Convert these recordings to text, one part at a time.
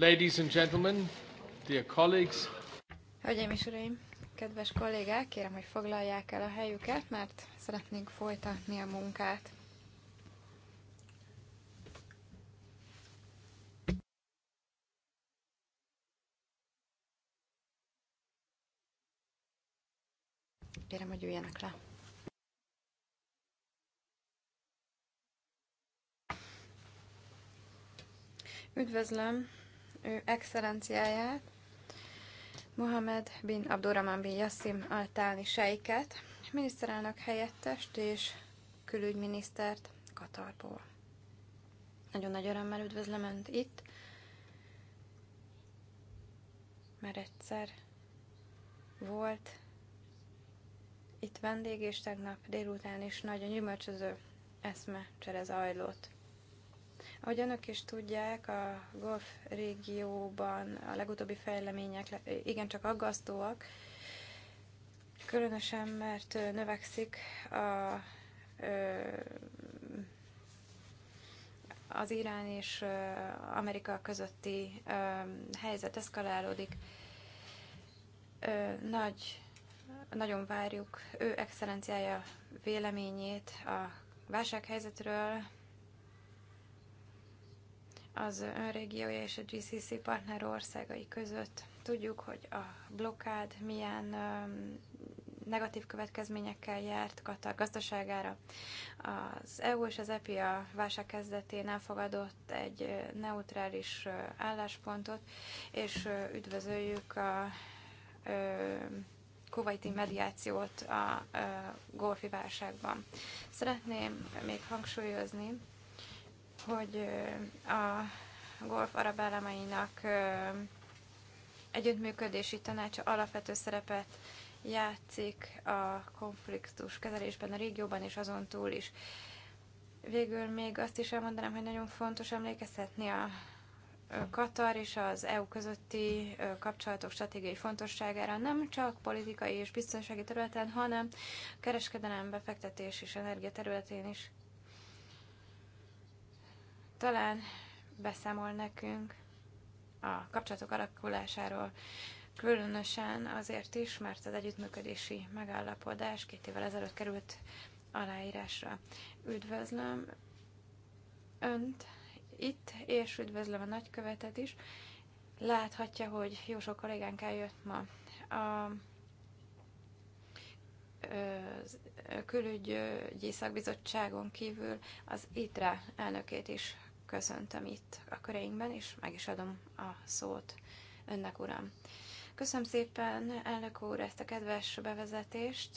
Ladies and gentlemen, dear colleagues. Hölgyeim és uraim, kedves kollégák, kérem, hogy foglalják el a helyüket, mert szeretnénk folytatni a munkát. Kérem, hogy üljenek le. Üdvözlöm ő excellenciáját, Mohamed bin Abdurrahman bin Yassim Altáni sejket, miniszterelnök helyettest és külügyminisztert Katarból. Nagyon nagy örömmel üdvözlöm Önt itt, mert egyszer volt itt vendég, és tegnap délután is nagyon gyümölcsöző eszme csere zajlott. Ahogy önök is tudják, a golf régióban a legutóbbi fejlemények igencsak aggasztóak, különösen mert növekszik a, az Irán és Amerika közötti helyzet eszkalálódik. Nagy, nagyon várjuk ő excellenciája véleményét a válsághelyzetről, az önrégiója és a GCC partner országai között. Tudjuk, hogy a blokád milyen negatív következményekkel járt Katar gazdaságára. Az EU és az EPI a válság kezdetén elfogadott egy neutrális álláspontot, és üdvözöljük a kuwaiti mediációt a golfi válságban. Szeretném még hangsúlyozni, hogy a golf arab államainak együttműködési tanácsa alapvető szerepet játszik a konfliktus kezelésben a régióban és azon túl is. Végül még azt is elmondanám, hogy nagyon fontos emlékeztetni a Katar és az EU közötti kapcsolatok stratégiai fontosságára nem csak politikai és biztonsági területen, hanem kereskedelem, befektetés és energia területén is talán beszámol nekünk a kapcsolatok alakulásáról, különösen azért is, mert az együttműködési megállapodás két évvel ezelőtt került aláírásra. Üdvözlöm Önt itt, és üdvözlöm a nagykövetet is. Láthatja, hogy jó sok kollégánk eljött ma. A külügyi szakbizottságon kívül az ITRA elnökét is köszöntöm itt a köreinkben, és meg is adom a szót önnek, uram. Köszönöm szépen, elnök úr, ezt a kedves bevezetést.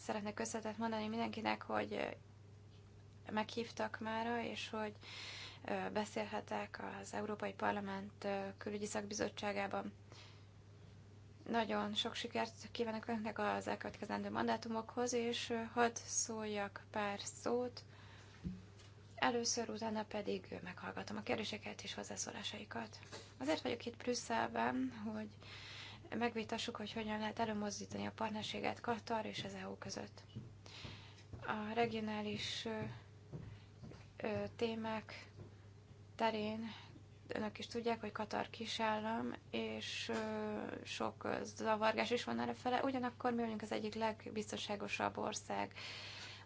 Szeretnék köszönetet mondani mindenkinek, hogy meghívtak mára, és hogy beszélhetek az Európai Parlament külügyi szakbizottságában. Nagyon sok sikert kívánok önnek az elkövetkezendő mandátumokhoz, és hadd szóljak pár szót Először, utána pedig meghallgatom a kérdéseket és hozzászólásaikat. Azért vagyok itt Brüsszelben, hogy megvitassuk, hogy hogyan lehet előmozdítani a partnerséget Katar és az EU között. A regionális témák terén önök is tudják, hogy Katar kisállam, és sok zavargás is van erre fele, ugyanakkor mi vagyunk az egyik legbiztonságosabb ország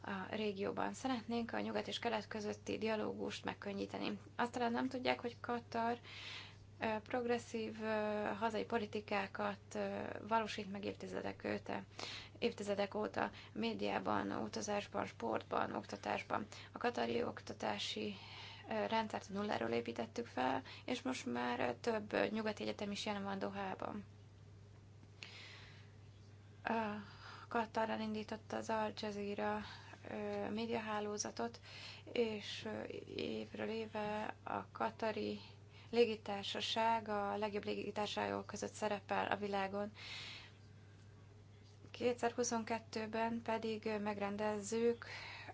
a régióban. Szeretnénk a nyugat és kelet közötti dialógust megkönnyíteni. Azt talán nem tudják, hogy Katar progresszív hazai politikákat valósít meg évtizedek őte, évtizedek óta médiában, utazásban, sportban, oktatásban. A katari oktatási rendszert nulláról építettük fel, és most már több nyugati egyetem is jelen van Dohában. Katarral indított az Al Jazeera médiahálózatot, és évről éve a Katari légitársaság a legjobb légitársaságok között szerepel a világon. 2022-ben pedig megrendezzük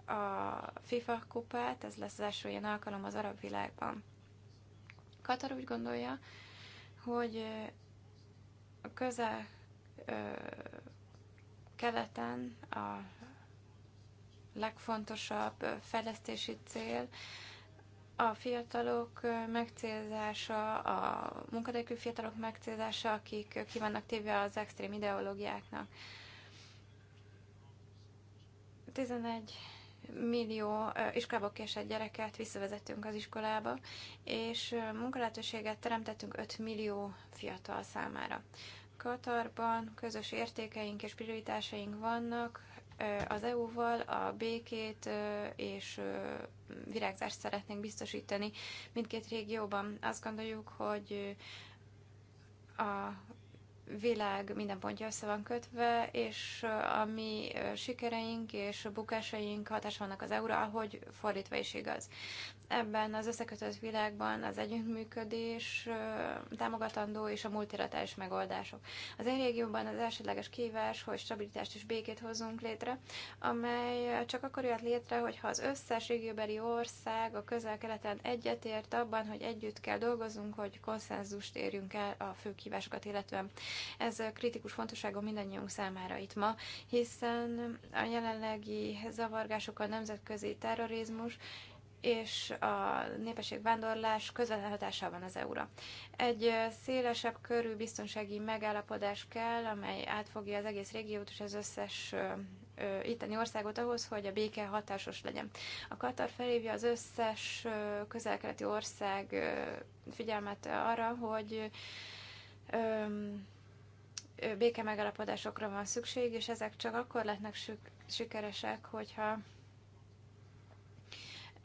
a FIFA kupát, ez lesz az első ilyen alkalom az arab világban. Katar úgy gondolja, hogy a közel keleten a legfontosabb fejlesztési cél. A fiatalok megcélzása, a munkadékű fiatalok megcélzása, akik ki vannak téve az extrém ideológiáknak. 11 millió iskába késett gyereket visszavezettünk az iskolába, és munkalehetőséget teremtettünk 5 millió fiatal számára. Katarban közös értékeink és prioritásaink vannak, az EU-val a békét és virágzást szeretnénk biztosítani mindkét régióban. Azt gondoljuk, hogy a világ minden pontja össze van kötve, és a mi sikereink és bukásaink hatás vannak az EU-ra, ahogy fordítva is igaz. Ebben az összekötött világban az együttműködés támogatandó és a multilaterális megoldások. Az én régióban az elsődleges kívás, hogy stabilitást és békét hozzunk létre, amely csak akkor jött létre, hogyha az összes régióbeli ország a közel-keleten egyetért abban, hogy együtt kell dolgozunk, hogy konszenzust érjünk el a fő kívásokat illetve Ez kritikus fontosságú mindannyiunk számára itt ma, hiszen a jelenlegi zavargások, a nemzetközi terrorizmus és a népességvándorlás közvetlen hatással van az EU-ra. Egy szélesebb körű biztonsági megállapodás kell, amely átfogja az egész régiót és az összes itteni országot ahhoz, hogy a béke hatásos legyen. A Katar felhívja az összes közelkeleti ország figyelmet arra, hogy béke megállapodásokra van szükség, és ezek csak akkor lehetnek sikeresek, hogyha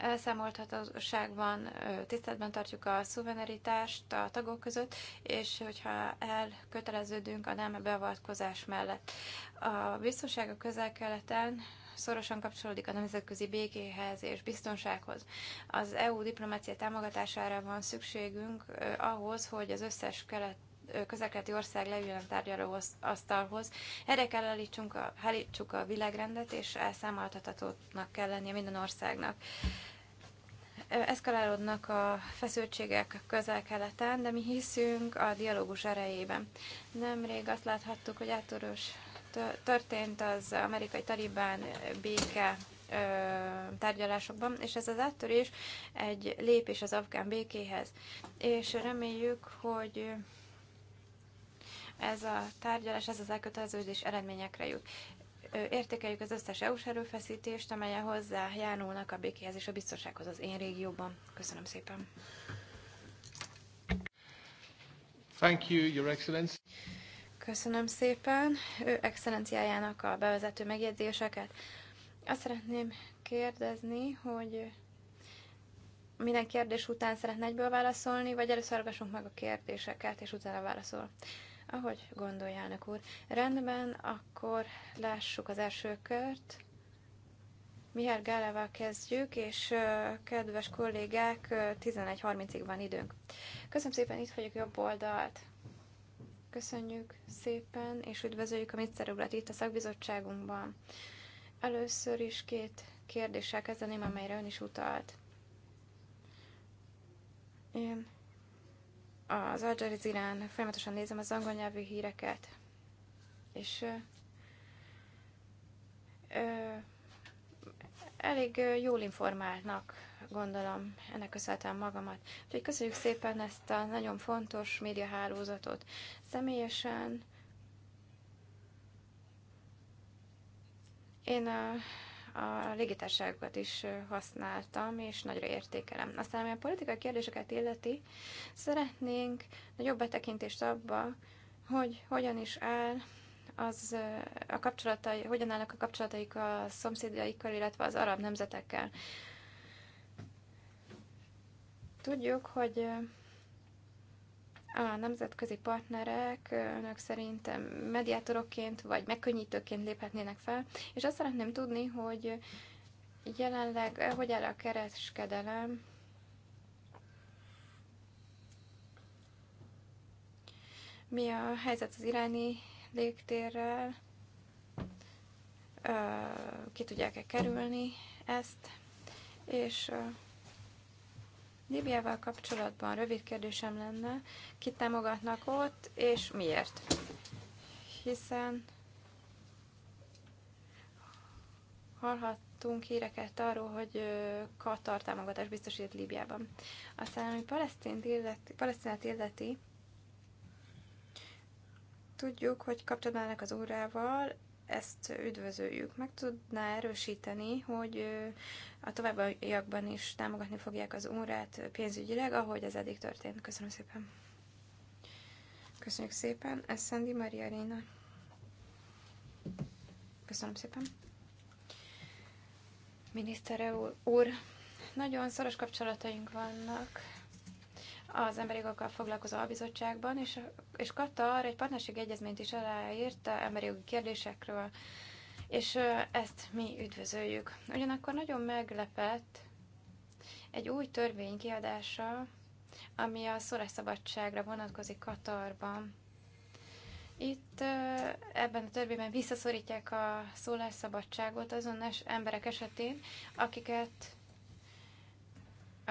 elszámoltatóságban tiszteletben tartjuk a szuverenitást a tagok között, és hogyha elköteleződünk a nem beavatkozás mellett. A biztonság a közel-keleten szorosan kapcsolódik a nemzetközi békéhez és biztonsághoz. Az EU diplomácia támogatására van szükségünk ahhoz, hogy az összes kelet közelkeleti ország leüljön a tárgyaló asztalhoz. Erre kell állítsunk a, állítsuk a világrendet, és elszámoltatatónak kell lennie minden országnak. Eszkalálódnak a feszültségek közel-keleten, de mi hiszünk a dialógus erejében. Nemrég azt láthattuk, hogy áttörős történt az amerikai talibán béke tárgyalásokban, és ez az áttörés egy lépés az afgán békéhez. És reméljük, hogy ez a tárgyalás, ez az elköteleződés eredményekre jut. Értékeljük az összes EU-s erőfeszítést, hozzá hozzájárulnak a békéhez és a biztonsághoz az én régióban. Köszönöm szépen. Thank you, Your Excellency. Köszönöm szépen ő excellenciájának a bevezető megjegyzéseket. Azt szeretném kérdezni, hogy minden kérdés után szeretne egyből válaszolni, vagy először meg a kérdéseket, és utána válaszol. Ahogy gondolja úr. Rendben, akkor lássuk az első kört. Mihály Gálával kezdjük, és kedves kollégák, 11.30-ig van időnk. Köszönöm szépen, itt vagyok jobb oldalt. Köszönjük szépen, és üdvözöljük a Mitszeruglat itt a szakbizottságunkban. Először is két kérdéssel kezdeném, amelyre ön is utalt. Én az Al Jazeera-n folyamatosan nézem az angol nyelvű híreket, és ö, ö, elég jól informálnak, gondolom, ennek köszönhetem magamat. Úgyhogy köszönjük szépen ezt a nagyon fontos médiahálózatot. Személyesen én a a légitárságokat is használtam, és nagyra értékelem. Aztán, ami a politikai kérdéseket illeti, szeretnénk nagyobb betekintést abba, hogy hogyan is áll az a kapcsolatai, hogyan állnak a kapcsolataik a szomszédjaikkal, illetve az arab nemzetekkel. Tudjuk, hogy a nemzetközi partnerek önök szerint mediátorokként vagy megkönnyítőként léphetnének fel, és azt szeretném tudni, hogy jelenleg hogy áll a kereskedelem mi a helyzet az iráni légtérrel, ki tudják-e kerülni ezt, és Libiával kapcsolatban rövid kérdésem lenne, kit támogatnak ott, és miért? Hiszen hallhattunk híreket arról, hogy Katar támogatás biztosít Líbiában. Aztán, ami illeti, Palesztinát illeti, tudjuk, hogy kapcsolatban az órával ezt üdvözöljük. Meg tudná erősíteni, hogy a továbbiakban is támogatni fogják az órát pénzügyileg, ahogy ez eddig történt. Köszönöm szépen. Köszönjük szépen. Ez Szendi Maria Réna. Köszönöm szépen. Miniszter úr, nagyon szoros kapcsolataink vannak az emberi jogokkal foglalkozó albizottságban, és, és Katar egy partnerségi egyezményt is aláírt emberi jogi kérdésekről, és ezt mi üdvözöljük. Ugyanakkor nagyon meglepett egy új törvény kiadása, ami a szólásszabadságra vonatkozik Katarban. Itt ebben a törvényben visszaszorítják a szólásszabadságot azon emberek esetén, akiket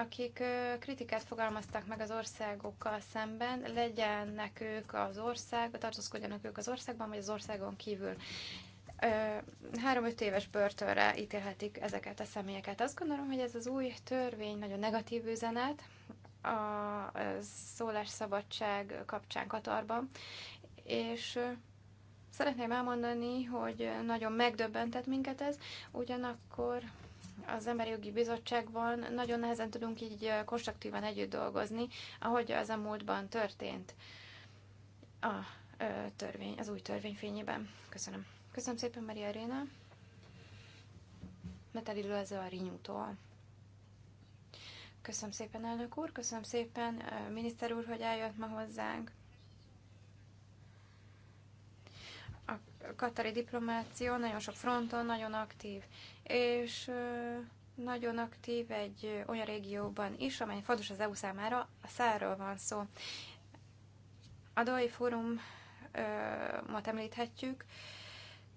akik kritikát fogalmaztak meg az országokkal szemben, legyenek ők az ország, tartózkodjanak ők az országban, vagy az országon kívül. 3-5 éves börtönre ítélhetik ezeket a személyeket. Azt gondolom, hogy ez az új törvény nagyon negatív üzenet a szólásszabadság kapcsán Katarban, és szeretném elmondani, hogy nagyon megdöbbentett minket ez, ugyanakkor az Emberi Jogi Bizottságban nagyon nehezen tudunk így konstruktívan együtt dolgozni, ahogy az a múltban történt a törvény, az új törvény fényében. Köszönöm. Köszönöm szépen, Maria Réna. Meteli Lőző a Rinyútól. Köszönöm szépen, elnök úr, köszönöm szépen, miniszter úr, hogy eljött ma hozzánk. A katari diplomáció nagyon sok fronton, nagyon aktív és nagyon aktív egy olyan régióban is, amely fontos az EU számára, a száról van szó. A DOI fórumot említhetjük,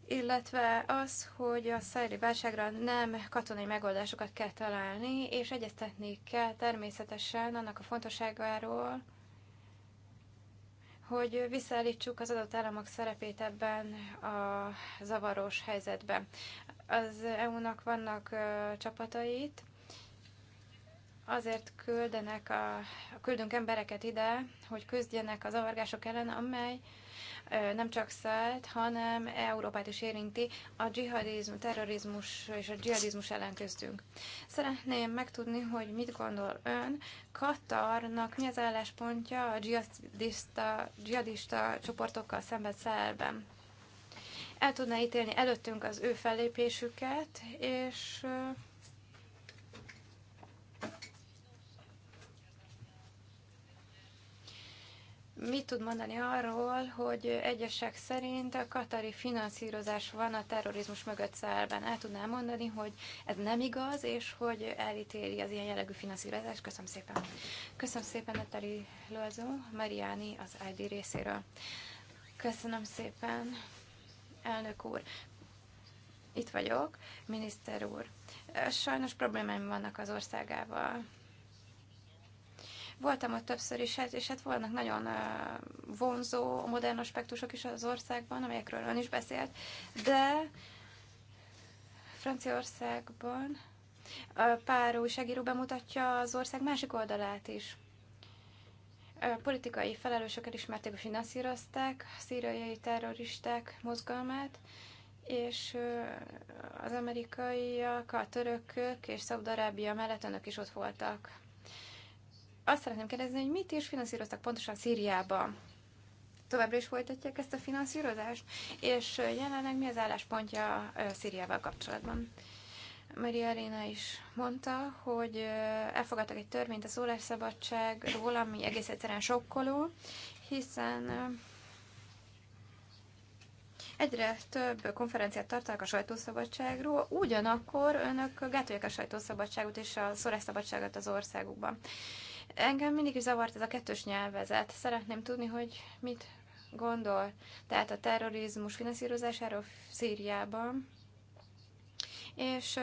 illetve az, hogy a szájli válságra nem katonai megoldásokat kell találni, és egyeztetni kell természetesen annak a fontosságáról, hogy visszaállítsuk az adott államok szerepét ebben a zavaros helyzetben. Az EU-nak vannak csapatait, azért küldenek a, küldünk embereket ide, hogy küzdjenek az zavargások ellen, amely nem csak szállt, hanem Európát is érinti a dzsihadizmus, terrorizmus és a dzsihadizmus ellen köztünk. Szeretném megtudni, hogy mit gondol ön, Katarnak mi az álláspontja a dzsihadista, dzsihadista csoportokkal szemben Szelben? El tudná ítélni előttünk az ő fellépésüket, és mit tud mondani arról, hogy egyesek szerint a katari finanszírozás van a terrorizmus mögött szállban? El tudná mondani, hogy ez nem igaz, és hogy elítéli az ilyen jellegű finanszírozást? Köszönöm szépen. Köszönöm szépen Natali Lózó, Mariani az ID részéről. Köszönöm szépen, elnök úr. Itt vagyok, miniszter úr. Sajnos problémáim vannak az országával Voltam ott többször is, hát, és hát vannak nagyon vonzó a modern aspektusok is az országban, amelyekről ön is beszélt, de Franciaországban pár újságíró bemutatja az ország másik oldalát is. Politikai felelősök elismerték, hogy finanszírozták szíriai terroristák mozgalmát, és az amerikaiak, a törökök és Szaudarábia mellett önök is ott voltak. Azt szeretném kérdezni, hogy mit is finanszíroztak pontosan Szíriába? Továbbra is folytatják ezt a finanszírozást? És jelenleg mi az álláspontja Szíriával kapcsolatban? Maria Arena is mondta, hogy elfogadtak egy törvényt a szólásszabadságról, ami egész egyszerűen sokkoló, hiszen egyre több konferenciát tartanak a sajtószabadságról, ugyanakkor önök gátolják a sajtószabadságot és a szólásszabadságot az országukban. Engem mindig is zavart ez a kettős nyelvezet. Szeretném tudni, hogy mit gondol. Tehát a terrorizmus finanszírozásáról Szíriában, és uh,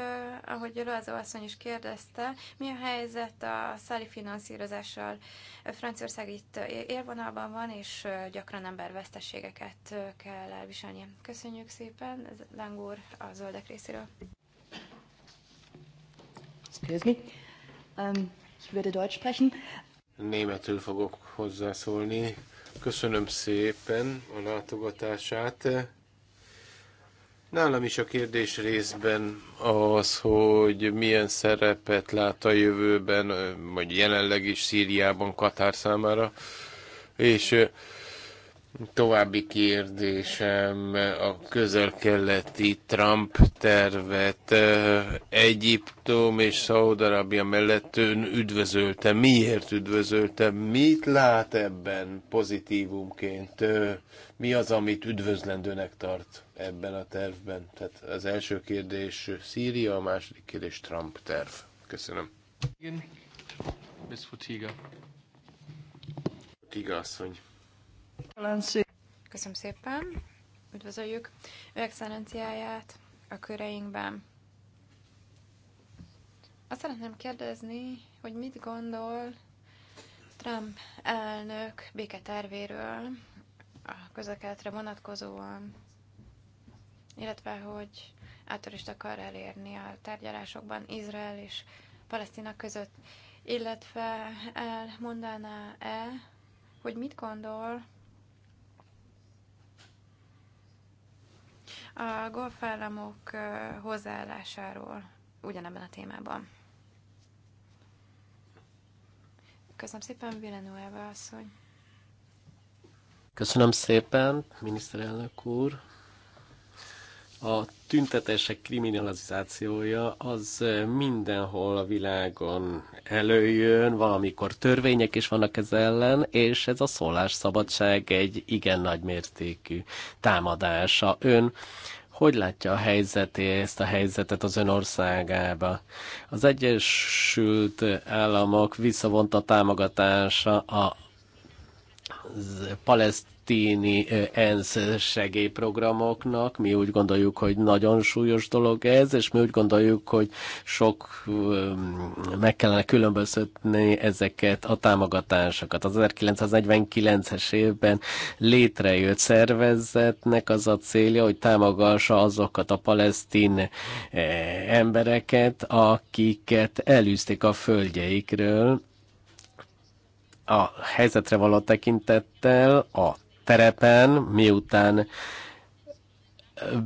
ahogy Loazó asszony is kérdezte, mi a helyzet a szári finanszírozással? Franciaország itt élvonalban van, és gyakran uh, kell elviselni. Köszönjük szépen, ez Langúr a zöldek részéről. Excuse me. Um, Ich würde Deutsch sprechen. Németül fogok hozzászólni. Köszönöm szépen a látogatását. Nálam is a kérdés részben az, hogy milyen szerepet lát a jövőben, vagy jelenleg is Szíriában Katár számára, és További kérdésem a közel-keleti Trump tervet eh, Egyiptom és Szaudarabia mellett ön üdvözölte. Miért üdvözölte? Mit lát ebben pozitívumként? Eh, mi az, amit üdvözlendőnek tart ebben a tervben? Tehát az első kérdés Szíria, a második kérdés Trump terv. Köszönöm. Igen. Miss Futiga. Futiga asszony. Köszönöm szépen, üdvözöljük ő excellenciáját a köreinkben. Azt szeretném kérdezni, hogy mit gondol Trump elnök béketervéről a közökeletre vonatkozóan, illetve hogy áttörést akar elérni a tárgyalásokban Izrael és Palesztina között, illetve elmondaná-e, hogy mit gondol a golfállamok hozzáállásáról ugyanebben a témában. Köszönöm szépen, Villanueva asszony. Köszönöm szépen, miniszterelnök úr. A tüntetések kriminalizációja az mindenhol a világon előjön, valamikor törvények is vannak ez ellen, és ez a szólásszabadság egy igen nagy mértékű támadása. Ön hogy látja a helyzetét, ezt a helyzetet az ön országába? Az Egyesült Államok visszavonta támogatása a palesztin tini ENSZ segélyprogramoknak. Mi úgy gondoljuk, hogy nagyon súlyos dolog ez, és mi úgy gondoljuk, hogy sok meg kellene különböztetni ezeket a támogatásokat. Az 1949-es évben létrejött szervezetnek az a célja, hogy támogassa azokat a palesztin embereket, akiket elűzték a földjeikről, a helyzetre való tekintettel a terepen, miután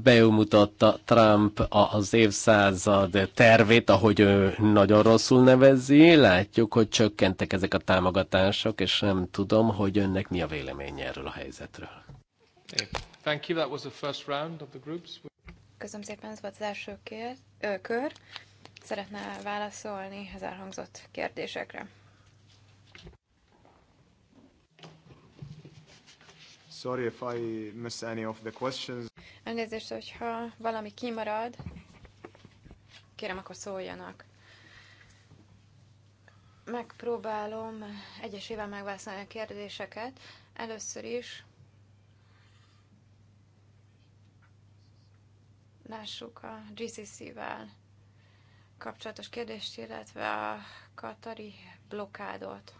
bemutatta Trump az évszázad tervét, ahogy ő nagyon rosszul nevezi. Látjuk, hogy csökkentek ezek a támogatások, és nem tudom, hogy önnek mi a véleménye erről a helyzetről. Thank you. That was the first round of the groups. Köszönöm szépen, ez volt az első kér, ö, kör. Szeretne válaszolni az elhangzott kérdésekre. Sorry if I miss any of the questions. Elnézést, hogyha valami kimarad, kérem, akkor szóljanak. Megpróbálom egyesével megválaszolni a kérdéseket. Először is lássuk a GCC-vel kapcsolatos kérdést, illetve a katari blokádot,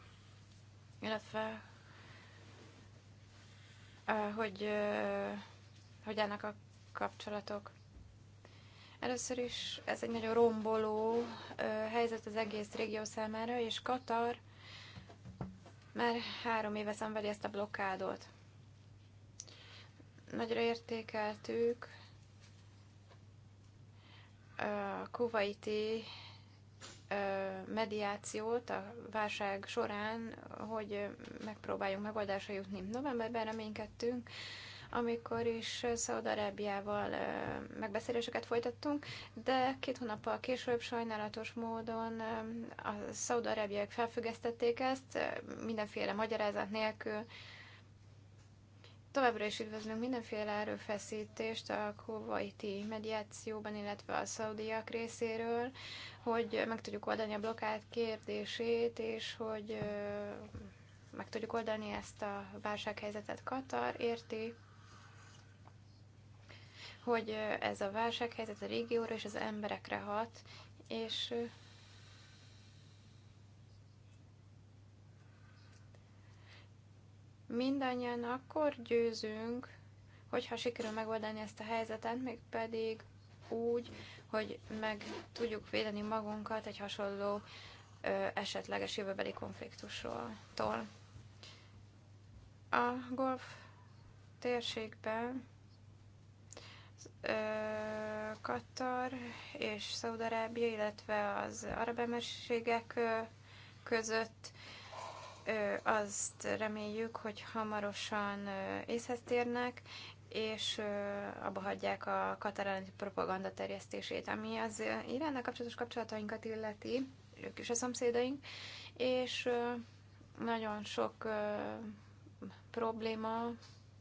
illetve hogy hogy állnak a kapcsolatok. Először is ez egy nagyon romboló helyzet az egész régió számára, és Katar már három éve szenvedi ezt a blokkádot. Nagyra értékeltük a kuwaiti mediációt a válság során, hogy megpróbáljunk megoldásra jutni. Novemberben reménykedtünk, amikor is Szaudarábiával megbeszéléseket folytattunk, de két hónappal később sajnálatos módon a szaudarábiak felfüggesztették ezt, mindenféle magyarázat nélkül, Továbbra is üdvözlünk mindenféle erőfeszítést a kuwaiti mediációban, illetve a szaudiak részéről, hogy meg tudjuk oldani a blokkád kérdését, és hogy meg tudjuk oldani ezt a válsághelyzetet. Katar érti, hogy ez a válsághelyzet a régióra és az emberekre hat, és mindannyian akkor győzünk, hogyha sikerül megoldani ezt a helyzetet, pedig úgy, hogy meg tudjuk védeni magunkat egy hasonló ö, esetleges jövőbeli konfliktusról. A golf térségben ö, Katar és Szaudarábia, illetve az arab emerségek között azt reméljük, hogy hamarosan észhez térnek, és abba hagyják a katalán propaganda terjesztését, ami az Iránnal kapcsolatos kapcsolatainkat illeti, ők is a szomszédaink, és nagyon sok probléma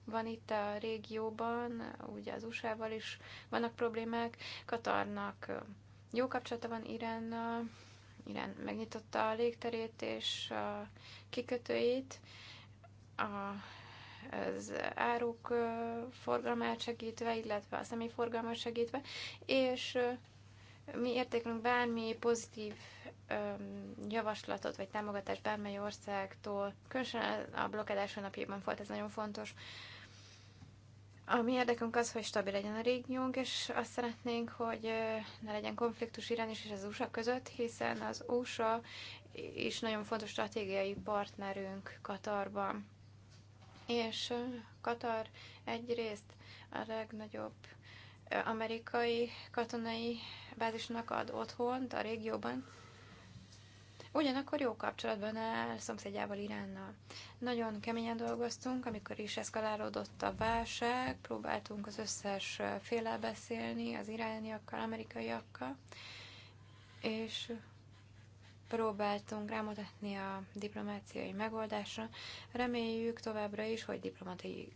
van itt a régióban, ugye az USA-val is vannak problémák, Katarnak jó kapcsolata van Iránnal, Irán megnyitotta a légterét és a kikötőit, a, az áruk forgalmát segítve, illetve a személyforgalmat segítve, és mi értékelünk bármi pozitív öm, javaslatot vagy támogatást bármely országtól, különösen a blokkádás napjában volt ez nagyon fontos, a mi érdekünk az, hogy stabil legyen a régiónk, és azt szeretnénk, hogy ne legyen konfliktus Irán és az USA között, hiszen az USA is nagyon fontos stratégiai partnerünk Katarban. És Katar egyrészt a legnagyobb amerikai katonai bázisnak ad otthont a régióban, Ugyanakkor jó kapcsolatban áll szomszédjával Iránnal. Nagyon keményen dolgoztunk, amikor is eszkalálódott a válság, próbáltunk az összes félel beszélni, az irániakkal, amerikaiakkal, és próbáltunk rámutatni a diplomáciai megoldásra. Reméljük továbbra is, hogy diplomáciai,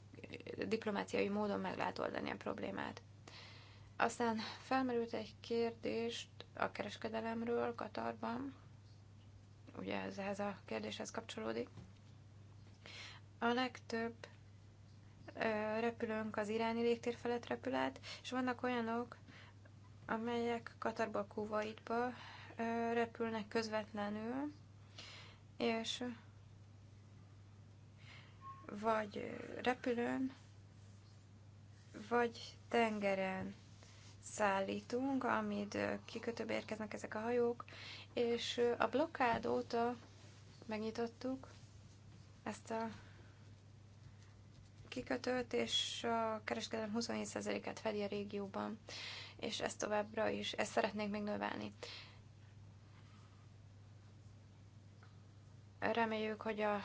diplomáciai módon meg lehet oldani a problémát. Aztán felmerült egy kérdést a kereskedelemről Katarban, ugye ez, ez a kérdéshez kapcsolódik. A legtöbb repülőnk az iráni légtér felett repül át, és vannak olyanok, amelyek Katarba, Kuwaitba repülnek közvetlenül, és vagy repülőn, vagy tengeren szállítunk, amit kikötőbe érkeznek ezek a hajók, és a blokkád óta megnyitottuk ezt a kikötőt, és a kereskedelem 27%-át fedi a régióban, és ezt továbbra is, ezt szeretnénk még növelni. Reméljük, hogy a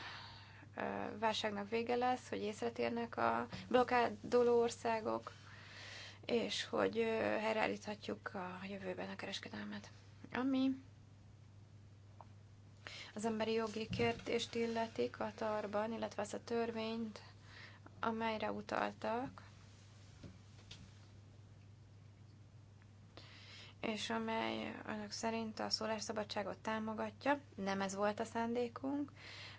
válságnak vége lesz, hogy észre térnek a blokkádoló országok, és hogy helyreállíthatjuk a jövőben a kereskedelmet. Ami az emberi jogi kérdést illeti Katarban, illetve ezt a törvényt, amelyre utaltak, és amely önök szerint a szólásszabadságot támogatja. Nem ez volt a szándékunk.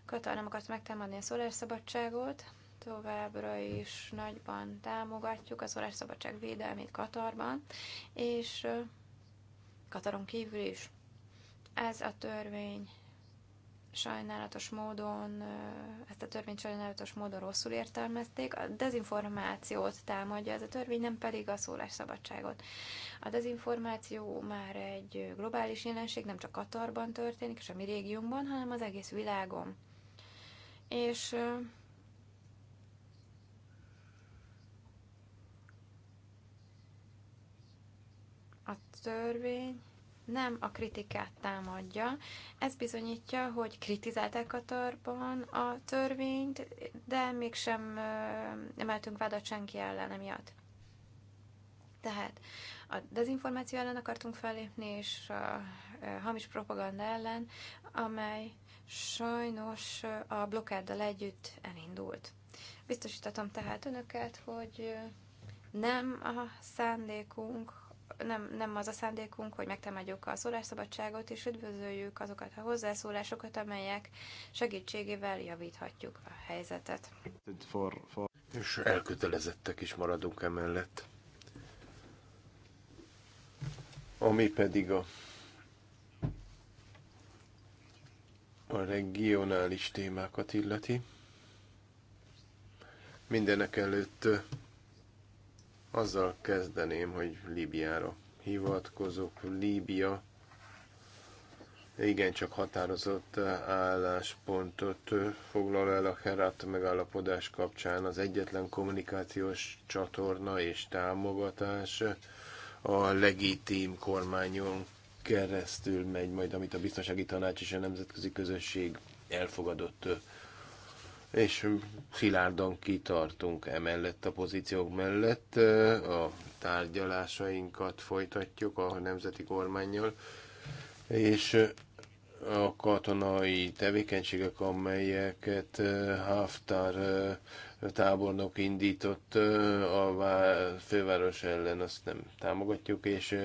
Katar nem akart megtámadni a szólásszabadságot, továbbra is nagyban támogatjuk a szólásszabadság védelmét Katarban, és Kataron kívül is. Ez a törvény sajnálatos módon, ezt a törvényt sajnálatos módon rosszul értelmezték. A dezinformációt támadja ez a törvény, nem pedig a szólásszabadságot. A dezinformáció már egy globális jelenség, nem csak Katarban történik, és a mi régiónkban, hanem az egész világon. És a törvény nem a kritikát támadja. Ez bizonyítja, hogy kritizálták Katarban a törvényt, de mégsem emeltünk vádat senki ellen emiatt. Tehát a dezinformáció ellen akartunk fellépni, és a hamis propaganda ellen, amely sajnos a blokkáddal együtt elindult. Biztosítatom tehát önöket, hogy nem a szándékunk, nem, nem az a szándékunk, hogy megtámadjuk a szólásszabadságot, és üdvözöljük azokat a hozzászólásokat, amelyek segítségével javíthatjuk a helyzetet. For, for... És elkötelezettek is maradunk emellett. Ami pedig a, a regionális témákat illeti. Mindenek előtt azzal kezdeném, hogy Líbiára hivatkozok. Líbia igencsak határozott álláspontot foglal el a Herat megállapodás kapcsán. Az egyetlen kommunikációs csatorna és támogatás a legitim kormányon keresztül megy majd, amit a biztonsági tanács és a nemzetközi közösség elfogadott és szilárdan kitartunk emellett a pozíciók mellett. A tárgyalásainkat folytatjuk a nemzeti kormányjal, és a katonai tevékenységek, amelyeket Haftar tábornok indított a főváros ellen, azt nem támogatjuk, és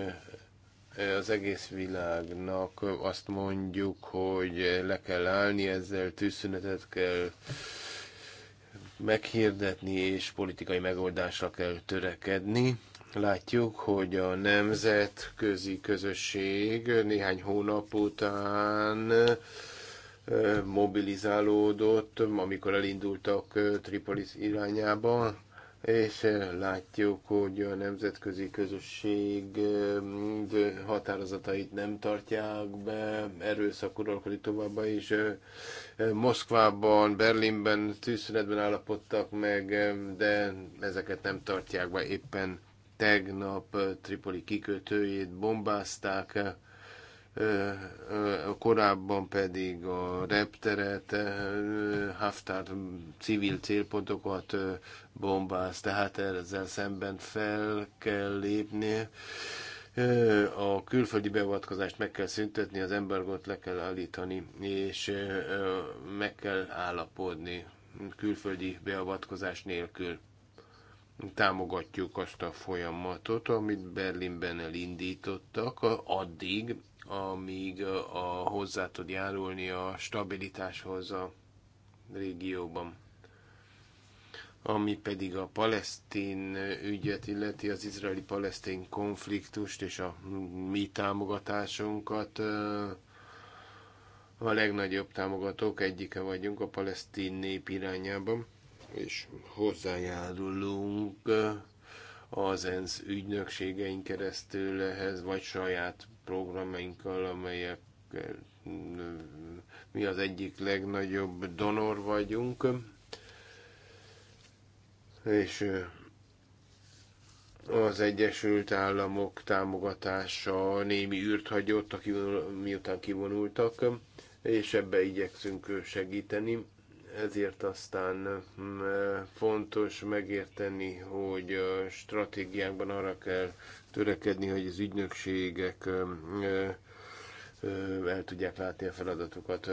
az egész világnak azt mondjuk, hogy le kell állni, ezzel tűzszünetet kell meghirdetni, és politikai megoldásra kell törekedni. Látjuk, hogy a nemzetközi közösség néhány hónap után mobilizálódott, amikor elindultak Tripolis irányába, és látjuk, hogy a nemzetközi közösség határozatait nem tartják be, erőszak uralkodik továbbá, is Moszkvában, Berlinben tűzszünetben állapodtak meg, de ezeket nem tartják be. Éppen tegnap Tripoli kikötőjét bombázták, korábban pedig a repteret, Haftar civil célpontokat bombáz, tehát ezzel szemben fel kell lépni. A külföldi beavatkozást meg kell szüntetni, az embargot le kell állítani, és meg kell állapodni külföldi beavatkozás nélkül támogatjuk azt a folyamatot, amit Berlinben elindítottak addig, amíg a, hozzá tud járulni a stabilitáshoz a régióban. Ami pedig a palesztin ügyet illeti, az izraeli-palesztin konfliktust és a mi támogatásunkat. A legnagyobb támogatók egyike vagyunk a palesztin nép irányában, és hozzájárulunk az ENSZ ügynökségeink keresztül ehhez, vagy saját programjainkkal, amelyek mi az egyik legnagyobb donor vagyunk, és az Egyesült Államok támogatása némi űrt hagyott, miután kivonultak, és ebbe igyekszünk segíteni. Ezért aztán mm, fontos megérteni, hogy a stratégiákban arra kell törekedni, hogy az ügynökségek el tudják látni a feladatokat,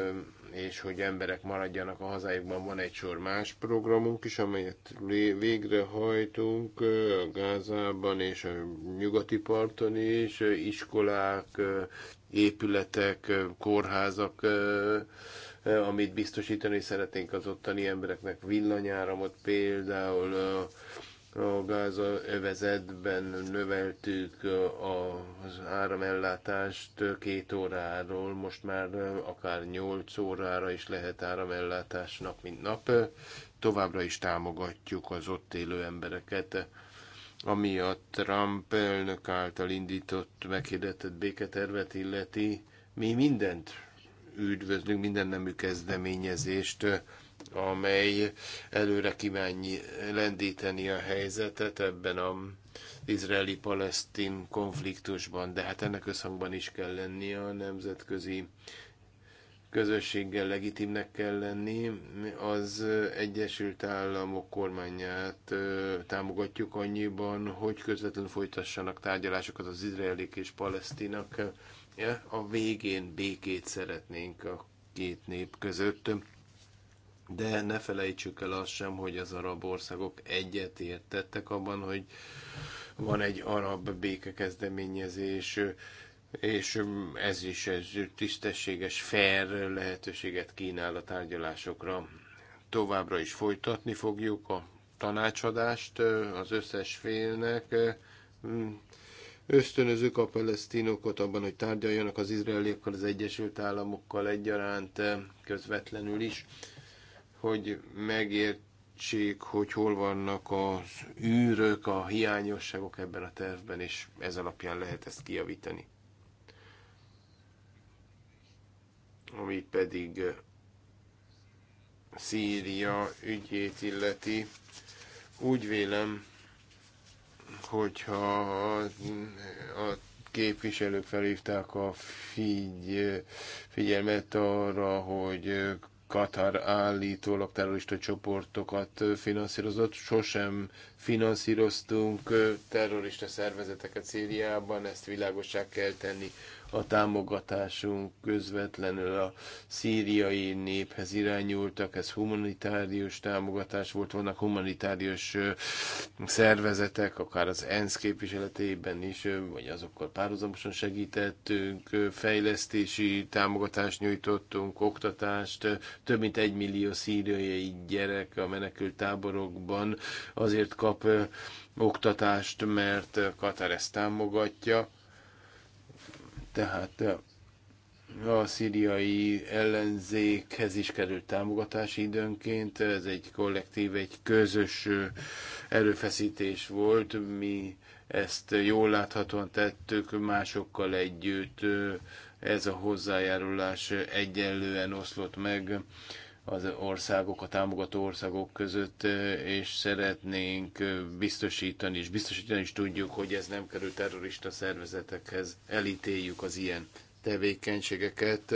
és hogy emberek maradjanak a hazájukban. Van egy sor más programunk is, amelyet végrehajtunk a Gázában és a nyugati parton is, iskolák, épületek, kórházak, amit biztosítani szeretnénk az ottani embereknek, villanyáramot például, a Gáza övezetben növeltük az áramellátást két óráról, most már akár nyolc órára is lehet áramellátás nap, mint nap. Továbbra is támogatjuk az ott élő embereket, ami a Trump elnök által indított, meghirdetett béketervet illeti. Mi mindent üdvözlünk, minden nemű kezdeményezést, amely előre kívánj lendíteni a helyzetet ebben a izraeli-palesztin konfliktusban, de hát ennek összhangban is kell lennie a nemzetközi közösséggel legitimnek kell lenni. Az Egyesült Államok kormányát támogatjuk annyiban, hogy közvetlenül folytassanak tárgyalásokat az izraelik és palesztinak. A végén békét szeretnénk a két nép között de ne felejtsük el azt sem, hogy az arab országok egyet értettek abban, hogy van egy arab békekezdeményezés, és ez is ez tisztességes, fair lehetőséget kínál a tárgyalásokra. Továbbra is folytatni fogjuk a tanácsadást az összes félnek. Ösztönözük a palesztinokat abban, hogy tárgyaljanak az izraeliekkel, az Egyesült Államokkal egyaránt közvetlenül is hogy megértsék, hogy hol vannak az űrök, a hiányosságok ebben a tervben, és ez alapján lehet ezt kijavítani. Ami pedig Szíria ügyét illeti, úgy vélem, hogyha a képviselők felhívták a figy, figyelmet arra, hogy Katar állítólag terrorista csoportokat finanszírozott, sosem finanszíroztunk terrorista szervezeteket Szíriában, ezt világosság kell tenni a támogatásunk közvetlenül a szíriai néphez irányultak, ez humanitárius támogatás volt, vannak humanitárius szervezetek, akár az ENSZ képviseletében is, vagy azokkal párhuzamosan segítettünk, fejlesztési támogatást nyújtottunk, oktatást, több mint egy millió szíriai gyerek a menekült táborokban azért kap oktatást, mert Katar ezt támogatja tehát a szíriai ellenzékhez is került támogatás időnként, ez egy kollektív, egy közös erőfeszítés volt, mi ezt jól láthatóan tettük másokkal együtt, ez a hozzájárulás egyenlően oszlott meg az országok, a támogató országok között, és szeretnénk biztosítani, és biztosítani is tudjuk, hogy ez nem kerül terrorista szervezetekhez. Elítéljük az ilyen tevékenységeket.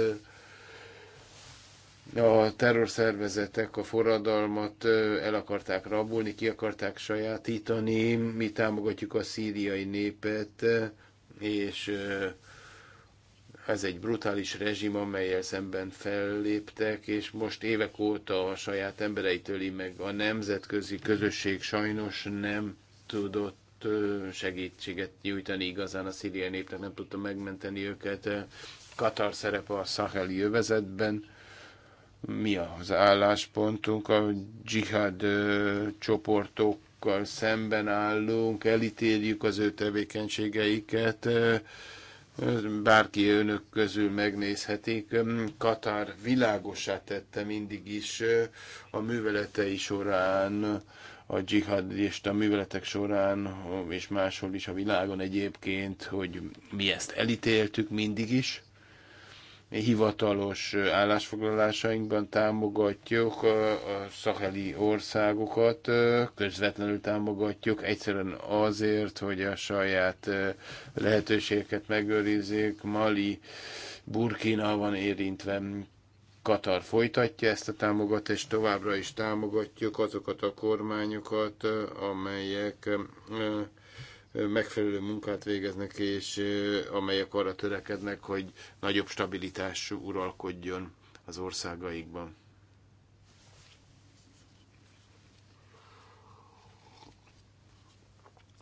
A terrorszervezetek a forradalmat el akarták rabolni, ki akarták sajátítani, mi támogatjuk a szíriai népet, és ez egy brutális rezsim, amelyel szemben felléptek, és most évek óta a saját embereitől, meg a nemzetközi közösség sajnos nem tudott segítséget nyújtani igazán a szíriai népnek, nem tudta megmenteni őket. Katar szerepe a szaheli övezetben. Mi az álláspontunk? A dzsihad csoportokkal szemben állunk, elítéljük az ő tevékenységeiket, bárki önök közül megnézhetik, Katár világosá tette mindig is a műveletei során, a dzsihadista műveletek során, és máshol is a világon egyébként, hogy mi ezt elítéltük mindig is, hivatalos állásfoglalásainkban támogatjuk a szaheli országokat, közvetlenül támogatjuk, egyszerűen azért, hogy a saját lehetőségeket megőrizzék. Mali, Burkina van érintve, Katar folytatja ezt a támogatást, továbbra is támogatjuk azokat a kormányokat, amelyek megfelelő munkát végeznek, és amelyek arra törekednek, hogy nagyobb stabilitás uralkodjon az országaikban.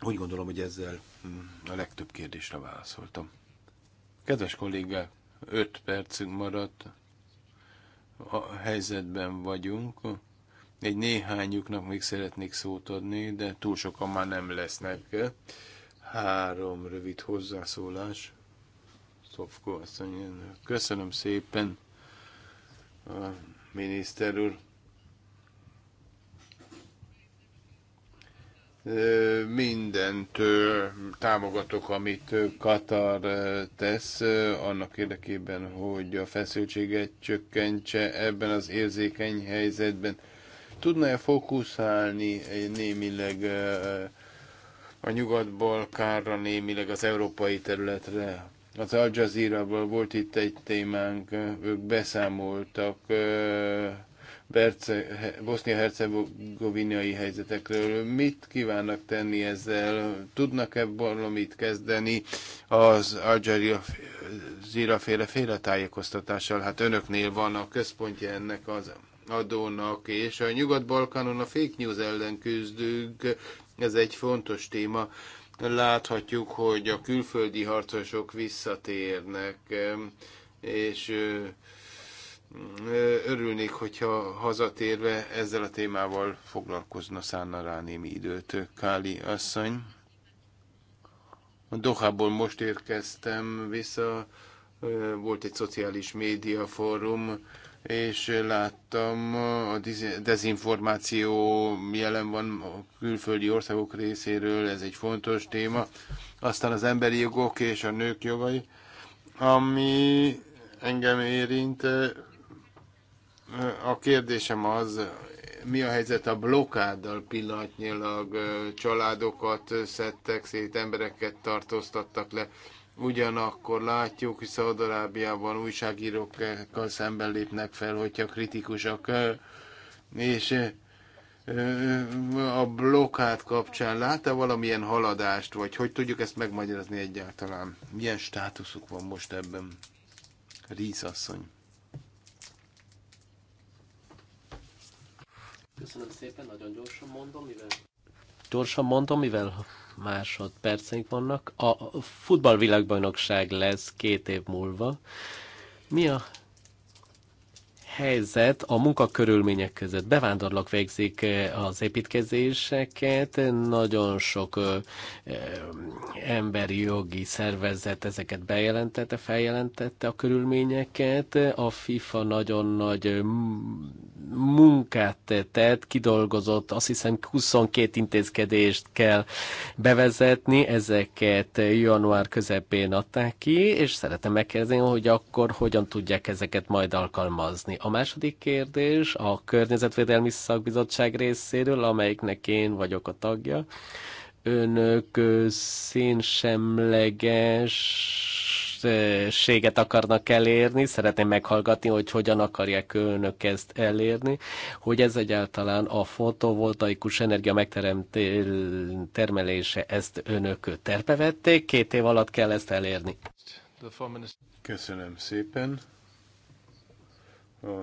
Úgy gondolom, hogy ezzel mm, a legtöbb kérdésre válaszoltam. Kedves kollégák, 5 percünk maradt, a helyzetben vagyunk, egy néhányuknak még szeretnék szót adni, de túl sokan már nem lesznek. Három rövid hozzászólás. Szofko mondja, köszönöm szépen, a miniszter úr. mindent támogatok, amit Katar tesz annak érdekében, hogy a feszültséget csökkentse ebben az érzékeny helyzetben. Tudna-e fókuszálni eh, némileg eh, a Nyugat-Balkánra, némileg az európai területre? Az Al jazeera volt itt egy témánk, eh, ők beszámoltak bosznia-hercegovinai helyzetekről. Mit kívánnak tenni ezzel? Tudnak-e valamit kezdeni az Al Jazeera féle félretájékoztatással? Hát önöknél van a központja ennek az adónak, és a Nyugat-Balkánon a fake news ellen küzdünk, ez egy fontos téma. Láthatjuk, hogy a külföldi harcosok visszatérnek, és örülnék, hogyha hazatérve ezzel a témával foglalkozna szánna rá némi időt. Káli asszony. A Dohából most érkeztem vissza, volt egy szociális média fórum, és láttam, a dezinformáció jelen van a külföldi országok részéről, ez egy fontos téma. Aztán az emberi jogok és a nők jogai, ami engem érint. A kérdésem az, mi a helyzet a blokkáddal pillanatnyilag? Családokat szedtek szét, embereket tartóztattak le Ugyanakkor látjuk, hogy Szaudarábiában újságírókkal szemben lépnek fel, hogyha kritikusak, és a blokkát kapcsán lát-e valamilyen haladást, vagy hogy tudjuk ezt megmagyarázni egyáltalán? Milyen státuszuk van most ebben? Ríz asszony. Köszönöm szépen, nagyon gyorsan mondom, mivel... Gyorsan mondom, mivel másodperceink vannak. A futballvilágbajnokság lesz két év múlva. Mi a helyzet a munkakörülmények között? Bevándorlók végzik eh, az építkezéseket, nagyon sok eh, eh, emberi jogi szervezet ezeket bejelentette, feljelentette a körülményeket. A FIFA nagyon nagy mm, munkát tett, kidolgozott, azt hiszem 22 intézkedést kell bevezetni, ezeket január közepén adták ki, és szeretem megkérdezni, hogy akkor hogyan tudják ezeket majd alkalmazni. A második kérdés a Környezetvédelmi Szakbizottság részéről, amelyiknek én vagyok a tagja. Önök szénsemleges különbséget akarnak elérni, szeretném meghallgatni, hogy hogyan akarják önök ezt elérni, hogy ez egyáltalán a fotovoltaikus energia megtermelése, ezt önök terpevették, két év alatt kell ezt elérni. Köszönöm szépen. A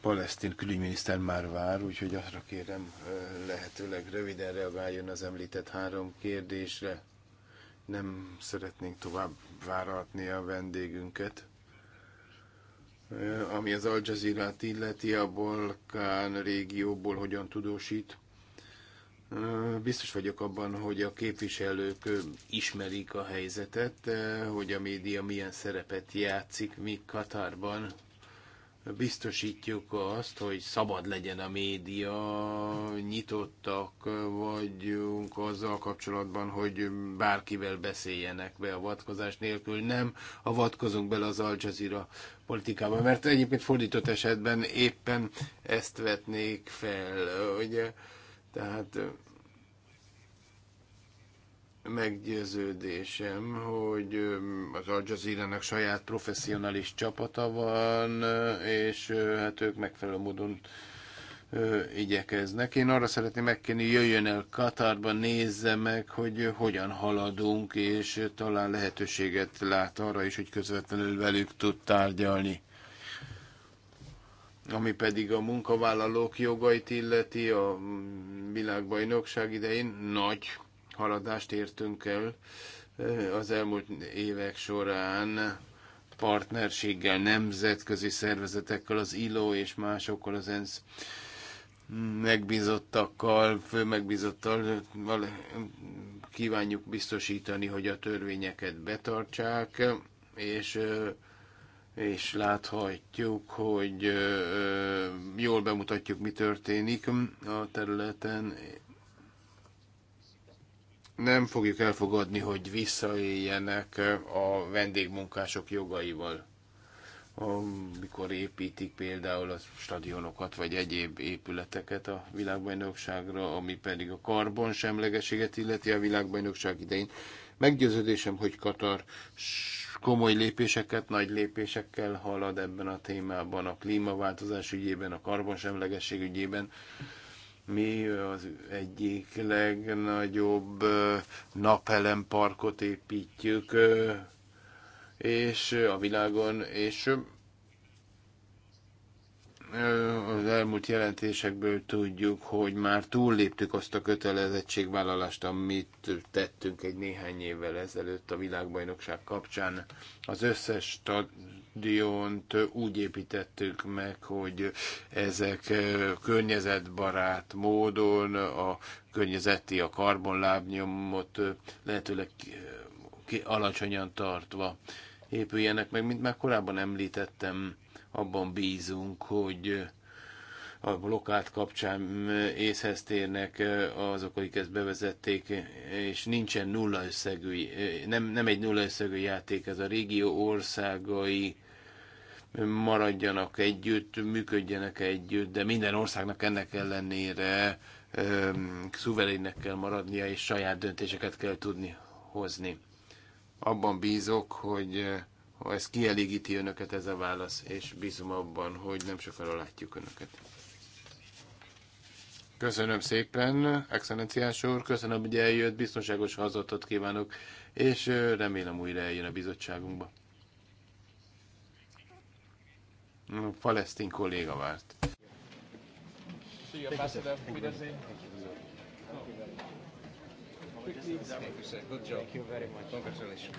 palesztin külügyminiszter már vár, úgyhogy arra kérem, lehetőleg röviden reagáljon az említett három kérdésre nem szeretnénk tovább váratni a vendégünket. Ami az Al jazeera illeti, a Balkán régióból hogyan tudósít. Biztos vagyok abban, hogy a képviselők ismerik a helyzetet, hogy a média milyen szerepet játszik, mi Katarban biztosítjuk azt, hogy szabad legyen a média, nyitottak vagyunk azzal kapcsolatban, hogy bárkivel beszéljenek beavatkozás nélkül, nem avatkozunk bele az Al Jazeera politikába, mert egyébként fordított esetben éppen ezt vetnék fel, ugye, tehát meggyőződésem, hogy az Al Jazeera-nak saját professzionális csapata van, és hát ők megfelelő módon igyekeznek. Én arra szeretném megkérni, jöjjön el Katarba, nézze meg, hogy hogyan haladunk, és talán lehetőséget lát arra is, hogy közvetlenül velük tud tárgyalni. Ami pedig a munkavállalók jogait illeti a világbajnokság idején nagy haladást értünk el eh, az elmúlt évek során partnerséggel, nemzetközi szervezetekkel, az ILO és másokkal, az ENSZ megbízottakkal, fő megbízottal eh, kívánjuk biztosítani, hogy a törvényeket betartsák, és eh, és láthatjuk, hogy jól bemutatjuk, mi történik a területen, nem fogjuk elfogadni, hogy visszaéljenek a vendégmunkások jogaival, amikor építik például a stadionokat vagy egyéb épületeket a világbajnokságra, ami pedig a semlegeséget illeti a világbajnokság idején. Meggyőződésem, hogy Katar komoly lépéseket, nagy lépésekkel halad ebben a témában, a klímaváltozás ügyében, a karbonsemlegesség ügyében mi az egyik legnagyobb napelemparkot építjük és a világon, és az elmúlt jelentésekből tudjuk, hogy már túlléptük azt a kötelezettségvállalást, amit tettünk egy néhány évvel ezelőtt a világbajnokság kapcsán. Az összes stadiont úgy építettük meg, hogy ezek környezetbarát módon a környezeti, a karbonlábnyomot lehetőleg alacsonyan tartva épüljenek meg, mint már korábban említettem, abban bízunk, hogy a blokkát kapcsán észhez térnek azok, akik ezt bevezették, és nincsen nulla összegű, nem, nem egy nulla összegű játék, ez a régió országai maradjanak együtt, működjenek együtt, de minden országnak ennek ellenére szuverénnek kell maradnia, és saját döntéseket kell tudni hozni. Abban bízok, hogy ha ez kielégíti önöket ez a válasz, és bízom abban, hogy nem sokára látjuk önöket. Köszönöm szépen, excellenciás úr, köszönöm, hogy eljött, biztonságos hazatot kívánok, és remélem újra eljön a bizottságunkba. A palesztin kolléga várt. Thank you very much. Congratulations.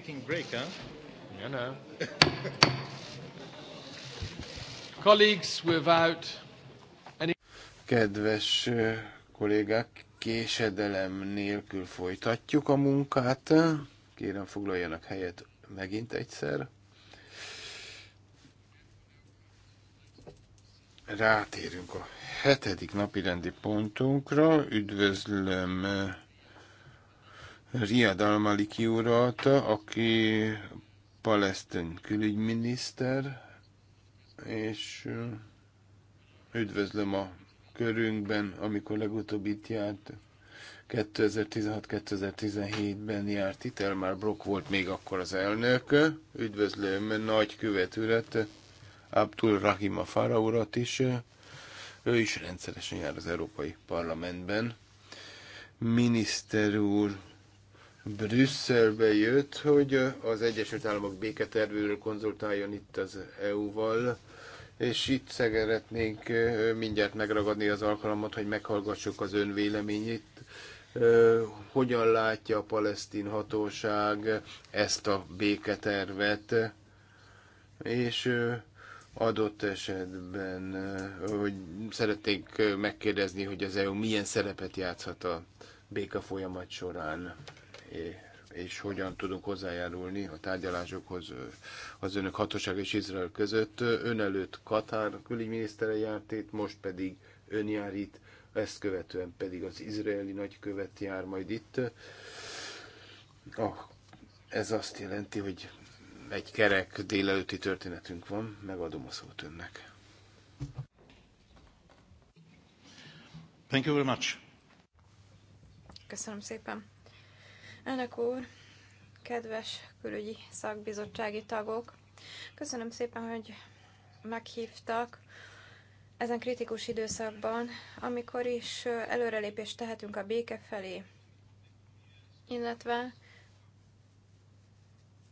taking break, huh? You no. Colleagues, without any... Kedves kollégák, késedelem nélkül folytatjuk a munkát. Kérem, foglaljanak helyet megint egyszer. Rátérünk a hetedik napi rendi pontunkra. Üdvözlöm Riad Almaliki urat, aki palesztin külügyminiszter, és üdvözlöm a körünkben, amikor legutóbb itt járt, 2016-2017-ben járt itt, Elmar Brock volt még akkor az elnök. Üdvözlöm nagy követület, Abdul Rahim Afara urat is. Ő is rendszeresen jár az Európai Parlamentben. Miniszter úr, Brüsszelbe jött, hogy az Egyesült Államok béketervéről konzultáljon itt az EU-val, és itt szeretnénk mindjárt megragadni az alkalmat, hogy meghallgassuk az ön véleményét hogyan látja a palesztin hatóság ezt a béketervet, és adott esetben, hogy szeretnék megkérdezni, hogy az EU milyen szerepet játszhat a béka folyamat során és hogyan tudunk hozzájárulni a tárgyalásokhoz az önök hatóság és Izrael között. Ön előtt Katár külügyminisztere járt itt, most pedig ön jár itt, ezt követően pedig az izraeli nagykövet jár majd itt. Oh, ez azt jelenti, hogy egy kerek délelőtti történetünk van, megadom a szót önnek. Thank you very much. Köszönöm szépen. Elnök úr, kedves külügyi szakbizottsági tagok, köszönöm szépen, hogy meghívtak ezen kritikus időszakban, amikor is előrelépést tehetünk a béke felé, illetve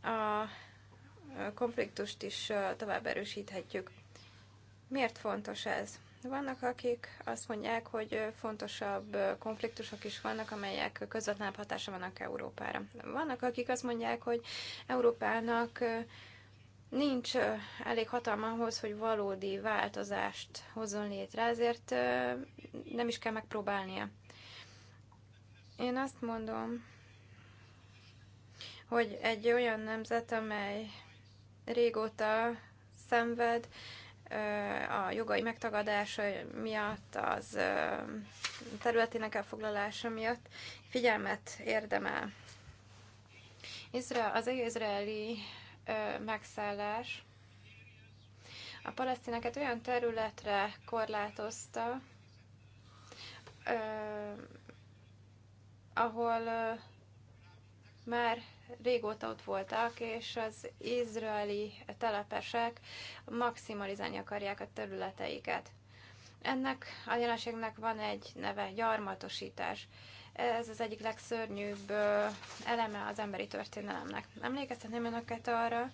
a konfliktust is tovább erősíthetjük. Miért fontos ez? Vannak, akik azt mondják, hogy fontosabb konfliktusok is vannak, amelyek közvetlenebb hatása vannak Európára. Vannak, akik azt mondják, hogy Európának nincs elég hatalma ahhoz, hogy valódi változást hozzon létre, ezért nem is kell megpróbálnia. Én azt mondom, hogy egy olyan nemzet, amely régóta szenved, a jogai megtagadása miatt, az területének elfoglalása miatt figyelmet érdemel. Izrael, az izraeli megszállás a palesztineket olyan területre korlátozta, ahol már régóta ott voltak, és az izraeli telepesek maximalizálni akarják a területeiket. Ennek a jelenségnek van egy neve, gyarmatosítás. Ez az egyik legszörnyűbb eleme az emberi történelemnek. Emlékeztetném önöket arra,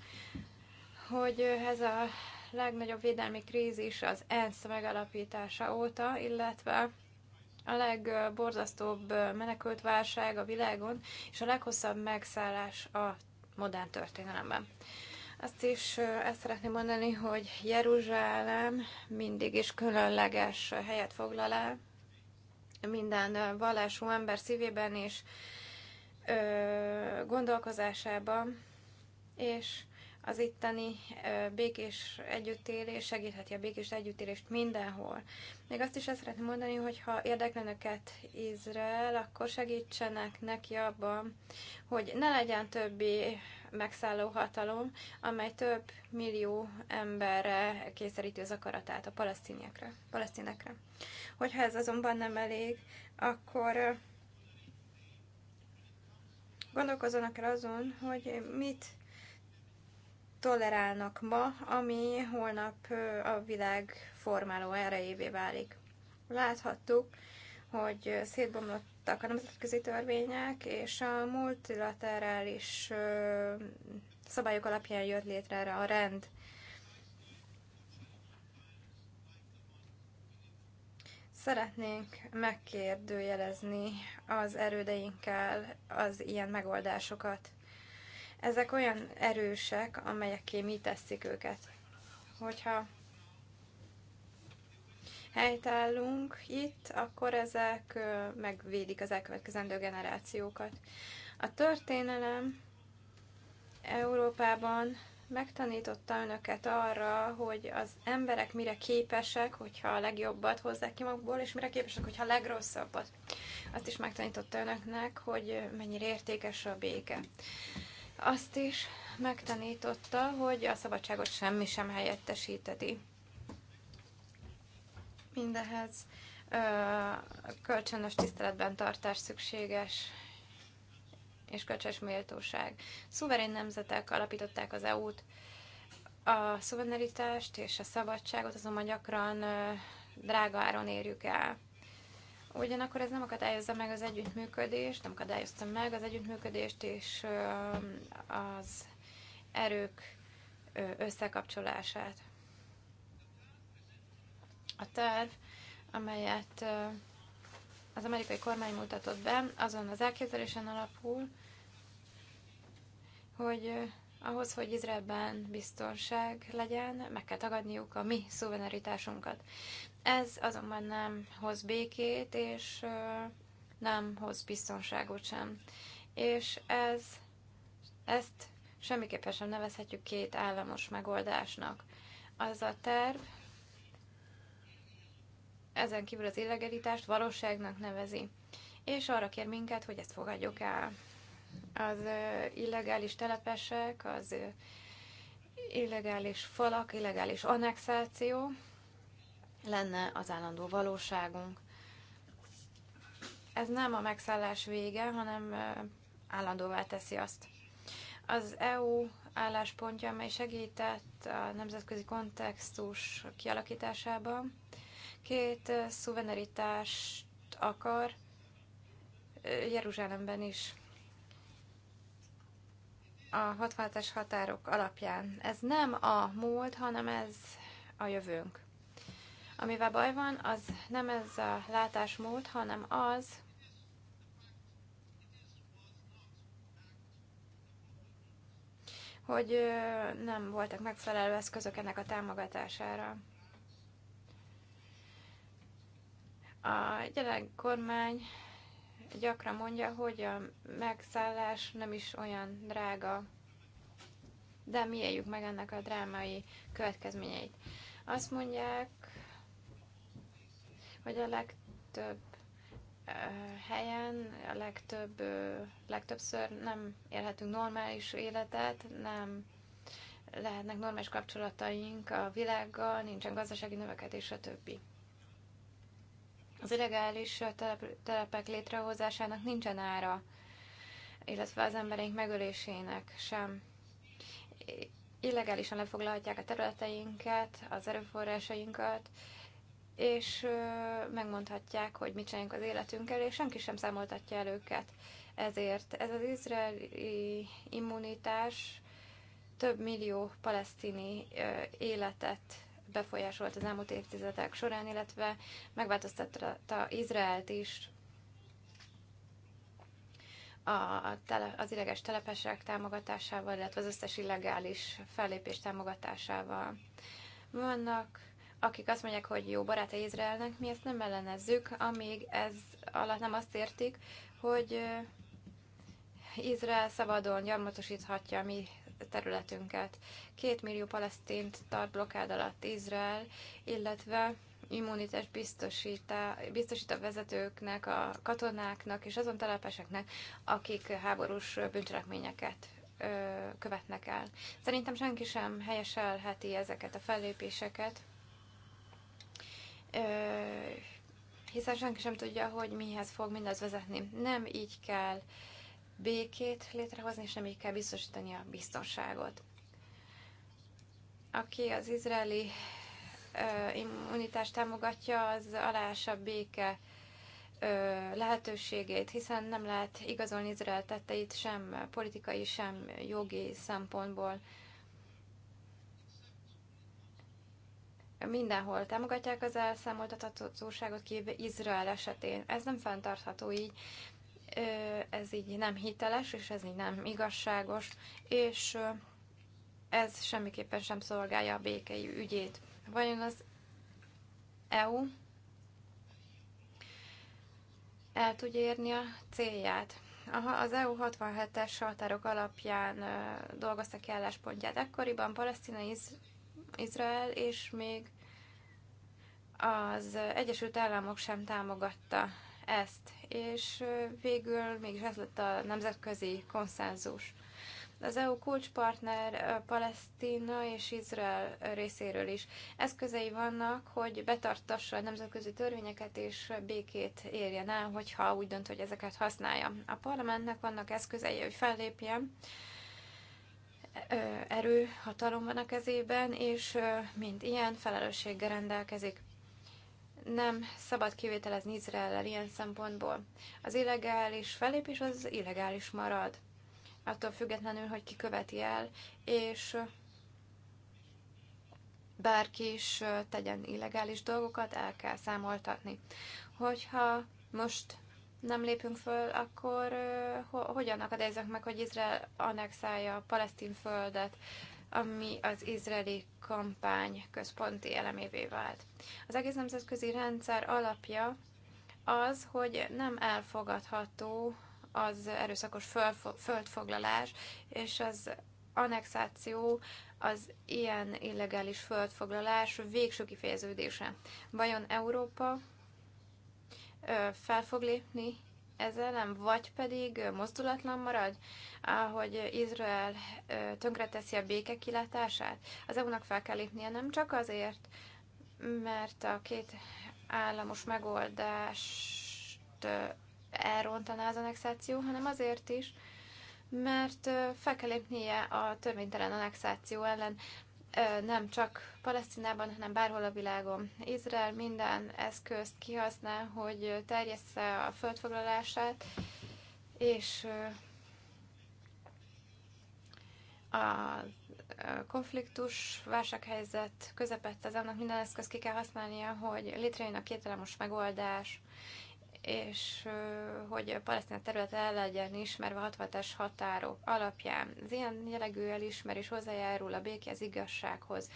hogy ez a legnagyobb védelmi krízis az ENSZ megalapítása óta, illetve a legborzasztóbb menekült válság a világon, és a leghosszabb megszállás a modern történelemben. Azt is ezt szeretném mondani, hogy Jeruzsálem mindig is különleges helyet foglal el minden vallású ember szívében és ö, gondolkozásában, és az itteni békés együttélés segítheti a békés együttélést mindenhol. Még azt is el szeretném mondani, hogy ha érdeklenöket Izrael, akkor segítsenek neki abban, hogy ne legyen többi megszálló hatalom, amely több millió emberre kényszeríti az akaratát a palesztinekre. Hogyha ez azonban nem elég, akkor gondolkozzanak el azon, hogy mit tolerálnak ma, ami holnap a világ formáló erejévé válik. Láthattuk, hogy szétbomlottak a nemzetközi törvények, és a multilaterális szabályok alapján jött létre erre a rend. Szeretnénk megkérdőjelezni az erődeinkkel az ilyen megoldásokat. Ezek olyan erősek, amelyek mi tesszük őket. Hogyha helytállunk itt, akkor ezek megvédik az elkövetkezendő generációkat. A történelem Európában megtanította önöket arra, hogy az emberek mire képesek, hogyha a legjobbat hozzák ki magukból, és mire képesek, hogyha a legrosszabbat. Azt is megtanította önöknek, hogy mennyire értékes a béke azt is megtanította, hogy a szabadságot semmi sem helyettesíteti. Mindehez kölcsönös tiszteletben tartás szükséges, és kölcsönös méltóság. Szuverén nemzetek alapították az EU-t, a szuverenitást és a szabadságot azonban gyakran drága áron érjük el. Ugyanakkor ez nem akadályozza meg az együttműködést, nem akadályozta meg az együttműködést és az erők összekapcsolását. A terv, amelyet az amerikai kormány mutatott be, azon az elképzelésen alapul, hogy ahhoz, hogy Izraelben biztonság legyen, meg kell tagadniuk a mi szuverenitásunkat. Ez azonban nem hoz békét, és nem hoz biztonságot sem. És ez, ezt semmiképpen sem nevezhetjük két államos megoldásnak. Az a terv ezen kívül az illegalitást valóságnak nevezi, és arra kér minket, hogy ezt fogadjuk el. Az illegális telepesek, az illegális falak, illegális annexáció, lenne az állandó valóságunk. Ez nem a megszállás vége, hanem állandóvá teszi azt. Az EU álláspontja, amely segített a nemzetközi kontextus kialakításában, két szuveneritást akar Jeruzsálemben is a 66 es határok alapján. Ez nem a múlt, hanem ez a jövőnk. Amivel baj van, az nem ez a látásmód, hanem az, hogy nem voltak megfelelő eszközök ennek a támogatására. A jelenleg kormány gyakran mondja, hogy a megszállás nem is olyan drága, de mi éljük meg ennek a drámai következményeit. Azt mondják, hogy a legtöbb helyen, a legtöbb, legtöbbször nem élhetünk normális életet, nem lehetnek normális kapcsolataink a világgal, nincsen gazdasági növekedés, stb. Az illegális telepek létrehozásának nincsen ára, illetve az embereink megölésének sem. Illegálisan lefoglalhatják a területeinket, az erőforrásainkat, és megmondhatják, hogy mit csináljunk az életünkkel, és senki sem számoltatja el őket. Ezért ez az izraeli immunitás több millió palesztini életet befolyásolt az elmúlt évtizedek során, illetve megváltoztatta Izraelt is a, tele, az ideges telepesek támogatásával, illetve az összes illegális fellépés támogatásával. Vannak akik azt mondják, hogy jó baráta Izraelnek, mi ezt nem ellenezzük, amíg ez alatt nem azt értik, hogy Izrael szabadon gyarmatosíthatja a mi területünket. Két millió palesztint tart blokád alatt Izrael, illetve immunitás biztosít a, biztosít a vezetőknek, a katonáknak és azon telepeseknek, akik háborús bűncselekményeket követnek el. Szerintem senki sem helyeselheti ezeket a fellépéseket hiszen senki sem tudja, hogy mihez fog mindez vezetni. Nem így kell békét létrehozni, és nem így kell biztosítani a biztonságot. Aki az izraeli immunitást támogatja, az aláássa béke ö, lehetőségét, hiszen nem lehet igazolni Izrael tetteit sem politikai, sem jogi szempontból. mindenhol támogatják az elszámoltathatóságot, kivéve Izrael esetén. Ez nem fenntartható így, ez így nem hiteles, és ez így nem igazságos, és ez semmiképpen sem szolgálja a békei ügyét. Vajon az EU el tudja érni a célját? Az EU 67-es határok alapján dolgoztak ki álláspontját. Ekkoriban Palesztina, Izrael és még az Egyesült Államok sem támogatta ezt, és végül mégis ez lett a nemzetközi konszenzus. Az EU kulcspartner Palesztina és Izrael részéről is eszközei vannak, hogy betartassa a nemzetközi törvényeket és békét érjen el, hogyha úgy dönt, hogy ezeket használja. A parlamentnek vannak eszközei, hogy fellépjen, erő, hatalom van a kezében, és mint ilyen felelősséggel rendelkezik nem szabad kivételezni Izrael ilyen szempontból. Az illegális felépés az illegális marad, attól függetlenül, hogy ki követi el, és bárki is tegyen illegális dolgokat, el kell számoltatni. Hogyha most nem lépünk föl, akkor eh, hogyan akadályozok meg, hogy Izrael annexálja a palesztin földet? ami az izraeli kampány központi elemévé vált. Az egész nemzetközi rendszer alapja az, hogy nem elfogadható az erőszakos földfoglalás és az annexáció az ilyen illegális földfoglalás végső kifejeződése. Vajon Európa fel fog lépni ez ellen, vagy pedig mozdulatlan marad, ahogy Izrael tönkreteszi a béke kilátását. Az EU-nak fel kell lépnie nem csak azért, mert a két államos megoldást elrontaná az annexáció, hanem azért is, mert fel kell lépnie a törvénytelen annexáció ellen nem csak Palesztinában, hanem bárhol a világon. Izrael minden eszközt kihasznál, hogy terjessze a földfoglalását, és a konfliktus, válsághelyzet közepette az annak minden eszközt ki kell használnia, hogy létrejön a kételemos megoldás, és hogy a palesztin terület el legyen ismerve a hatvatás határok alapján. Az ilyen jellegű elismerés hozzájárul a békéhez, igazsághoz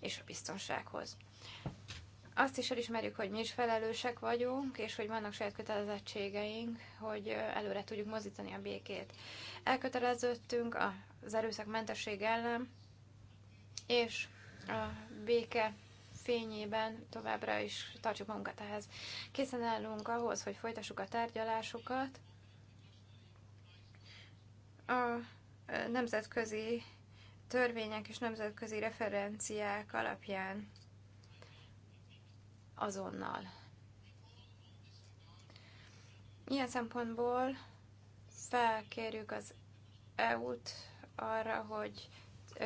és a biztonsághoz. Azt is elismerjük, hogy mi is felelősek vagyunk, és hogy vannak saját kötelezettségeink, hogy előre tudjuk mozdítani a békét. Elköteleződtünk az mentesség ellen, és a béke fényében továbbra is tartjuk magunkat ehhez. Készen állunk ahhoz, hogy folytassuk a tárgyalásokat. A nemzetközi törvények és nemzetközi referenciák alapján azonnal. Ilyen szempontból felkérjük az EU-t arra, hogy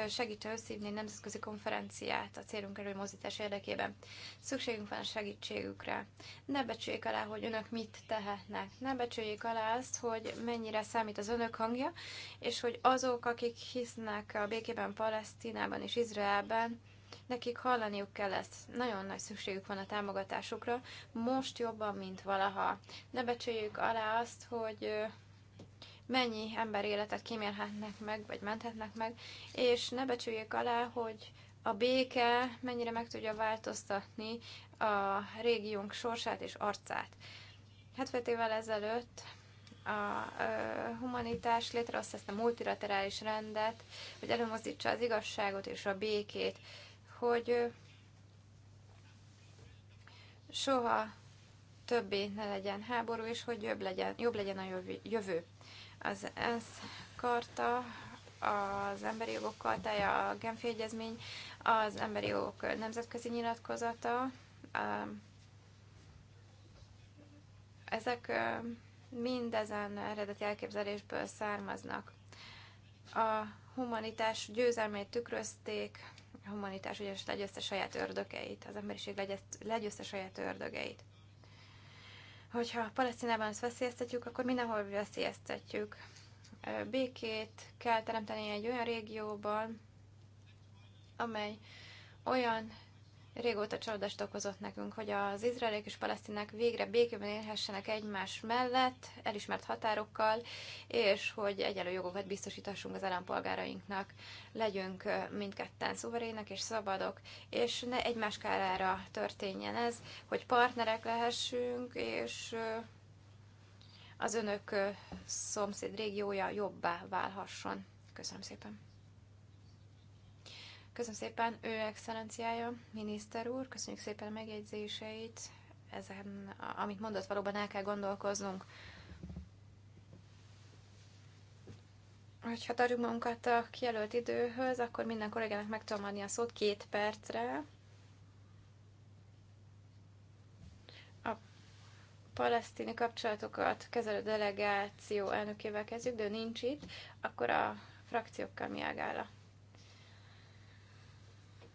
segítse összívni egy nemzetközi konferenciát a célunk mozdítás érdekében. Szükségünk van a segítségükre. Ne becsüljék alá, hogy önök mit tehetnek. Ne becsüljék alá azt, hogy mennyire számít az önök hangja, és hogy azok, akik hisznek a békében Palesztinában és Izraelben, nekik hallaniuk kell ezt. Nagyon nagy szükségük van a támogatásukra, most jobban, mint valaha. Ne becsüljük alá azt, hogy mennyi ember életet kímélhetnek meg, vagy menthetnek meg, és ne becsüljék alá, hogy a béke mennyire meg tudja változtatni a régiónk sorsát és arcát. 75 évvel ezelőtt a humanitás létrehozta ezt a multilaterális rendet, hogy előmozdítsa az igazságot és a békét, hogy soha többé ne legyen háború, és hogy jobb legyen, jobb legyen a jövő. Az ENSZ karta, az emberi jogok kartája, a Genfi Egyezmény, az emberi jogok nemzetközi nyilatkozata. Um, ezek um, mindezen eredeti elképzelésből származnak. A humanitás győzelmét tükrözték, a humanitás ugyanis legyőzte saját ördögeit, az emberiség legyőzte saját ördögeit hogyha Palesztinában ezt veszélyeztetjük, akkor mindenhol veszélyeztetjük. Békét kell teremteni egy olyan régióban, amely olyan régóta csalódást okozott nekünk, hogy az izraeliek és palesztinák végre békében élhessenek egymás mellett, elismert határokkal, és hogy egyenlő jogokat biztosítassunk az állampolgárainknak, legyünk mindketten szuverének és szabadok, és ne egymás kárára történjen ez, hogy partnerek lehessünk, és az önök szomszéd régiója jobbá válhasson. Köszönöm szépen! Köszönöm szépen, ő excellenciája, miniszter úr, köszönjük szépen a megjegyzéseit, ezen, amit mondott, valóban el kell gondolkoznunk. Hogyha tartjuk magunkat a kijelölt időhöz, akkor minden kollégának meg tudom adni a szót két percre. A palesztini kapcsolatokat kezelő delegáció elnökével kezdjük, de nincs itt, akkor a frakciókkal mi áll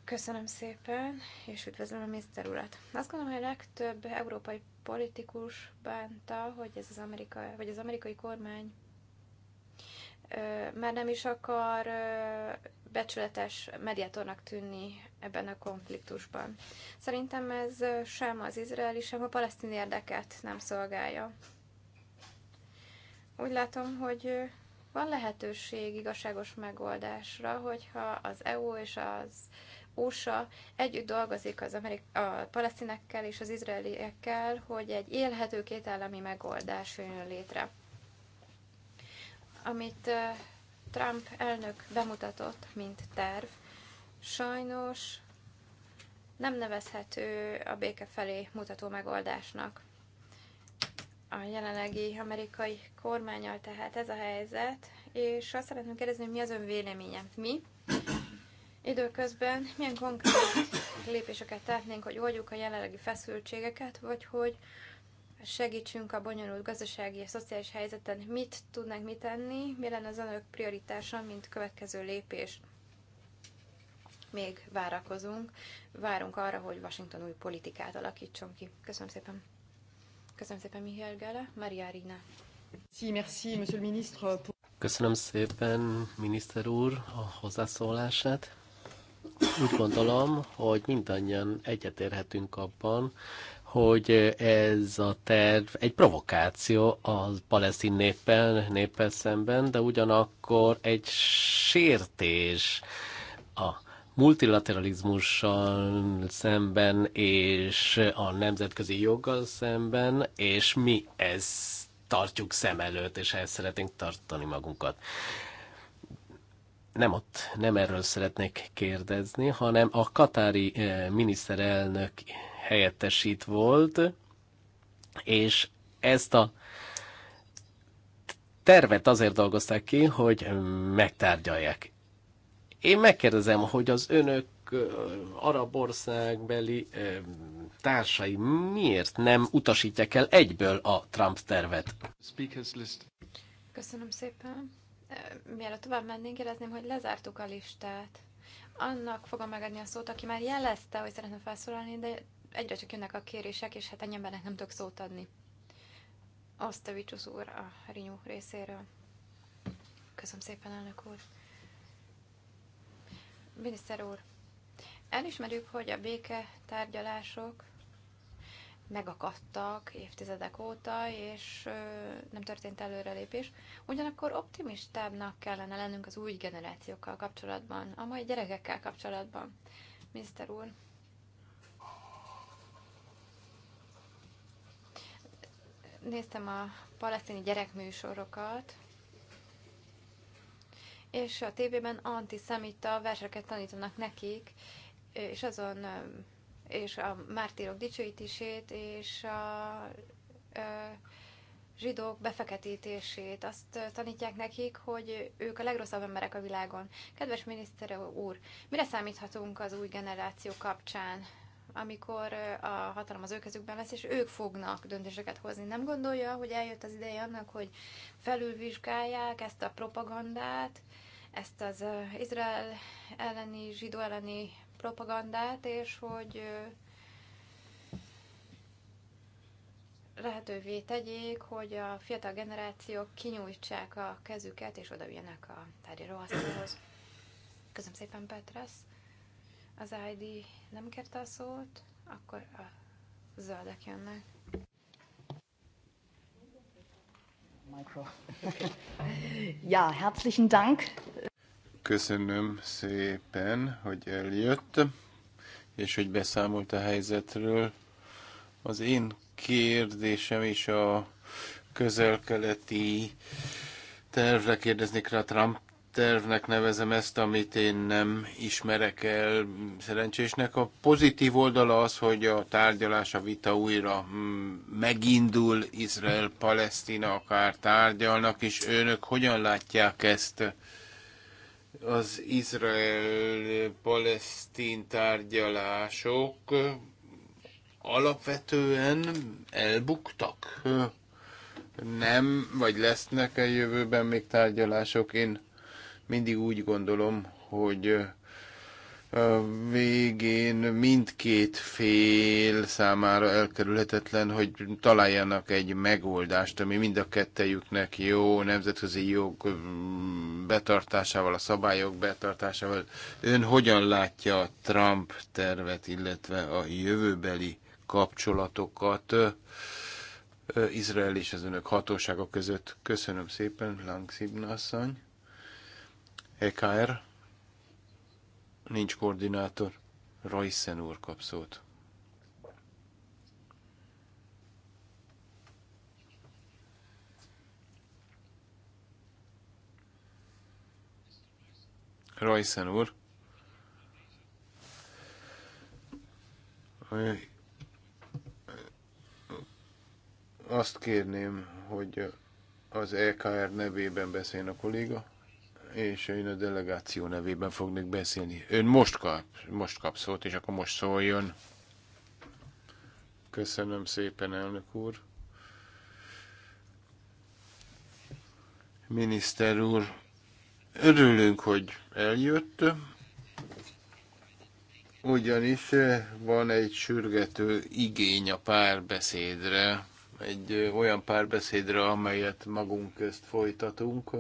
Köszönöm szépen, és üdvözlöm a miniszter urat. Azt gondolom, hogy a legtöbb európai politikus bánta, hogy ez az, Amerika, vagy az amerikai kormány már nem is akar becsületes mediátornak tűnni ebben a konfliktusban. Szerintem ez sem az izraeli, sem a palesztin érdeket nem szolgálja. Úgy látom, hogy van lehetőség igazságos megoldásra, hogyha az EU és az USA együtt dolgozik az amerik- a palesztinekkel és az izraeliekkel, hogy egy élhető kétállami megoldás jön létre. Amit Trump elnök bemutatott, mint terv, sajnos nem nevezhető a béke felé mutató megoldásnak. A jelenlegi amerikai kormányal tehát ez a helyzet, és azt szeretném kérdezni, hogy mi az ön véleménye? Mi, időközben milyen konkrét lépéseket tehetnénk, hogy oldjuk a jelenlegi feszültségeket, vagy hogy segítsünk a bonyolult gazdasági és szociális helyzeten, mit tudnánk mit tenni, mi lenne az önök prioritása, mint következő lépés. Még várakozunk, várunk arra, hogy Washington új politikát alakítson ki. Köszönöm szépen. Köszönöm szépen, Mihály Gála, Maria Rina. Köszönöm szépen, miniszter úr, a hozzászólását úgy gondolom, hogy mindannyian egyetérhetünk abban, hogy ez a terv egy provokáció a palesztin néppel, néppel szemben, de ugyanakkor egy sértés a multilateralizmussal szemben és a nemzetközi joggal szemben, és mi ezt tartjuk szem előtt, és ezt szeretnénk tartani magunkat nem, ott, nem erről szeretnék kérdezni, hanem a katári eh, miniszterelnök helyettesít volt, és ezt a tervet azért dolgozták ki, hogy megtárgyalják. Én megkérdezem, hogy az önök eh, arab országbeli eh, társai miért nem utasítják el egyből a Trump tervet? Köszönöm szépen mielőtt tovább mennénk, kérdezném, hogy lezártuk a listát. Annak fogom megadni a szót, aki már jelezte, hogy szeretne felszólalni, de egyre csak jönnek a kérések, és hát ennyi embernek nem tudok szót adni. Osztavicsus úr a Rinyó részéről. Köszönöm szépen, elnök úr. Miniszter úr, elismerjük, hogy a béke tárgyalások megakadtak évtizedek óta, és nem történt előrelépés. Ugyanakkor optimistábbnak kellene lennünk az új generációkkal kapcsolatban, a mai gyerekekkel kapcsolatban. Miniszter úr, néztem a palesztini gyerekműsorokat, és a tévében antiszemita verseket tanítanak nekik, és azon és a mártírok dicsőítését, és a zsidók befeketítését. Azt tanítják nekik, hogy ők a legrosszabb emberek a világon. Kedves miniszter úr, mire számíthatunk az új generáció kapcsán, amikor a hatalom az ő kezükben lesz, és ők fognak döntéseket hozni? Nem gondolja, hogy eljött az ideje annak, hogy felülvizsgálják ezt a propagandát, ezt az Izrael elleni, zsidó elleni propagandát, és hogy lehetővé tegyék, hogy a fiatal generációk kinyújtsák a kezüket, és odaüljenek a tárgyalóasztalhoz. Köszönöm szépen, Petrasz. Az ID nem kérte a szót, akkor a zöldek jönnek. Mikro. ja, herzlichen Dank Köszönöm szépen, hogy eljött, és hogy beszámolt a helyzetről. Az én kérdésem is a közelkeleti tervre kérdeznék rá, Trump tervnek nevezem ezt, amit én nem ismerek el szerencsésnek. A pozitív oldala az, hogy a tárgyalás, a vita újra mm, megindul, Izrael-Palesztina akár tárgyalnak, és önök hogyan látják ezt? az izrael-palesztin tárgyalások alapvetően elbuktak. Nem, vagy lesznek a jövőben még tárgyalások. Én mindig úgy gondolom, hogy végén mindkét fél számára elkerülhetetlen, hogy találjanak egy megoldást, ami mind a kettejüknek jó, nemzetközi jog betartásával, a szabályok betartásával. Ön hogyan látja a Trump tervet, illetve a jövőbeli kapcsolatokat Izrael és az önök hatósága között? Köszönöm szépen, Langszibna asszony. EKR. Nincs koordinátor. Rajszen úr kap szót. Rajszen úr. Azt kérném, hogy az EKR nevében beszéljen a kolléga és én a delegáció nevében fognak beszélni. Ön most kap, most kap szót, és akkor most szóljon. Köszönöm szépen, elnök úr. Miniszter úr, örülünk, hogy eljött, ugyanis van egy sürgető igény a párbeszédre, egy olyan párbeszédre, amelyet magunk közt folytatunk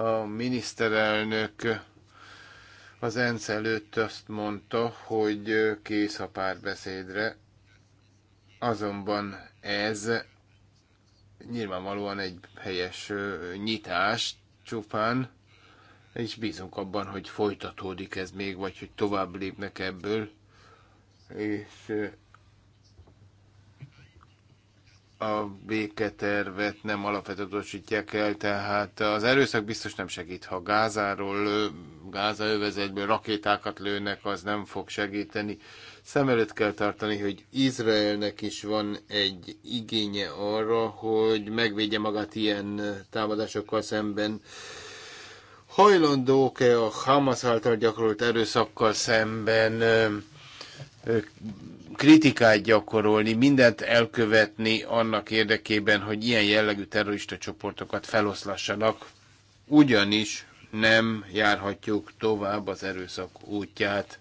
a miniszterelnök az ENSZ előtt azt mondta, hogy kész a párbeszédre, azonban ez nyilvánvalóan egy helyes nyitás csupán, és bízunk abban, hogy folytatódik ez még, vagy hogy tovább lépnek ebből, és a béketervet nem alapvetődosítják el, tehát az erőszak biztos nem segít. Ha Gázáról, Gáza övezetből rakétákat lőnek, az nem fog segíteni. Szem előtt kell tartani, hogy Izraelnek is van egy igénye arra, hogy megvédje magát ilyen támadásokkal szemben. Hajlandók-e a Hamas által gyakorolt erőszakkal szemben kritikát gyakorolni, mindent elkövetni annak érdekében, hogy ilyen jellegű terrorista csoportokat feloszlassanak, ugyanis nem járhatjuk tovább az erőszak útját.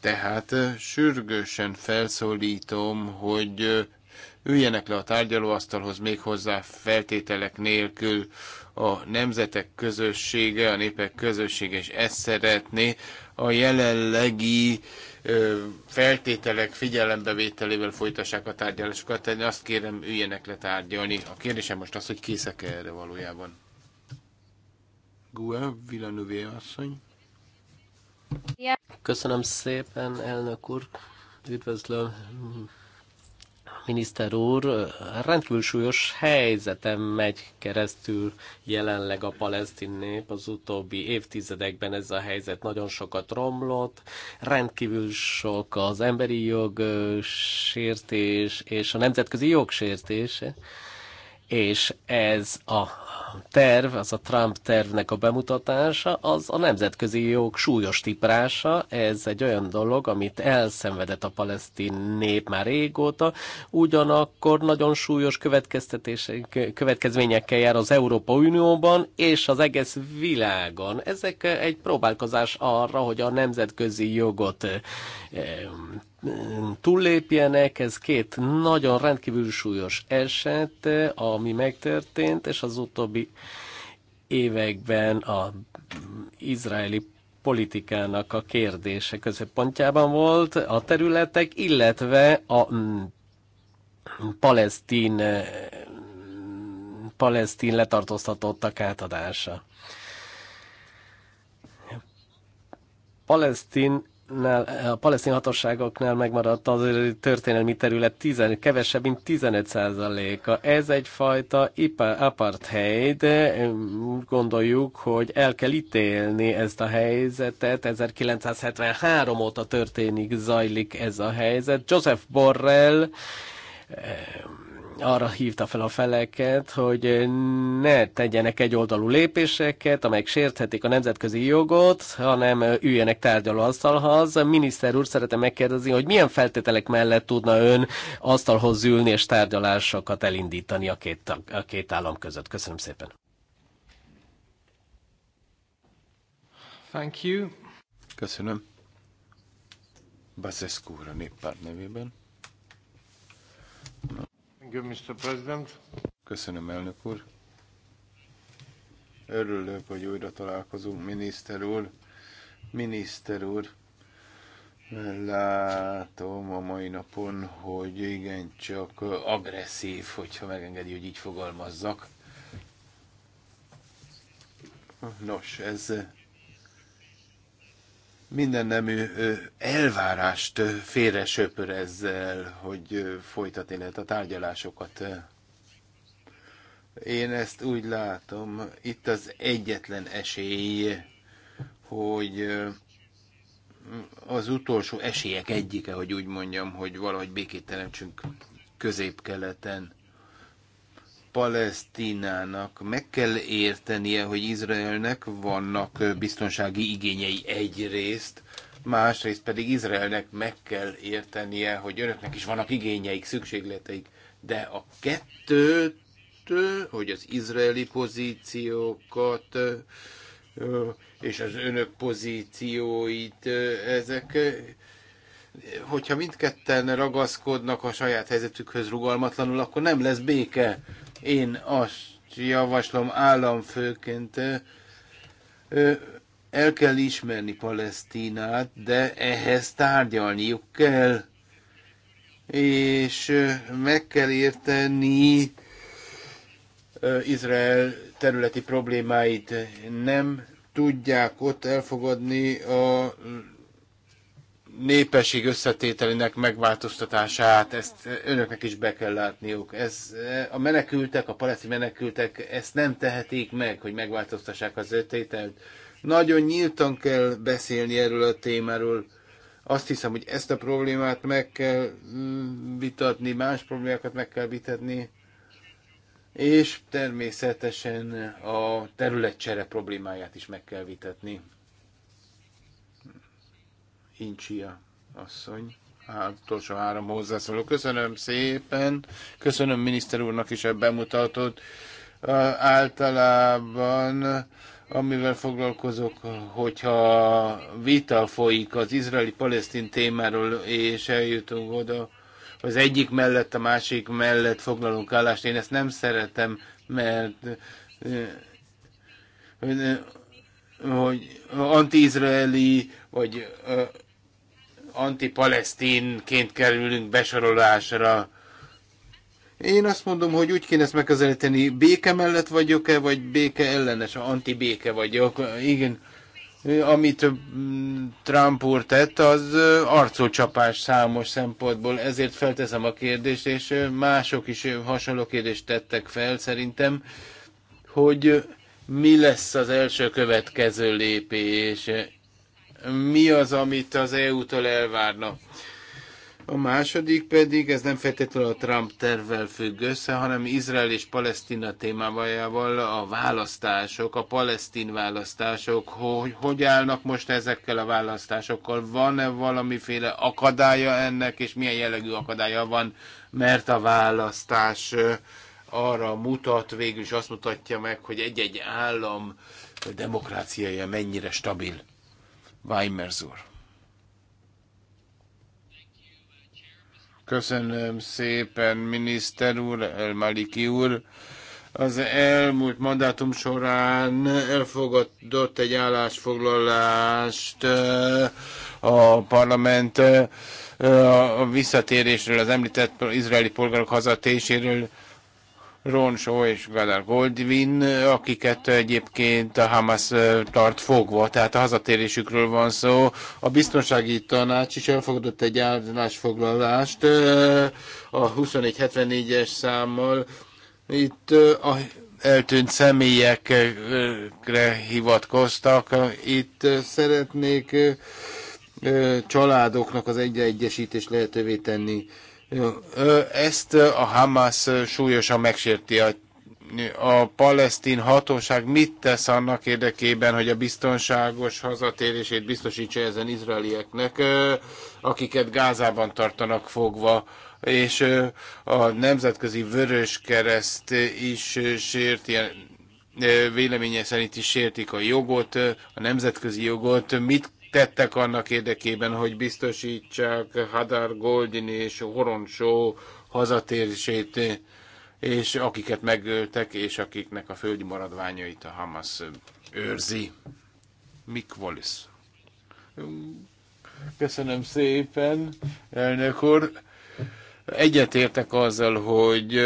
Tehát sürgősen felszólítom, hogy üljenek le a tárgyalóasztalhoz méghozzá feltételek nélkül a nemzetek közössége, a népek közössége, és ezt szeretné, a jelenlegi feltételek figyelembevételével folytassák a tárgyalásokat, tehát azt kérem, üljenek le tárgyalni. A kérdésem most az, hogy készek -e erre valójában. Gue, Villanové asszony. Köszönöm szépen, elnök úr. Üdvözlöm miniszter úr, rendkívül súlyos helyzetem megy keresztül jelenleg a palesztin nép az utóbbi évtizedekben ez a helyzet nagyon sokat romlott, rendkívül sok az emberi jog sértés és a nemzetközi jog sértése, és ez a terv, az a Trump tervnek a bemutatása, az a nemzetközi jog súlyos tiprása. Ez egy olyan dolog, amit elszenvedett a palesztin nép már régóta, ugyanakkor nagyon súlyos következményekkel jár az Európa Unióban és az egész világon. Ezek egy próbálkozás arra, hogy a nemzetközi jogot eh, túllépjenek. Ez két nagyon rendkívül súlyos eset, ami megtörtént, és az utóbbi években a izraeli politikának a kérdése középpontjában volt a területek, illetve a palesztin, palesztin letartóztatottak átadása. Palesztin a palesztin hatóságoknál megmaradt az történelmi terület tizen, kevesebb, mint 15 százaléka. Ez egyfajta apartheid. Gondoljuk, hogy el kell ítélni ezt a helyzetet. 1973 óta történik, zajlik ez a helyzet. Joseph Borrell arra hívta fel a feleket, hogy ne tegyenek egyoldalú lépéseket, amelyek sérthetik a nemzetközi jogot, hanem üljenek tárgyalóasztalhoz. A miniszter úr szeretne megkérdezni, hogy milyen feltételek mellett tudna ön asztalhoz ülni és tárgyalásokat elindítani a két, a két állam között. Köszönöm szépen. Thank you. Köszönöm. Bazescu úr a néppárt nevében. Köszönöm, elnök úr. Örülök, hogy újra találkozunk, miniszter úr. Miniszter úr, látom a mai napon, hogy igen, csak agresszív, hogyha megengedi, hogy így fogalmazzak. Nos, ez minden nemű elvárást félre söpör ezzel, hogy folytatni lehet a tárgyalásokat. Én ezt úgy látom, itt az egyetlen esély, hogy az utolsó esélyek egyike, hogy úgy mondjam, hogy valahogy békét teremtsünk közép-keleten. Palesztinának meg kell értenie, hogy Izraelnek vannak biztonsági igényei egyrészt, másrészt pedig Izraelnek meg kell értenie, hogy önöknek is vannak igényeik, szükségleteik, de a kettőt, hogy az izraeli pozíciókat és az önök pozícióit, ezek hogyha mindketten ragaszkodnak a saját helyzetükhöz rugalmatlanul, akkor nem lesz béke. Én azt javaslom államfőként, el kell ismerni Palesztinát, de ehhez tárgyalniuk kell, és meg kell érteni Izrael területi problémáit. Nem tudják ott elfogadni a népesség összetételének megváltoztatását, ezt önöknek is be kell látniuk. Ez, a menekültek, a palesztin menekültek ezt nem tehetik meg, hogy megváltoztassák az összetételt. Nagyon nyíltan kell beszélni erről a témáról. Azt hiszem, hogy ezt a problémát meg kell mm, vitatni, más problémákat meg kell vitatni, és természetesen a területcsere problémáját is meg kell vitatni. Incsia asszony. Hát, utolsó három hozzászóló. Köszönöm szépen, köszönöm miniszter úrnak is a bemutatót. Általában amivel foglalkozok, hogyha vita folyik az izraeli-palesztin témáról, és eljutunk oda, az egyik mellett, a másik mellett foglalunk állást. Én ezt nem szeretem, mert hogy anti-izraeli, vagy antipalesztinként kerülünk besorolásra. Én azt mondom, hogy úgy kéne ezt megközelíteni, béke mellett vagyok-e, vagy béke ellenes, antibéke vagyok. Igen, amit mm, Trump úr tett, az arcocsapás számos szempontból, ezért felteszem a kérdést, és mások is hasonló kérdést tettek fel szerintem, hogy mi lesz az első következő lépés, mi az, amit az EU-tól elvárna. A második pedig, ez nem feltétlenül a Trump tervvel függ össze, hanem Izrael és Palesztina témájával a választások, a palesztin választások, hogy, hogy állnak most ezekkel a választásokkal, van-e valamiféle akadálya ennek, és milyen jellegű akadálya van, mert a választás arra mutat, végül is azt mutatja meg, hogy egy-egy állam demokráciája mennyire stabil. Weimers úr. Köszönöm szépen, miniszter úr, El Maliki úr. Az elmúlt mandátum során elfogadott egy állásfoglalást eh, a parlament eh, a visszatérésről, az említett izraeli polgárok hazatéséről Ron Shaw és Gadar Goldwin, akiket egyébként a Hamas tart fogva, tehát a hazatérésükről van szó. A biztonsági tanács is elfogadott egy állásfoglalást a 2174 es számmal. Itt a eltűnt személyekre hivatkoztak. Itt szeretnék családoknak az egyreegyesítést lehetővé tenni. Ezt a Hamas súlyosan megsérti a a palesztin hatóság mit tesz annak érdekében, hogy a biztonságos hazatérését biztosítsa ezen izraelieknek, akiket Gázában tartanak fogva, és a Nemzetközi Vörös Kereszt is sérti, véleménye szerint is sértik a jogot, a nemzetközi jogot. Mit tettek annak érdekében, hogy biztosítsák Hadar Goldin és Horonsó hazatérését, és akiket megöltek, és akiknek a földi maradványait a Hamas őrzi. Mick Wallace. Köszönöm szépen, elnök úr. Egyetértek azzal, hogy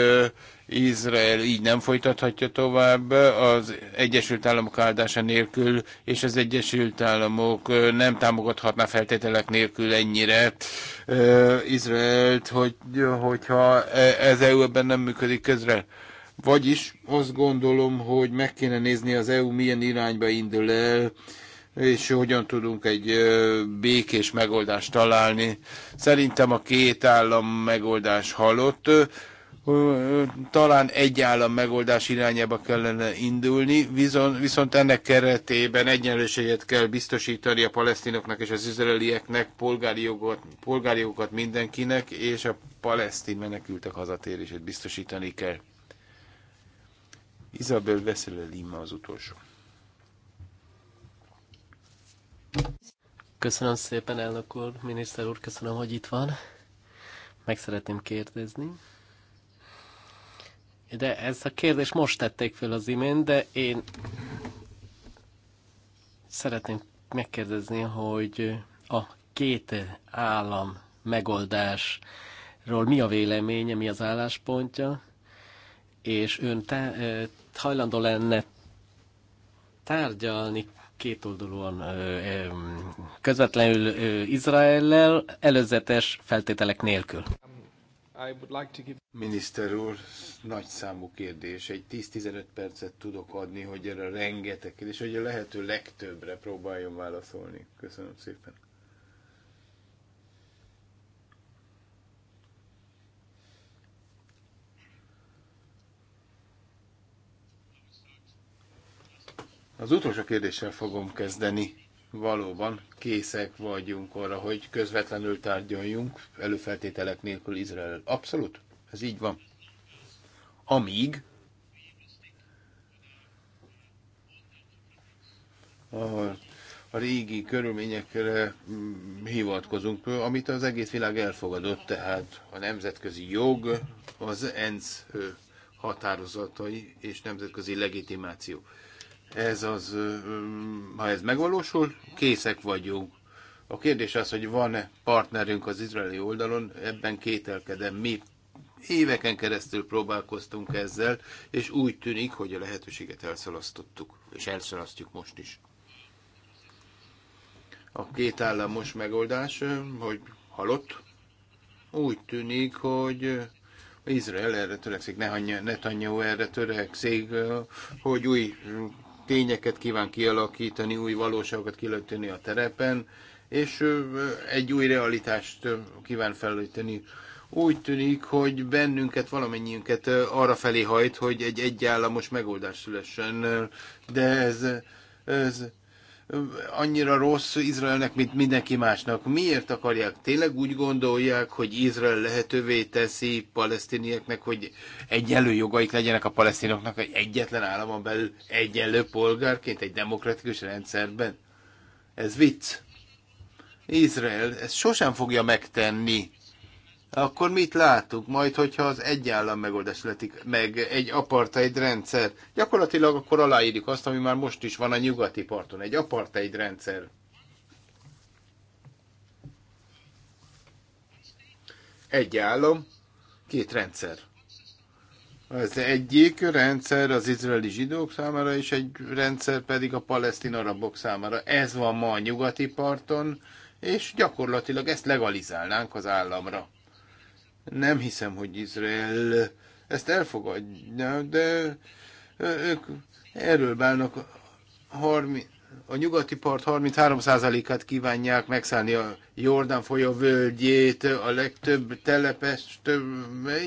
Izrael így nem folytathatja tovább az Egyesült Államok áldása nélkül, és az Egyesült Államok nem támogathatná feltételek nélkül ennyire Izraelt, hogy, hogyha e, ez EU-ben nem működik közre. Vagyis azt gondolom, hogy meg kéne nézni az EU milyen irányba indul el, és hogyan tudunk egy békés megoldást találni. Szerintem a két állam megoldás halott, talán egy állam megoldás irányába kellene indulni, viszont, viszont ennek keretében egyenlőséget kell biztosítani a palesztinoknak és az izraelieknek, polgári jogot, polgári jogokat mindenkinek, és a palesztin menekültek hazatérését biztosítani kell. Isabel Veszelő Lima az utolsó. Köszönöm szépen, elnök úr, miniszter úr, köszönöm, hogy itt van. Meg szeretném kérdezni, de ez a kérdés most tették fel az imént, de én szeretném megkérdezni, hogy a két állam megoldásról mi a véleménye, mi az álláspontja, és ön te, hajlandó lenne tárgyalni kétoldalúan közvetlenül Izraellel, előzetes feltételek nélkül. Miniszter úr, nagy számú kérdés. Egy 10-15 percet tudok adni, hogy erre rengeteg kérdés, hogy a lehető legtöbbre próbáljon válaszolni. Köszönöm szépen. Az utolsó kérdéssel fogom kezdeni valóban készek vagyunk arra, hogy közvetlenül tárgyaljunk előfeltételek nélkül Izrael. Abszolút, ez így van. Amíg a a régi körülményekre mm, hivatkozunk, amit az egész világ elfogadott, tehát a nemzetközi jog, az ENSZ határozatai és nemzetközi legitimáció ez az, ha ez megvalósul, készek vagyunk. A kérdés az, hogy van-e partnerünk az izraeli oldalon, ebben kételkedem. Mi éveken keresztül próbálkoztunk ezzel, és úgy tűnik, hogy a lehetőséget elszalasztottuk, és elszalasztjuk most is. A két államos megoldás, hogy halott, úgy tűnik, hogy Izrael erre törekszik, Netanyahu erre törekszik, hogy új tényeket kíván kialakítani, új valóságokat kialakítani a terepen, és egy új realitást kíván felállítani. Úgy tűnik, hogy bennünket, valamennyiünket arra felé hajt, hogy egy egyállamos megoldás szülessen, de ez, ez annyira rossz Izraelnek, mint mindenki másnak. Miért akarják? Tényleg úgy gondolják, hogy Izrael lehetővé teszi palesztinieknek, hogy egyenlő jogaik legyenek a palesztinoknak egy egyetlen államon belül egyenlő polgárként egy demokratikus rendszerben? Ez vicc. Izrael ezt sosem fogja megtenni akkor mit látunk majd, hogyha az egy állam megoldás letik, meg egy apartheid rendszer? Gyakorlatilag akkor aláírjuk azt, ami már most is van a nyugati parton, egy apartheid rendszer. Egy állam, két rendszer. Az egyik rendszer az izraeli zsidók számára, és egy rendszer pedig a palesztin arabok számára. Ez van ma a nyugati parton, és gyakorlatilag ezt legalizálnánk az államra. Nem hiszem, hogy Izrael ezt elfogadja, de ők erről bálnak 30, a nyugati part 33%-át kívánják megszállni a Jordán folyó völgyét, a legtöbb telepes, több,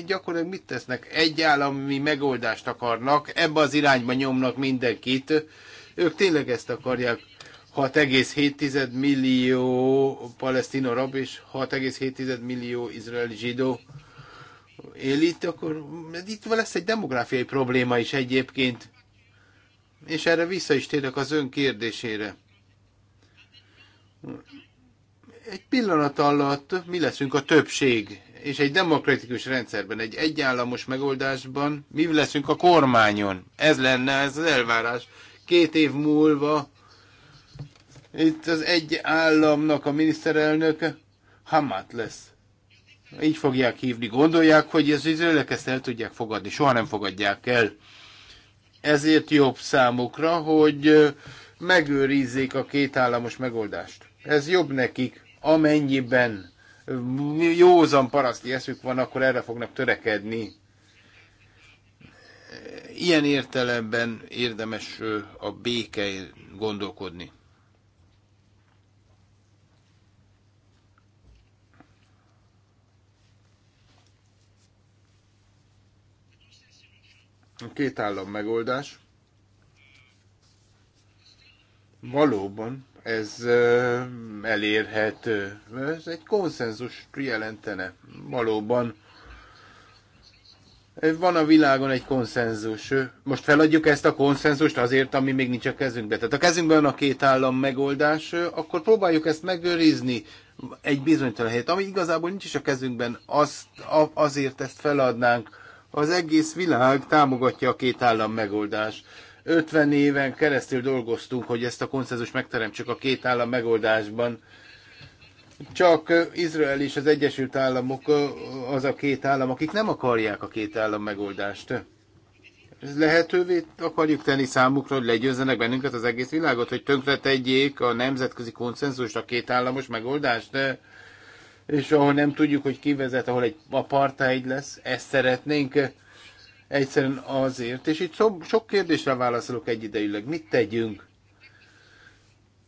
gyakorlatilag mit tesznek? Egy állami megoldást akarnak, ebbe az irányba nyomnak mindenkit. Ők tényleg ezt akarják. 6,7 millió palesztin arab és 6,7 millió izraeli zsidó él itt, akkor itt lesz egy demográfiai probléma is egyébként. És erre vissza is térek az ön kérdésére. Egy pillanat alatt mi leszünk a többség, és egy demokratikus rendszerben, egy egyállamos megoldásban mi leszünk a kormányon. Ez lenne ez az elvárás. Két év múlva itt az egy államnak a miniszterelnöke Hamát lesz. Így fogják hívni. Gondolják, hogy ez Izraelek ezt el tudják fogadni. Soha nem fogadják el. Ezért jobb számukra, hogy megőrizzék a két államos megoldást. Ez jobb nekik, amennyiben józan paraszti eszük van, akkor erre fognak törekedni. Ilyen értelemben érdemes a béke gondolkodni. A két állam megoldás valóban ez elérhető. Ez egy konszenzus jelentene valóban. Van a világon egy konszenzus. Most feladjuk ezt a konszenzust azért, ami még nincs a kezünkben. Tehát a kezünkben a két állam megoldás, akkor próbáljuk ezt megőrizni egy bizonytalan helyet. Ami igazából nincs is a kezünkben, azt, azért ezt feladnánk. Az egész világ támogatja a két állam megoldást. 50 éven keresztül dolgoztunk, hogy ezt a konszenzus megteremtsük a két állam megoldásban. Csak Izrael és az Egyesült Államok az a két állam, akik nem akarják a két állam megoldást. Ez lehetővé akarjuk tenni számukra, hogy legyőzzenek bennünket az egész világot, hogy tönkretegyék a nemzetközi konszenzust, a két államos megoldást. De és ahol nem tudjuk, hogy ki vezet, ahol egy apartheid lesz, ezt szeretnénk egyszerűen azért. És itt so, sok kérdésre válaszolok egyidejűleg. Mit tegyünk?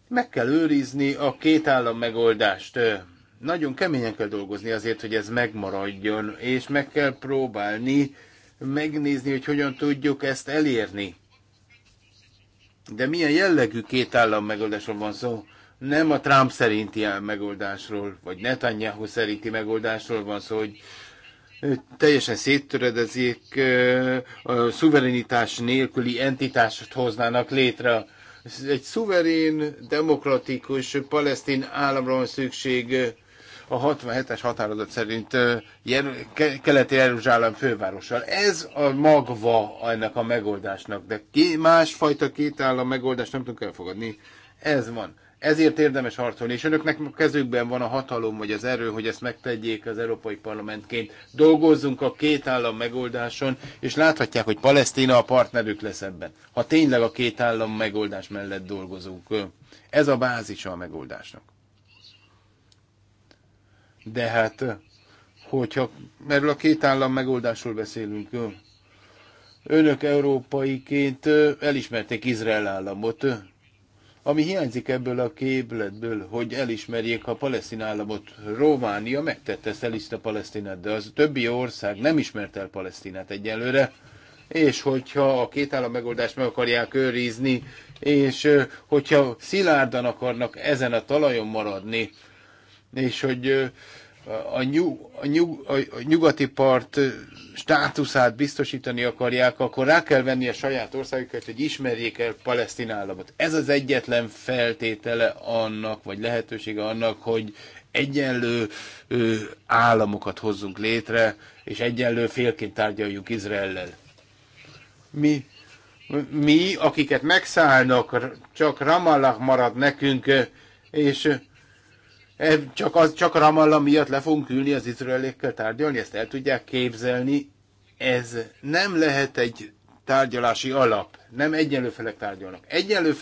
Meg kell őrizni a két állam megoldást. Nagyon keményen kell dolgozni azért, hogy ez megmaradjon, és meg kell próbálni megnézni, hogy hogyan tudjuk ezt elérni. De milyen jellegű két állam megoldásról van szó? nem a Trump szerinti megoldásról, vagy Netanyahu szerinti megoldásról van szó, hogy teljesen széttöredezik, a szuverenitás nélküli entitást hoznának létre. Egy szuverén, demokratikus palesztin államra van szükség a 67-es határozat szerint keleti Jeruzsálem fővárossal. Ez a magva ennek a megoldásnak, de másfajta két állam megoldást nem tudunk elfogadni. Ez van. Ezért érdemes harcolni, és önöknek a kezükben van a hatalom, vagy az erő, hogy ezt megtegyék az Európai Parlamentként. Dolgozzunk a két állam megoldáson, és láthatják, hogy Palesztina a partnerük lesz ebben. Ha tényleg a két állam megoldás mellett dolgozunk, ez a bázisa a megoldásnak. De hát, hogyha erről a két állam megoldásról beszélünk, önök európaiként elismerték Izrael államot, ami hiányzik ebből a képletből, hogy elismerjék a palesztin államot. Románia megtette ezt, a Palesztinát, de az többi ország nem ismert el Palesztinát egyelőre, és hogyha a két állam megoldást meg akarják őrizni, és hogyha szilárdan akarnak ezen a talajon maradni, és hogy a, nyug, a, nyug, a nyugati part státuszát biztosítani akarják, akkor rá kell venni a saját országokat, hogy ismerjék el palesztin államot. Ez az egyetlen feltétele annak, vagy lehetősége annak, hogy egyenlő ö, államokat hozzunk létre, és egyenlő félként tárgyaljuk Izraellel. Mi, mi, akiket megszállnak, csak Ramallah marad nekünk, és Eh, csak, az, csak Ramallah miatt le fogunk ülni az izraelékkel tárgyalni, ezt el tudják képzelni. Ez nem lehet egy tárgyalási alap. Nem egyenlő felek tárgyalnak. Egyenlő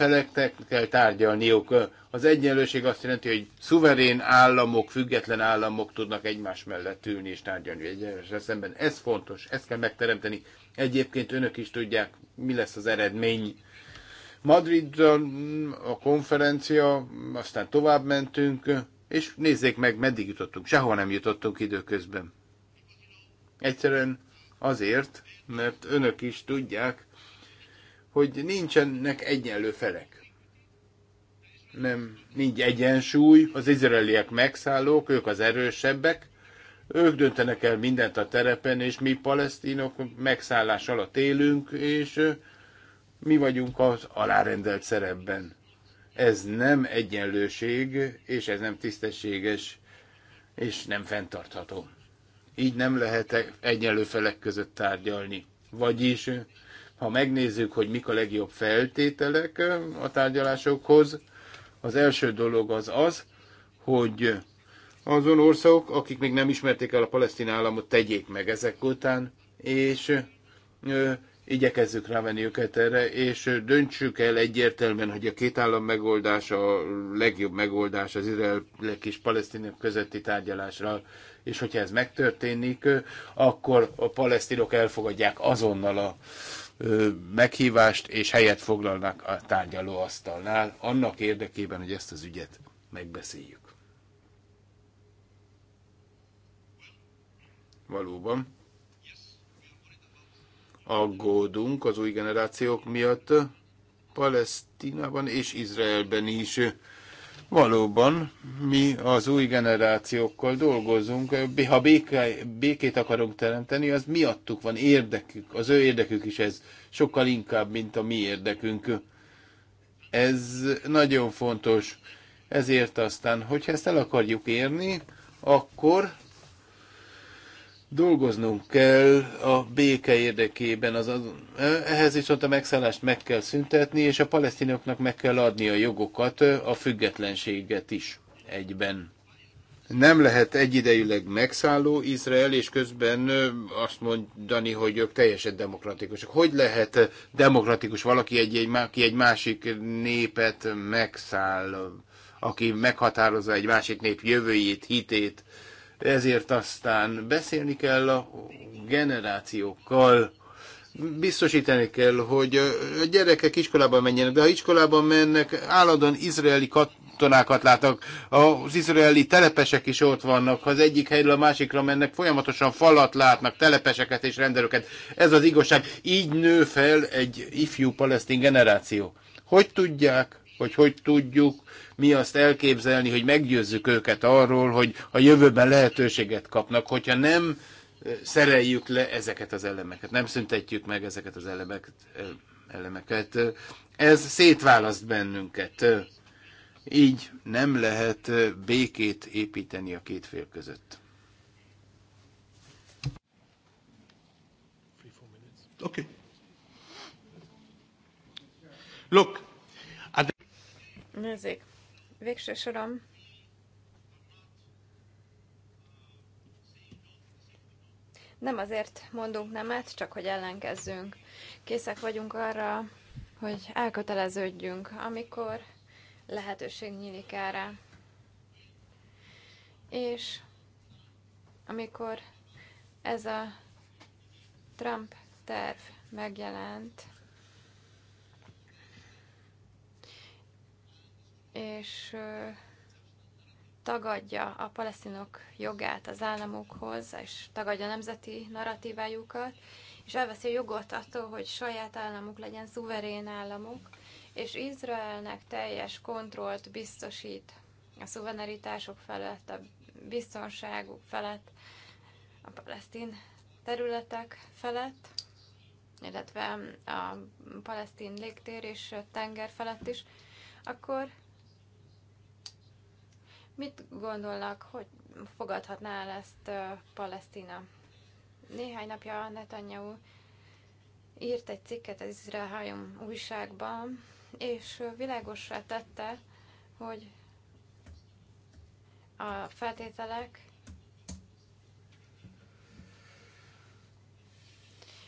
kell tárgyalniuk. Az egyenlőség azt jelenti, hogy szuverén államok, független államok tudnak egymás mellett ülni és tárgyalni egyenesre szemben. Ez fontos, ezt kell megteremteni. Egyébként önök is tudják, mi lesz az eredmény. Madridon a konferencia, aztán tovább mentünk, és nézzék meg, meddig jutottunk. Sehol nem jutottunk időközben. Egyszerűen azért, mert önök is tudják, hogy nincsenek egyenlő felek. Nem, nincs egyensúly, az izraeliek megszállók, ők az erősebbek, ők döntenek el mindent a terepen, és mi palesztinok megszállás alatt élünk, és mi vagyunk az alárendelt szerepben. Ez nem egyenlőség, és ez nem tisztességes, és nem fenntartható. Így nem lehet egyenlő felek között tárgyalni. Vagyis, ha megnézzük, hogy mik a legjobb feltételek a tárgyalásokhoz, az első dolog az az, hogy azon országok, akik még nem ismerték el a palesztin államot, tegyék meg ezek után, és igyekezzük rávenni őket erre, és döntsük el egyértelműen, hogy a két állam megoldás a legjobb megoldás az izrael és palesztinok közötti tárgyalásra, és hogyha ez megtörténik, akkor a palesztinok elfogadják azonnal a meghívást, és helyet foglalnak a tárgyalóasztalnál, annak érdekében, hogy ezt az ügyet megbeszéljük. Valóban aggódunk az új generációk miatt Palesztinában és Izraelben is. Valóban mi az új generációkkal dolgozunk. Ha béke, békét akarunk teremteni, az miattuk van érdekük. Az ő érdekük is ez sokkal inkább, mint a mi érdekünk. Ez nagyon fontos. Ezért aztán, hogyha ezt el akarjuk érni, akkor dolgoznunk kell a béke érdekében. Az, az, ehhez viszont a megszállást meg kell szüntetni, és a palesztinoknak meg kell adni a jogokat, a függetlenséget is egyben. Nem lehet egyidejűleg megszálló Izrael, és közben azt mondani, hogy ők teljesen demokratikusak. Hogy lehet demokratikus valaki, egy, egy, aki egy másik népet megszáll, aki meghatározza egy másik nép jövőjét, hitét, ezért aztán beszélni kell a generációkkal, biztosítani kell, hogy a gyerekek iskolában menjenek, de ha iskolában mennek, állandóan izraeli katonákat látnak, az izraeli telepesek is ott vannak, ha az egyik helyről a másikra mennek, folyamatosan falat látnak, telepeseket és rendelőket. Ez az igazság. Így nő fel egy ifjú palesztin generáció. Hogy tudják hogy hogy tudjuk mi azt elképzelni, hogy meggyőzzük őket arról, hogy a jövőben lehetőséget kapnak, hogyha nem eh, szereljük le ezeket az elemeket, nem szüntetjük meg ezeket az elemeket, eh, elemeket. Ez szétválaszt bennünket. Így nem lehet eh, békét építeni a két fél között. Oké. Okay. Look, Nézzék, végső soron nem azért mondunk nemet, csak hogy ellenkezzünk. Készek vagyunk arra, hogy elköteleződjünk, amikor lehetőség nyílik erre. És amikor ez a Trump terv megjelent, és tagadja a palesztinok jogát az államokhoz, és tagadja a nemzeti narratívájukat, és elveszi a jogot attól, hogy saját államuk legyen, szuverén államuk, és Izraelnek teljes kontrollt biztosít a szuverenitások felett, a biztonságuk felett, a palesztin területek felett, illetve a palesztin légtér és tenger felett is, akkor Mit gondolnak, hogy fogadhatná el ezt uh, Palesztina? Néhány napja Netanyahu írt egy cikket az Izraelhajom újságban, és világosra tette, hogy a feltételek,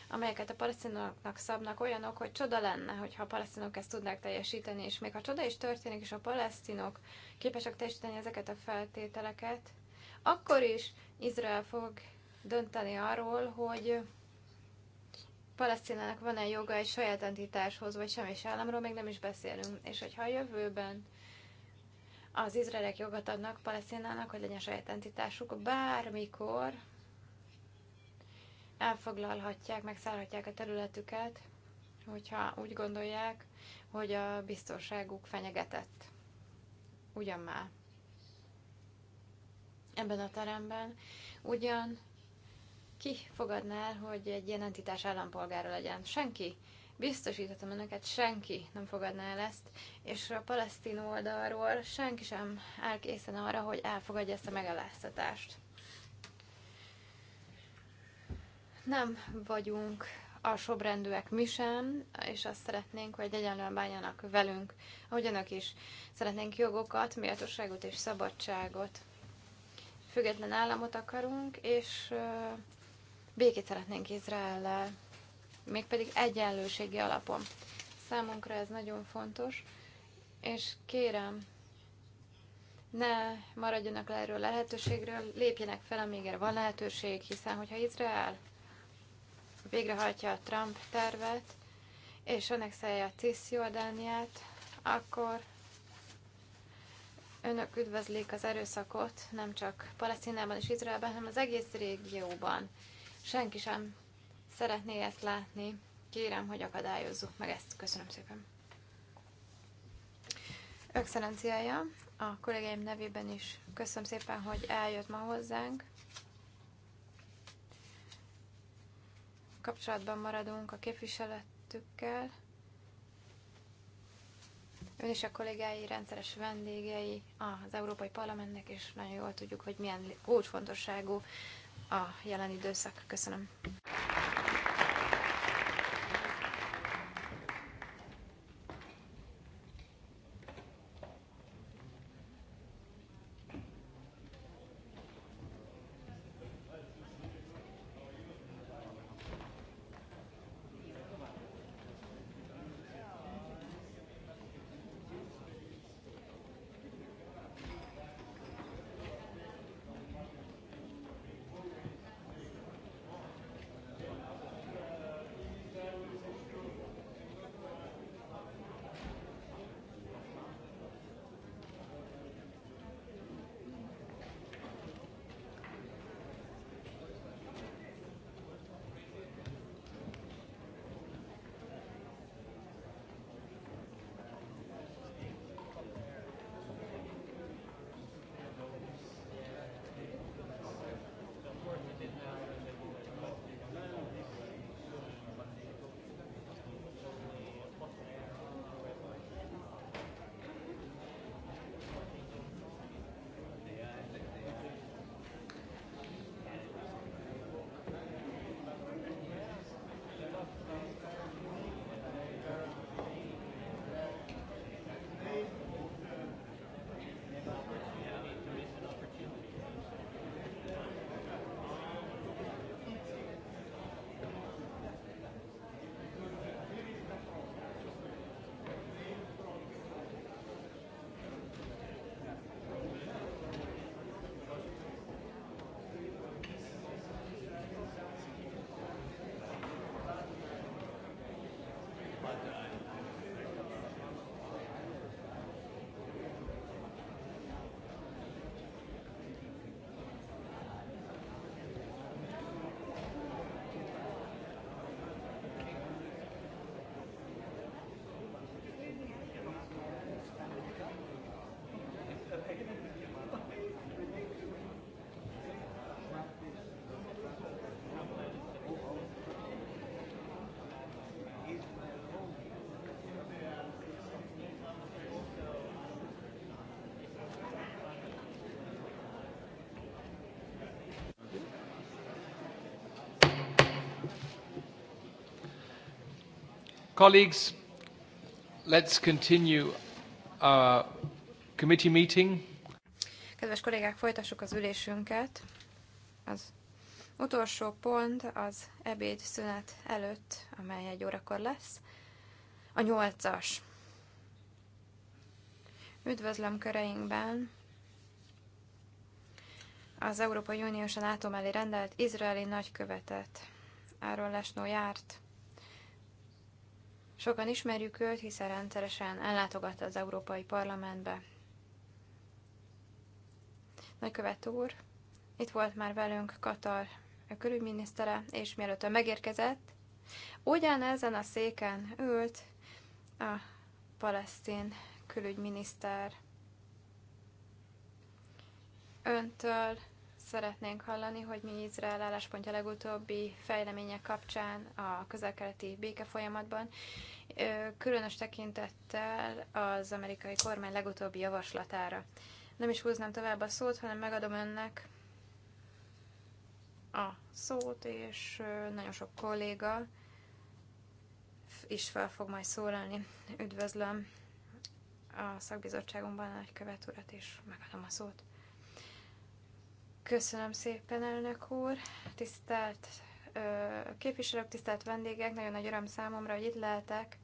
amelyeket a palesztinoknak szabnak, olyanok, hogy csoda lenne, hogyha a palesztinok ezt tudnák teljesíteni, és még ha csoda is történik, és a palesztinok képesek teljesíteni ezeket a feltételeket, akkor is Izrael fog dönteni arról, hogy Palesztinának van-e joga egy saját entitáshoz, vagy semmi államról még nem is beszélünk. És hogyha a jövőben az izraelek jogot adnak Palesztinának, hogy legyen saját entitásuk, bármikor elfoglalhatják, megszállhatják a területüket, hogyha úgy gondolják, hogy a biztonságuk fenyegetett ugyan már ebben a teremben, ugyan ki fogadná, hogy egy ilyen entitás állampolgára legyen? Senki. Biztosíthatom önöket, senki nem fogadná el ezt, és a palesztin oldalról senki sem áll készen arra, hogy elfogadja ezt a megaláztatást. Nem vagyunk alsóbrendűek mi sem, és azt szeretnénk, hogy egyenlően bánjanak velünk, ahogy önök is. Szeretnénk jogokat, méltóságot és szabadságot. Független államot akarunk, és békét szeretnénk Izraellel, mégpedig egyenlőségi alapon. Számunkra ez nagyon fontos, és kérem, ne maradjanak le erről lehetőségről, lépjenek fel, amíg erre van lehetőség, hiszen hogyha Izrael végrehajtja a Trump tervet, és annexelje a Cisziordániát, akkor önök üdvözlik az erőszakot nem csak Palesztinában és Izraelben, hanem az egész régióban. Senki sem szeretné ezt látni. Kérem, hogy akadályozzuk meg ezt. Köszönöm szépen. Excellenciája, a kollégáim nevében is köszönöm szépen, hogy eljött ma hozzánk. kapcsolatban maradunk a képviseletükkel. Ön és a kollégái rendszeres vendégei az Európai Parlamentnek, és nagyon jól tudjuk, hogy milyen kulcsfontosságú a jelen időszak. Köszönöm. Colleagues, let's continue our committee meeting. Kedves kollégák, folytassuk az ülésünket. Az utolsó pont az ebéd szünet előtt, amely egy órakor lesz, a nyolcas. Üdvözlöm köreinkben az Európai Uniós NATO mellé rendelt izraeli nagykövetet, Áron Lesnó járt Sokan ismerjük őt, hiszen rendszeresen ellátogat az Európai Parlamentbe. Nagykövet úr, itt volt már velünk Katar körügyminisztere, és mielőtt ő megérkezett, ezen a széken ült a palesztin külügyminiszter. Öntől szeretnénk hallani, hogy mi Izrael álláspontja legutóbbi fejlemények kapcsán a közelkeleti béke folyamatban, különös tekintettel az amerikai kormány legutóbbi javaslatára. Nem is húznám tovább a szót, hanem megadom önnek a szót, és nagyon sok kolléga is fel fog majd szólalni. Üdvözlöm a szakbizottságunkban a nagykövet urat, és megadom a szót. Köszönöm szépen, elnök úr. Tisztelt képviselők, tisztelt vendégek, nagyon nagy öröm számomra, hogy itt lehetek,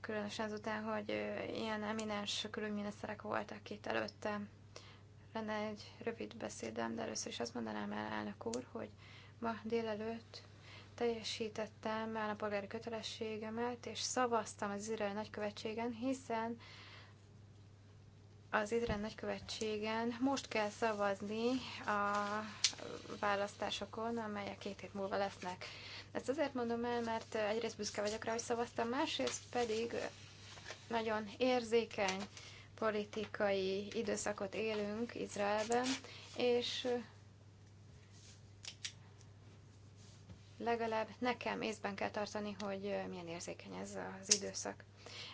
különösen azután, hogy ilyen eminens külügyminiszterek voltak itt előttem. Lenne egy rövid beszédem, de először is azt mondanám el, elnök úr, hogy ma délelőtt teljesítettem állampolgári kötelességemet, és szavaztam az izraeli nagykövetségen, hiszen az Izrael nagykövetségen most kell szavazni a választásokon, amelyek két hét múlva lesznek. Ezt azért mondom el, mert egyrészt büszke vagyok rá, hogy szavaztam, másrészt pedig nagyon érzékeny politikai időszakot élünk Izraelben, és legalább nekem észben kell tartani, hogy milyen érzékeny ez az időszak.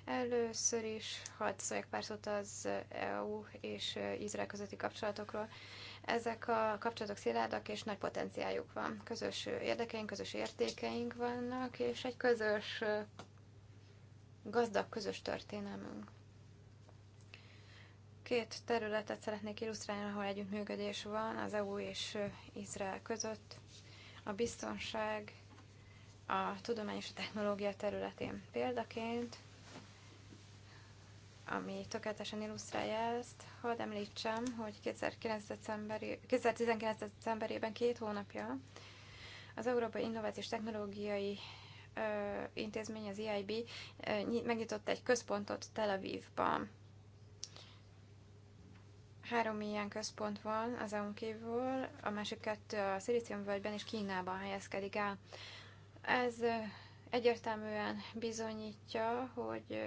Először is hadd szóljak pár szót az EU és Izrael közötti kapcsolatokról. Ezek a kapcsolatok szilárdak és nagy potenciáljuk van. Közös érdekeink, közös értékeink vannak, és egy közös, gazdag közös történelmünk. Két területet szeretnék illusztrálni, ahol együttműködés van az EU és Izrael között. A biztonság, a tudomány és a technológia területén. Példaként ami tökéletesen illusztrálja ezt. Hadd említsem, hogy 2009. Decemberi, 2019. decemberében két hónapja az Európai Innovációs Technológiai ö, Intézmény, az EIB ö, megnyitott egy központot Tel Avivban. Három ilyen központ van az EU-n kívül, a másik kettő a völgyben és Kínában helyezkedik el. Ez ö, egyértelműen bizonyítja, hogy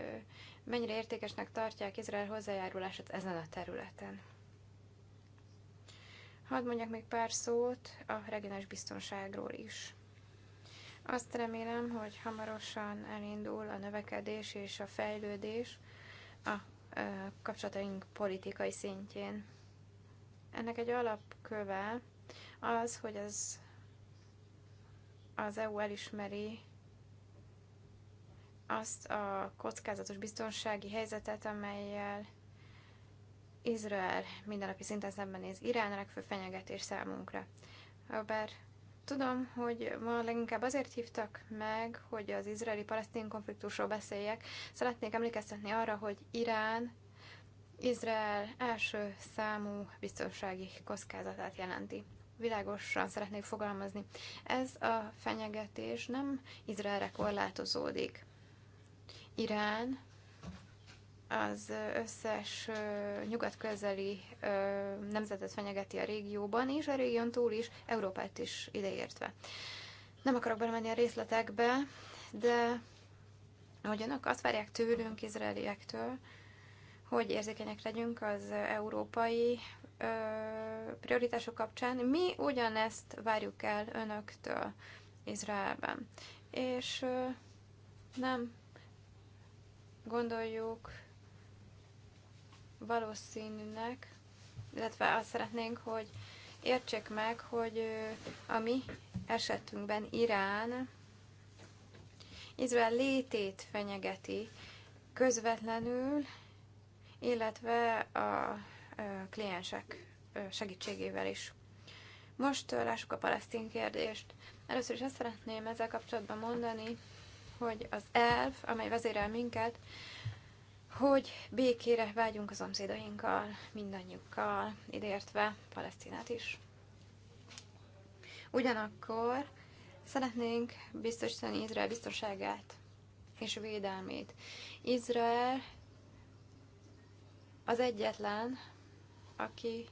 mennyire értékesnek tartják Izrael hozzájárulását ezen a területen. Hadd mondjak még pár szót a regionális biztonságról is. Azt remélem, hogy hamarosan elindul a növekedés és a fejlődés a kapcsolataink politikai szintjén. Ennek egy alapköve az, hogy az, az EU elismeri azt a kockázatos biztonsági helyzetet, amelyel Izrael mindennapi szinten szemben néz Irán, a legfőbb fenyegetés számunkra. Bár tudom, hogy ma leginkább azért hívtak meg, hogy az izraeli-palesztin konfliktusról beszéljek. Szeretnék emlékeztetni arra, hogy Irán Izrael első számú biztonsági kockázatát jelenti. Világosan szeretnék fogalmazni. Ez a fenyegetés nem Izraelre korlátozódik. Irán az összes nyugat-közeli nemzetet fenyegeti a régióban, és a régión túl is Európát is ideértve. Nem akarok belemenni a részletekbe, de ahogy önök azt várják tőlünk, izraeliektől, hogy érzékenyek legyünk az európai ö, prioritások kapcsán, mi ugyanezt várjuk el önöktől Izraelben. És ö, nem gondoljuk valószínűnek, illetve azt szeretnénk, hogy értsék meg, hogy a mi esetünkben Irán Izrael létét fenyegeti közvetlenül, illetve a kliensek segítségével is. Most lássuk a palesztin kérdést. Először is azt szeretném ezzel kapcsolatban mondani, hogy az elf, amely vezérel minket, hogy békére vágyunk a szomszédainkkal, mindannyiukkal, ideértve Palesztinát is. Ugyanakkor szeretnénk biztosítani Izrael biztonságát és védelmét. Izrael az egyetlen, aki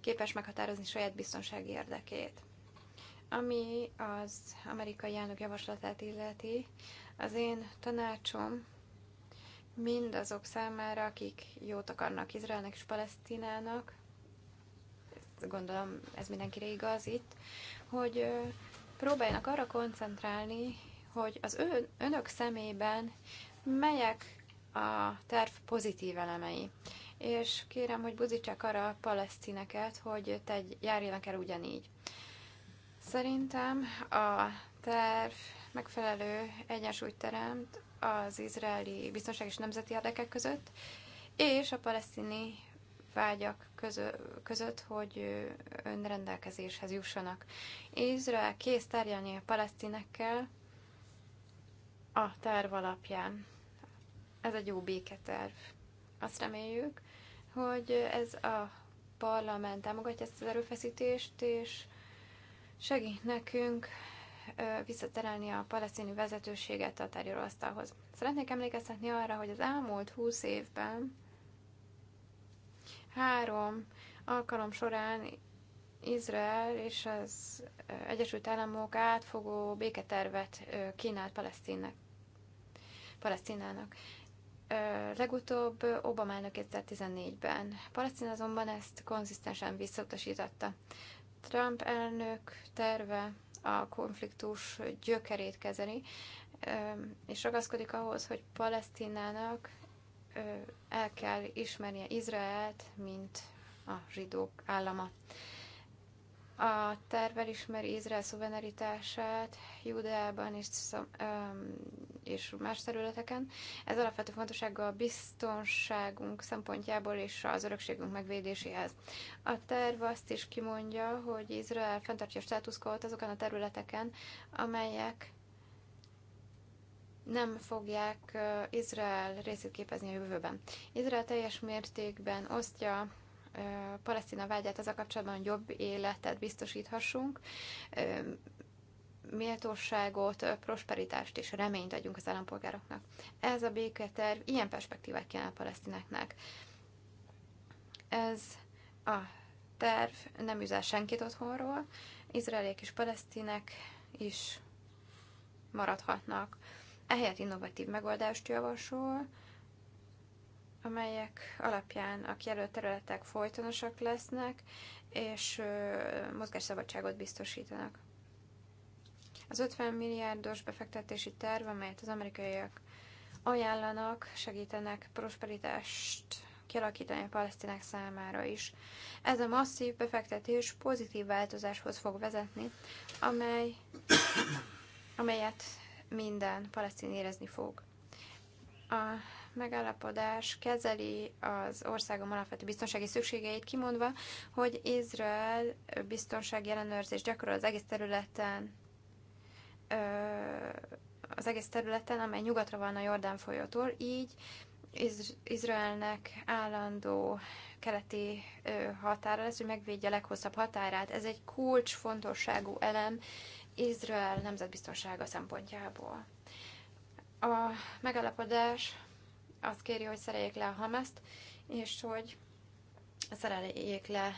képes meghatározni saját biztonsági érdekét. Ami az amerikai elnök javaslatát illeti, az én tanácsom mindazok számára, akik jót akarnak Izraelnek és Palesztinának, gondolom ez mindenkire igaz itt, hogy próbáljanak arra koncentrálni, hogy az ön, önök szemében melyek a terv pozitív elemei. És kérem, hogy buzítsák arra a palesztineket, hogy te járjanak el ugyanígy. Szerintem a terv megfelelő egyensúlyt teremt az izraeli biztonság és nemzeti érdekek között, és a palesztini vágyak között, hogy önrendelkezéshez jussanak. Izrael kész tárgyalni a palesztinekkel a terv alapján. Ez egy jó béketerv. Azt reméljük, hogy ez a parlament támogatja ezt az erőfeszítést, és segít nekünk visszaterelni a palesztini vezetőséget a tárgyalóasztalhoz. Szeretnék emlékeztetni arra, hogy az elmúlt húsz évben három alkalom során Izrael és az Egyesült Államok átfogó béketervet kínált Palesztinnek. Palesztinának. Legutóbb Obama elnök 2014-ben. Palesztin azonban ezt konzisztensen visszautasította. Trump elnök terve a konfliktus gyökerét kezeli, és ragaszkodik ahhoz, hogy Palesztinának el kell ismernie Izraelt, mint a zsidók állama. A terv elismeri Izrael szuverenitását Judeában és, és más területeken. Ez alapvető fontossága a biztonságunk szempontjából és az örökségünk megvédéséhez. A terv azt is kimondja, hogy Izrael fenntartja a státuszkót azokon a területeken, amelyek nem fogják Izrael részét képezni a jövőben. Izrael teljes mértékben osztja Palesztina vágyát az a kapcsolatban, hogy jobb életet biztosíthassunk, méltóságot, prosperitást és reményt adjunk az állampolgároknak. Ez a béketerv ilyen perspektívát kínál a palesztináknak. Ez a terv nem üzel senkit otthonról, izraeliek és palesztinek is maradhatnak. Ehelyett innovatív megoldást javasol, amelyek alapján a kijelölt területek folytonosak lesznek, és mozgásszabadságot biztosítanak. Az 50 milliárdos befektetési terv, amelyet az amerikaiak ajánlanak, segítenek prosperitást kialakítani a palesztinák számára is. Ez a masszív befektetés pozitív változáshoz fog vezetni, amely, amelyet minden palesztin érezni fog. A megállapodás kezeli az országom alapvető biztonsági szükségeit, kimondva, hogy Izrael biztonsági ellenőrzés gyakorol az egész területen, az egész területen, amely nyugatra van a Jordán folyótól, így Izraelnek állandó keleti határa lesz, hogy megvédje a leghosszabb határát. Ez egy kulcsfontosságú elem Izrael nemzetbiztonsága szempontjából. A megállapodás azt kéri, hogy szereljék le a Hamaszt, és hogy szereljék le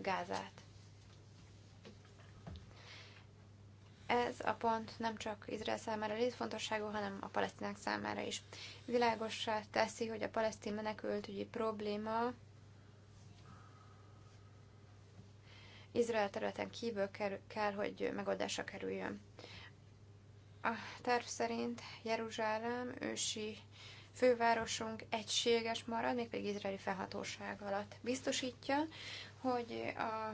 Gázát. Ez a pont nem csak Izrael számára létfontosságú, hanem a palesztinák számára is. Világossá teszi, hogy a palesztin menekültügyi probléma Izrael területen kívül kell, hogy megoldásra kerüljön. A terv szerint Jeruzsálem ősi fővárosunk egységes marad, mégpedig izraeli felhatóság alatt biztosítja, hogy a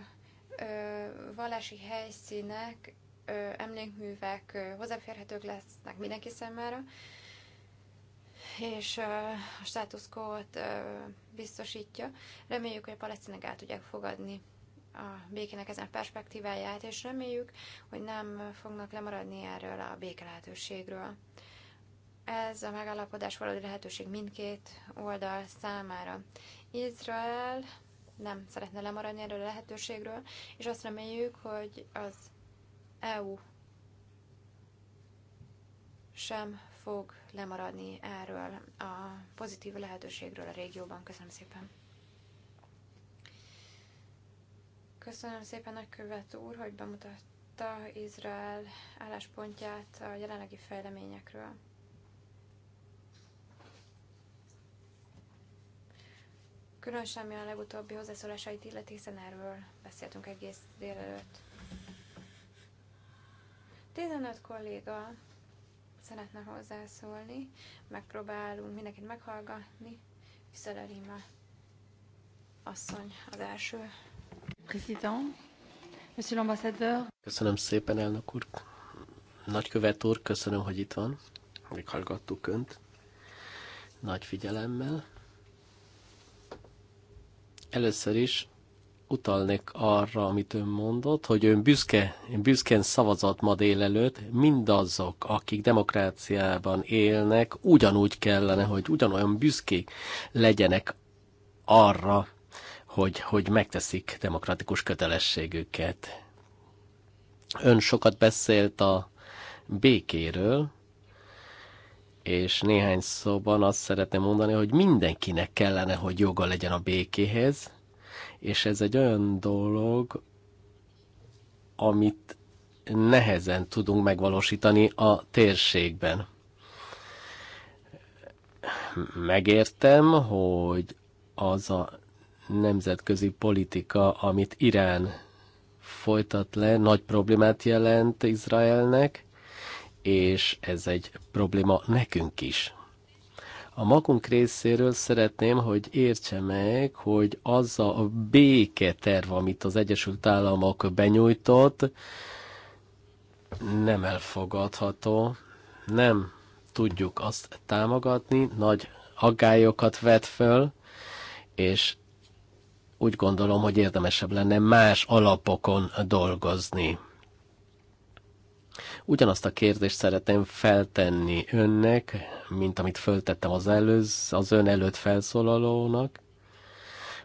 ö, vallási helyszínek, ö, emlékművek ö, hozzáférhetők lesznek mindenki számára, és a státuszkót biztosítja. Reméljük, hogy a palesztinek el tudják fogadni a békének ezen perspektíváját, és reméljük, hogy nem fognak lemaradni erről a béke lehetőségről. Ez a megállapodás valódi lehetőség mindkét oldal számára. Izrael nem szeretne lemaradni erről a lehetőségről, és azt reméljük, hogy az EU sem fog lemaradni erről a pozitív lehetőségről a régióban. Köszönöm szépen! Köszönöm szépen nagykövet úr, hogy bemutatta Izrael álláspontját a jelenlegi fejleményekről. Különösen mi a legutóbbi hozzászólásait illeti, hiszen erről beszéltünk egész délelőtt. 15 kolléga szeretne hozzászólni, megpróbálunk mindenkit meghallgatni. Viszont a Rima asszony az első. Président, Monsieur l'ambassadeur. Köszönöm szépen, elnök úr. Nagykövet úr, köszönöm, hogy itt van. Meghallgattuk Önt nagy figyelemmel. Először is utalnék arra, amit ön mondott, hogy ön büszke, büszkén szavazat ma délelőtt, mindazok, akik demokráciában élnek, ugyanúgy kellene, hogy ugyanolyan büszkék legyenek arra, hogy, hogy megteszik demokratikus kötelességüket. Ön sokat beszélt a békéről, és néhány szóban azt szeretném mondani, hogy mindenkinek kellene, hogy joga legyen a békéhez, és ez egy olyan dolog, amit nehezen tudunk megvalósítani a térségben. Megértem, hogy az a nemzetközi politika, amit Irán folytat le, nagy problémát jelent Izraelnek, és ez egy probléma nekünk is. A magunk részéről szeretném, hogy értse meg, hogy az a béketerv, amit az Egyesült Államok benyújtott, nem elfogadható, nem tudjuk azt támogatni, nagy aggályokat vet föl, és úgy gondolom, hogy érdemesebb lenne más alapokon dolgozni. Ugyanazt a kérdést szeretném feltenni önnek, mint amit föltettem az, előz, az ön előtt felszólalónak,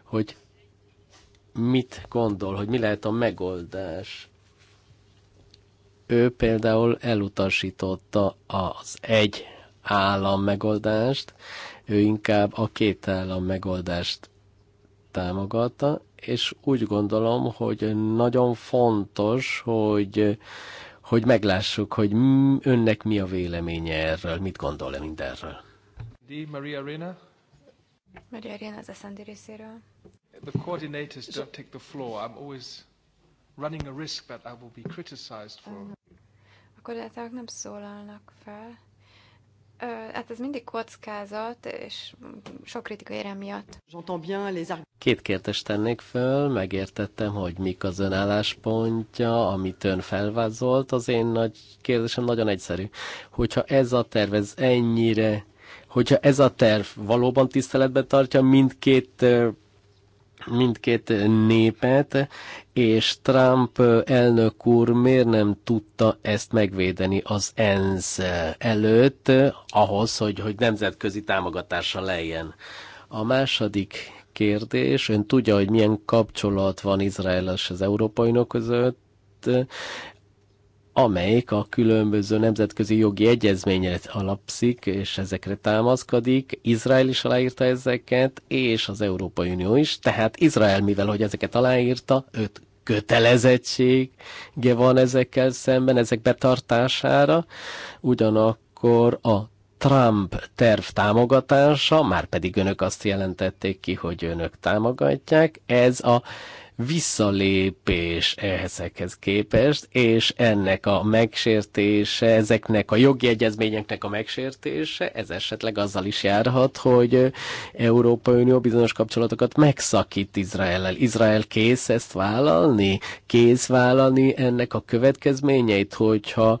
hogy mit gondol, hogy mi lehet a megoldás. Ő például elutasította az egy állam megoldást, ő inkább a két állam megoldást támogatta, és úgy gondolom, hogy nagyon fontos, hogy hogy meglássuk, hogy önnek mi a véleménye erről, mit gondol-e mindenről. Di Maria Arena. Maria Arena az SZND részéről. The coordinators don't take the floor. I'm always running a risk that I will be criticized for. A koordinátorok nem szólalnak fel. Hát ez mindig kockázat, és sok kritika érem miatt. Két kérdést tennék föl, megértettem, hogy mik az ön álláspontja, amit ön felvázolt. Az én nagy kérdésem nagyon egyszerű. Hogyha ez a terv, ez ennyire, hogyha ez a terv valóban tiszteletben tartja mindkét mindkét népet, és Trump elnök úr miért nem tudta ezt megvédeni az ENSZ előtt, ahhoz, hogy, hogy nemzetközi támogatása legyen. A második kérdés, ön tudja, hogy milyen kapcsolat van Izrael és az Európai Unió között, amelyik a különböző nemzetközi jogi egyezményre alapszik, és ezekre támaszkodik. Izrael is aláírta ezeket, és az Európai Unió is. Tehát Izrael, mivel hogy ezeket aláírta, öt kötelezettsége van ezekkel szemben, ezek betartására. Ugyanakkor a Trump terv támogatása, már pedig önök azt jelentették ki, hogy önök támogatják, ez a visszalépés ehhezekhez képest, és ennek a megsértése, ezeknek a jogi egyezményeknek a megsértése, ez esetleg azzal is járhat, hogy Európa Unió bizonyos kapcsolatokat megszakít Izraellel. Izrael kész ezt vállalni? Kész vállalni ennek a következményeit, hogyha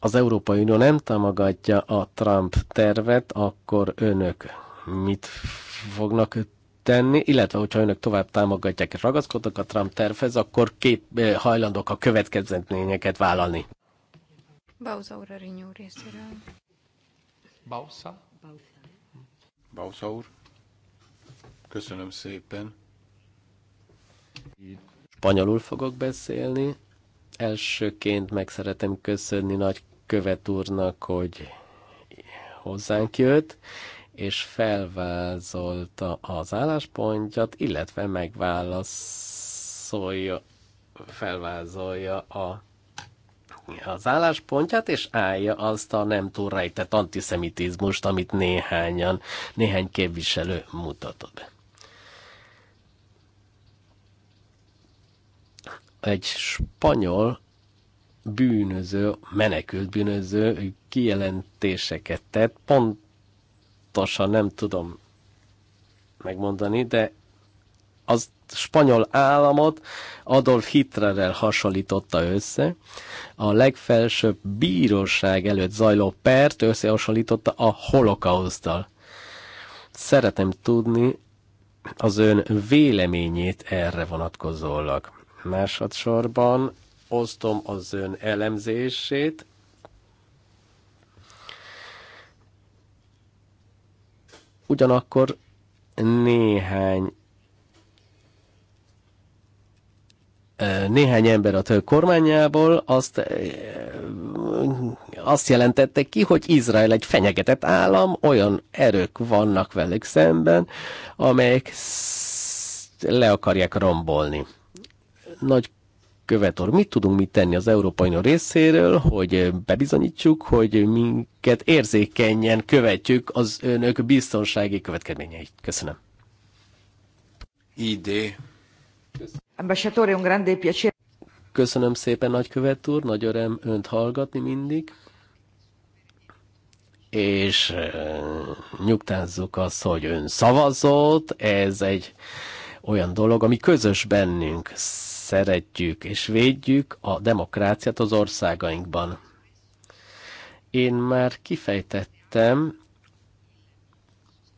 az Európai Unió nem támogatja a Trump tervet, akkor önök mit fognak tenni, illetve hogyha önök tovább támogatják és ragaszkodnak a Trump tervhez, akkor kép eh, hajlandók a következményeket vállalni. Bausa úr a Rinyó részéről. Bausa? Bausa. Bausa úr. Köszönöm szépen. Spanyolul fogok beszélni. Elsőként meg szeretem köszönni nagy követ úrnak, hogy hozzánk jött és felvázolta az álláspontját, illetve megválaszolja, felvázolja a az álláspontját, és állja azt a nem túl rejtett antiszemitizmust, amit néhányan, néhány képviselő mutatott be. Egy spanyol bűnöző, menekült bűnöző kijelentéseket tett, pont pontosan nem tudom megmondani, de az spanyol államot Adolf Hitlerrel hasonlította össze. A legfelsőbb bíróság előtt zajló pert összehasonlította a holokauszttal. Szeretem tudni az ön véleményét erre vonatkozólag. Másodszorban osztom az ön elemzését, Ugyanakkor néhány néhány ember a kormányából azt, azt jelentette ki, hogy Izrael egy fenyegetett állam, olyan erők vannak velük szemben, amelyek le akarják rombolni. Nagy Követor, mit tudunk mi tenni az Európai Unió részéről, hogy bebizonyítsuk, hogy minket érzékenyen követjük az önök biztonsági következményeit? Köszönöm. Idé. Köszönöm szépen, nagykövet úr, nagy öröm önt hallgatni mindig. És e, nyugtázzuk azt, hogy ön szavazott, ez egy olyan dolog, ami közös bennünk szeretjük, és védjük a demokráciát az országainkban. Én már kifejtettem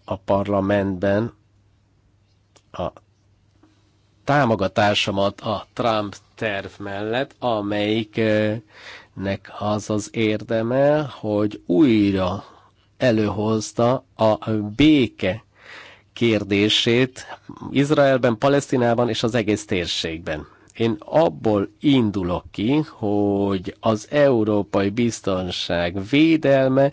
a parlamentben a támogatásomat a Trump terv mellett, amelyiknek az az érdeme, hogy újra előhozta a béke kérdését Izraelben, Palesztinában és az egész térségben. Én abból indulok ki, hogy az európai biztonság védelme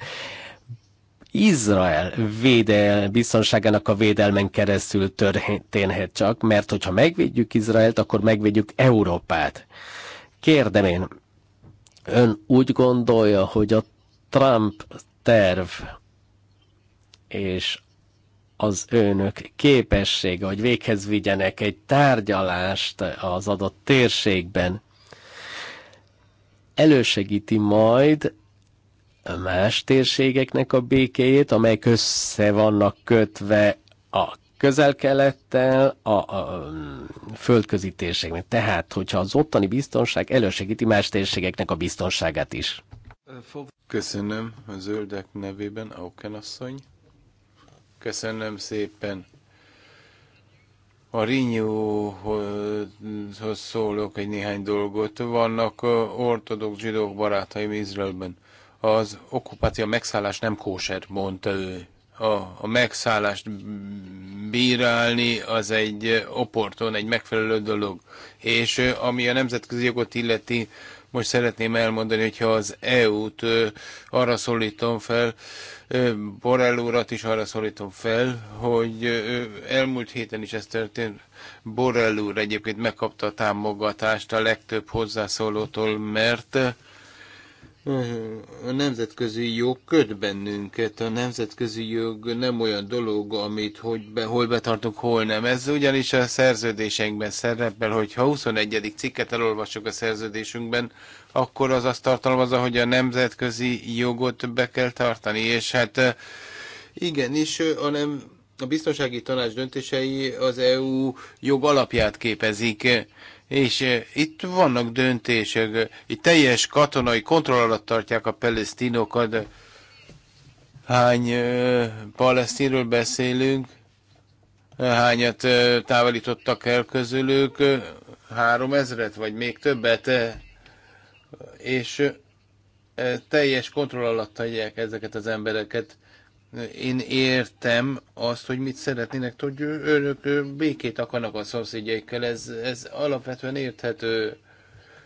Izrael védel, biztonságának a védelmen keresztül történhet csak, mert hogyha megvédjük Izraelt, akkor megvédjük Európát. Kérdem én, ön úgy gondolja, hogy a Trump terv és az önök képessége, hogy véghez vigyenek egy tárgyalást az adott térségben, elősegíti majd más térségeknek a békéjét, amelyek össze vannak kötve a közel-kelettel, a, a földközi térségnek. Tehát, hogyha az ottani biztonság elősegíti más térségeknek a biztonságát is. Köszönöm a zöldek nevében, Auken asszony. Köszönöm szépen. A Rinyóhoz szólok egy néhány dolgot. Vannak ortodox zsidók barátaim Izraelben. Az okupáció megszállás nem kóser, mondta ő. A, a megszállást bírálni az egy oporton, egy megfelelő dolog. És ami a nemzetközi jogot illeti, most szeretném elmondani, hogyha az EU-t arra szólítom fel, Borrell urat is arra szólítom fel, hogy elmúlt héten is ez történt. Borrell úr egyébként megkapta a támogatást a legtöbb hozzászólótól, mert a nemzetközi jog köt bennünket. A nemzetközi jog nem olyan dolog, amit hogy be, hol betartunk, hol nem. Ez ugyanis a szerződésünkben szerepel, hogyha 21. cikket elolvasok a szerződésünkben, akkor az azt tartalmazza, hogy a nemzetközi jogot be kell tartani, és hát igen, a, nem, a biztonsági tanács döntései az EU jog alapját képezik, és itt vannak döntések, itt teljes katonai kontroll alatt tartják a palesztinokat, hány palesztinről beszélünk, hányat távolítottak el közülük, három ezret, vagy még többet és teljes kontroll alatt hagyják ezeket az embereket. Én értem azt, hogy mit szeretnének, hogy önök békét akarnak a szomszédjaikkel, ez, ez alapvetően érthető.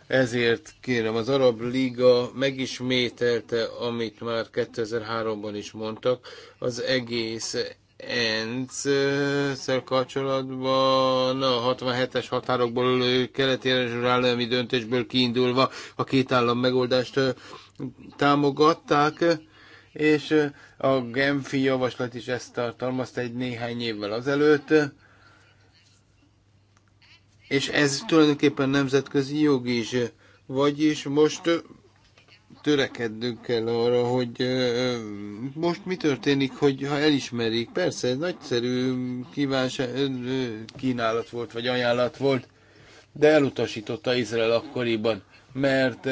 Ezért kérem, az Arab Liga megismételte, amit már 2003-ban is mondtak, az egész enc szel kapcsolatban a 67-es határokból keleti állami döntésből kiindulva a két állam megoldást támogatták, és a Genfi javaslat is ezt tartalmazta egy néhány évvel azelőtt, és ez tulajdonképpen nemzetközi jog is, vagyis most törekednünk kell arra, hogy most mi történik, hogy ha elismerik, persze ez nagyszerű kívánsa, kínálat volt, vagy ajánlat volt, de elutasította Izrael akkoriban, mert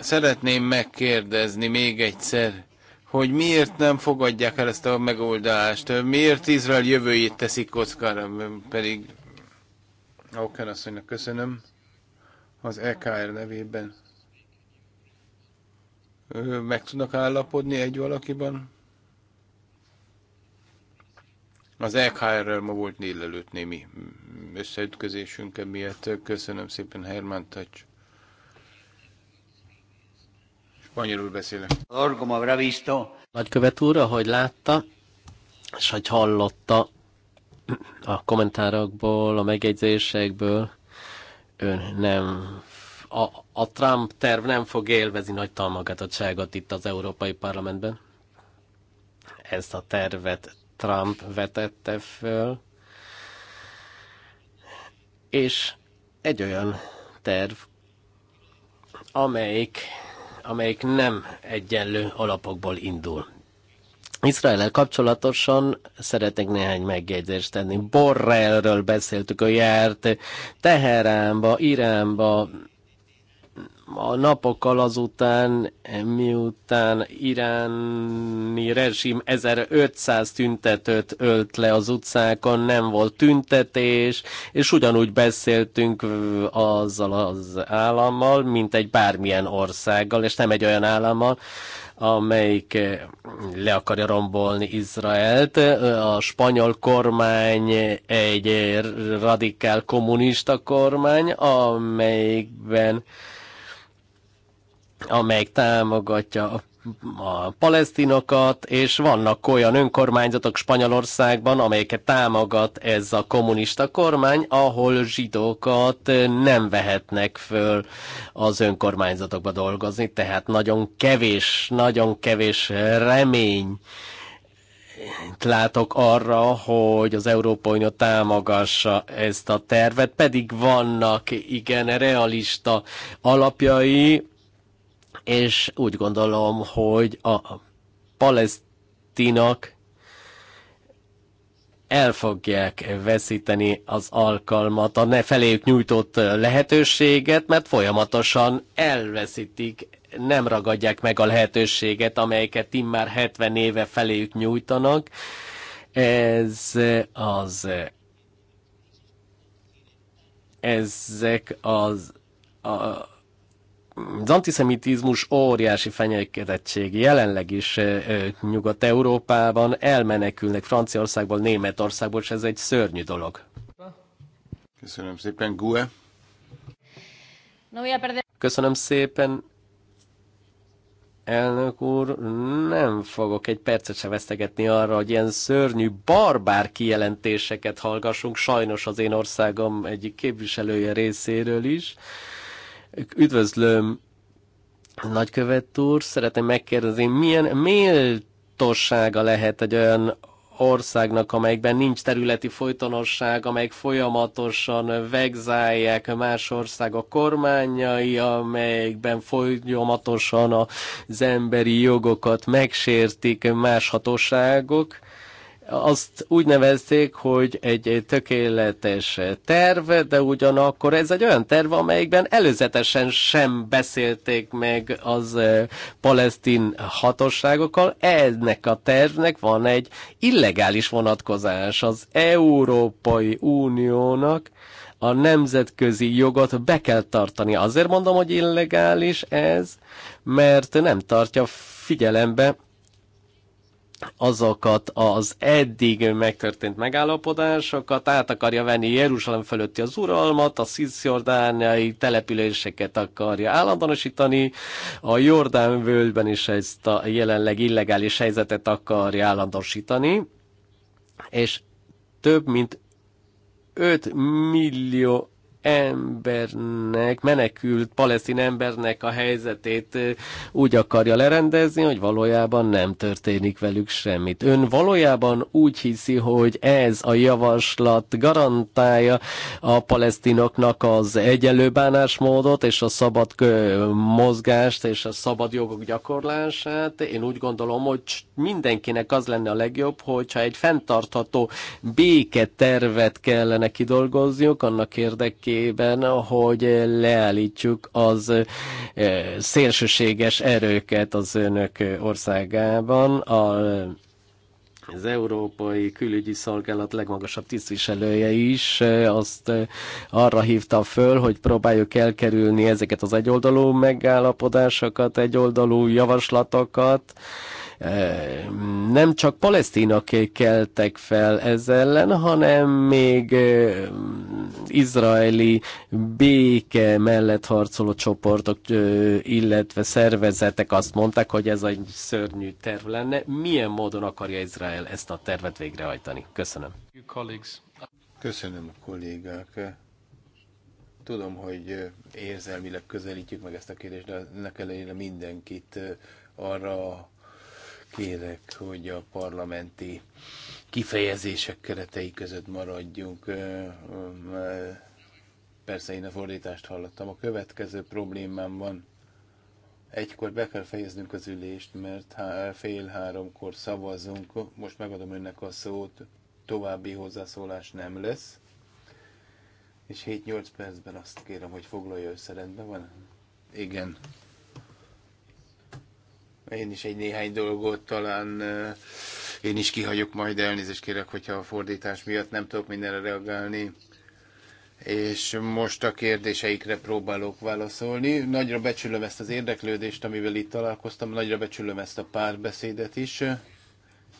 szeretném megkérdezni még egyszer, hogy miért nem fogadják el ezt a megoldást, miért Izrael jövőjét teszik kockára, pedig Auken asszonynak köszönöm az EKR nevében. Meg tudnak állapodni egy valakiban? Az EKR-rel ma volt délelőtt némi összeütközésünk emiatt. Köszönöm szépen, Herman Tacs. Spanyolul beszélek. Orgom avrá visto. Nagykövet úr, ahogy látta, és hogy hallotta a kommentárokból, a megjegyzésekből, ön nem a, a Trump terv nem fog élvezni nagy támogatottságot itt az Európai Parlamentben. Ezt a tervet Trump vetette föl. És egy olyan terv, amelyik, amelyik nem egyenlő alapokból indul. Izrael kapcsolatosan szeretnék néhány megjegyzést tenni. Borrelről beszéltük, a járt Teheránba, Iránba, a napokkal azután, miután iráni rezsim 1500 tüntetőt ölt le az utcákon, nem volt tüntetés, és ugyanúgy beszéltünk azzal az állammal, mint egy bármilyen országgal, és nem egy olyan állammal, amelyik eh, le akarja rombolni Izraelt. Eh, a spanyol kormány egy eh, radikál kommunista kormány, amelyikben amelyik támogatja a a palesztinokat, és vannak olyan önkormányzatok Spanyolországban, amelyeket támogat ez a kommunista kormány, ahol zsidókat nem vehetnek föl az önkormányzatokba dolgozni, tehát nagyon kevés, nagyon kevés remény látok arra, hogy az Európai Unió támogassa ezt a tervet, pedig vannak igen realista alapjai, és úgy gondolom, hogy a palesztinak el fogják veszíteni az alkalmat, a ne feléjük nyújtott lehetőséget, mert folyamatosan elveszítik, nem ragadják meg a lehetőséget, amelyeket immár 70 éve feléjük nyújtanak. Ez az ezek az a, az antiszemitizmus óriási fenyegetettség jelenleg is Nyugat-Európában, elmenekülnek Franciaországból, Németországból, és ez egy szörnyű dolog. Köszönöm szépen, Gue. Köszönöm szépen, elnök úr, nem fogok egy percet se vesztegetni arra, hogy ilyen szörnyű, barbár kijelentéseket hallgassunk, sajnos az én országom egyik képviselője részéről is. Üdvözlöm nagykövet úr, szeretném megkérdezni, milyen méltósága lehet egy olyan országnak, amelyikben nincs területi folytonosság, amelyik folyamatosan vegzálják más országok kormányai, amelyikben folyamatosan az emberi jogokat megsértik más hatóságok azt úgy nevezték, hogy egy, egy tökéletes terv, de ugyanakkor ez egy olyan terv, amelyikben előzetesen sem beszélték meg az palesztin hatóságokkal. Ennek a tervnek van egy illegális vonatkozás az Európai Uniónak, a nemzetközi jogot be kell tartani. Azért mondom, hogy illegális ez, mert nem tartja figyelembe azokat az eddig megtörtént megállapodásokat, át akarja venni Jeruzsálem fölötti az uralmat, a szízjordániai településeket akarja állandósítani, a Jordán völgyben is ezt a jelenleg illegális helyzetet akarja állandósítani, és több mint 5 millió embernek, menekült palesztin embernek a helyzetét úgy akarja lerendezni, hogy valójában nem történik velük semmit. Ön valójában úgy hiszi, hogy ez a javaslat garantálja a palesztinoknak az egyenlő bánásmódot és a szabad mozgást és a szabad jogok gyakorlását. Én úgy gondolom, hogy mindenkinek az lenne a legjobb, hogyha egy fenntartható béketervet kellene kidolgozniuk annak érdekében, érdekében, hogy leállítsuk az eh, szélsőséges erőket az önök országában. A, az Európai Külügyi Szolgálat legmagasabb tisztviselője is eh, azt eh, arra hívta föl, hogy próbáljuk elkerülni ezeket az egyoldalú megállapodásokat, egyoldalú javaslatokat, nem csak palesztinak keltek fel ez ellen, hanem még izraeli béke mellett harcoló csoportok, illetve szervezetek azt mondták, hogy ez egy szörnyű terv lenne. Milyen módon akarja Izrael ezt a tervet végrehajtani? Köszönöm. Köszönöm, kollégák. Tudom, hogy érzelmileg közelítjük meg ezt a kérdést, de ennek ellenére mindenkit arra kérek, hogy a parlamenti kifejezések keretei között maradjunk. Persze én a fordítást hallottam. A következő problémám van. Egykor be kell fejeznünk az ülést, mert fél háromkor szavazunk. Most megadom önnek a szót. További hozzászólás nem lesz. És 7-8 percben azt kérem, hogy foglalja össze, rendben van? Igen. Én is egy néhány dolgot talán én is kihagyok majd, elnézést kérek, hogyha a fordítás miatt nem tudok mindenre reagálni. És most a kérdéseikre próbálok válaszolni. Nagyra becsülöm ezt az érdeklődést, amivel itt találkoztam, nagyra becsülöm ezt a párbeszédet is.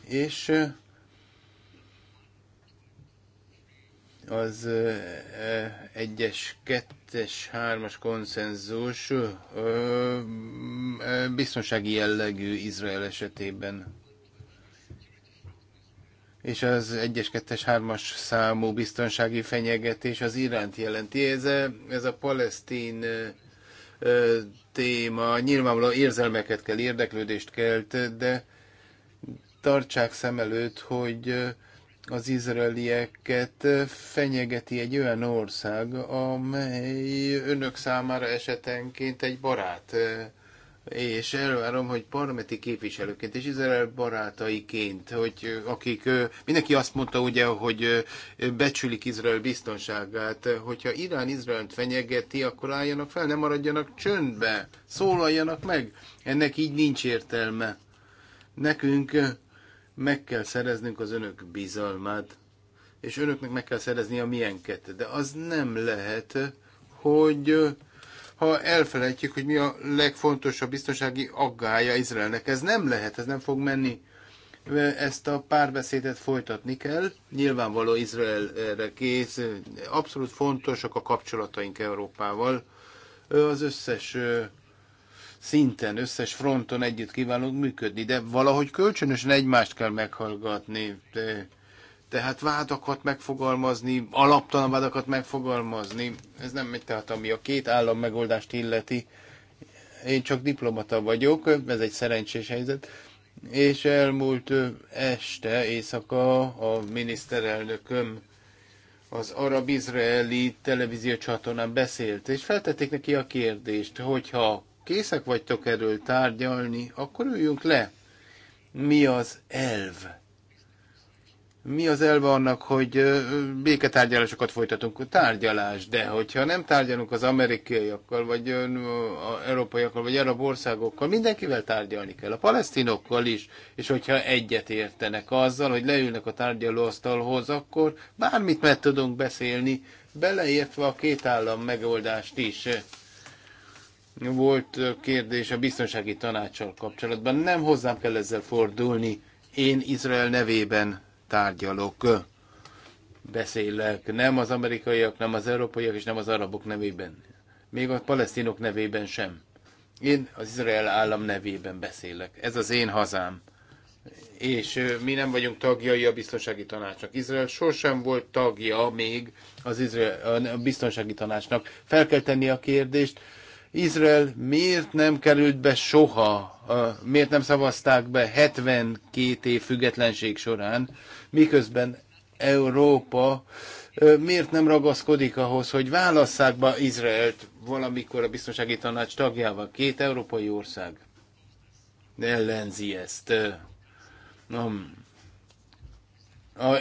És az egyes, kettes, hármas konszenzus biztonsági jellegű Izrael esetében. És az egyes, kettes, hármas számú biztonsági fenyegetés az iránt jelenti. Ez a, ez a palesztin téma nyilvánvalóan érzelmeket kell, érdeklődést kelt, de tartsák szem előtt, hogy az izraelieket fenyegeti egy olyan ország, amely önök számára esetenként egy barát. És elvárom, hogy parlamenti képviselőként és Izrael barátaiként, hogy akik, mindenki azt mondta ugye, hogy becsülik Izrael biztonságát, hogyha Irán Izraelt fenyegeti, akkor álljanak fel, nem maradjanak csöndbe, szólaljanak meg. Ennek így nincs értelme. Nekünk meg kell szereznünk az önök bizalmát, és önöknek meg kell szerezni a milyenket. De az nem lehet, hogy ha elfelejtjük, hogy mi a legfontosabb biztonsági aggája Izraelnek. Ez nem lehet, ez nem fog menni. Ezt a párbeszédet folytatni kell. Nyilvánvaló Izrael erre kész. Abszolút fontosak a kapcsolataink Európával. Az összes szinten, összes fronton együtt kívánunk működni, de valahogy kölcsönösen egymást kell meghallgatni. De, tehát vádakat megfogalmazni, alaptalan vádakat megfogalmazni, ez nem megy, tehát ami a két állam megoldást illeti. Én csak diplomata vagyok, ez egy szerencsés helyzet. És elmúlt este, éjszaka a miniszterelnököm az arab-izraeli televízió csatornán beszélt, és feltették neki a kérdést, hogyha készek vagytok erről tárgyalni, akkor üljünk le. Mi az elv? Mi az elve annak, hogy béketárgyalásokat folytatunk? Tárgyalás, de hogyha nem tárgyalunk az amerikaiakkal, vagy az európaiakkal, vagy arab országokkal, mindenkivel tárgyalni kell, a palesztinokkal is, és hogyha egyet értenek azzal, hogy leülnek a tárgyalóasztalhoz, akkor bármit meg tudunk beszélni, beleértve a két állam megoldást is volt kérdés a biztonsági tanácssal kapcsolatban. Nem hozzám kell ezzel fordulni. Én Izrael nevében tárgyalok, beszélek. Nem az amerikaiak, nem az európaiak, és nem az arabok nevében. Még a palesztinok nevében sem. Én az Izrael állam nevében beszélek. Ez az én hazám. És mi nem vagyunk tagjai a biztonsági tanácsnak. Izrael sosem volt tagja még az Izrael, a biztonsági tanácsnak. Fel kell tenni a kérdést, Izrael miért nem került be soha, miért nem szavazták be 72 év függetlenség során, miközben Európa miért nem ragaszkodik ahhoz, hogy válasszák be Izraelt valamikor a biztonsági tanács tagjával. Két európai ország ellenzi ezt. Nem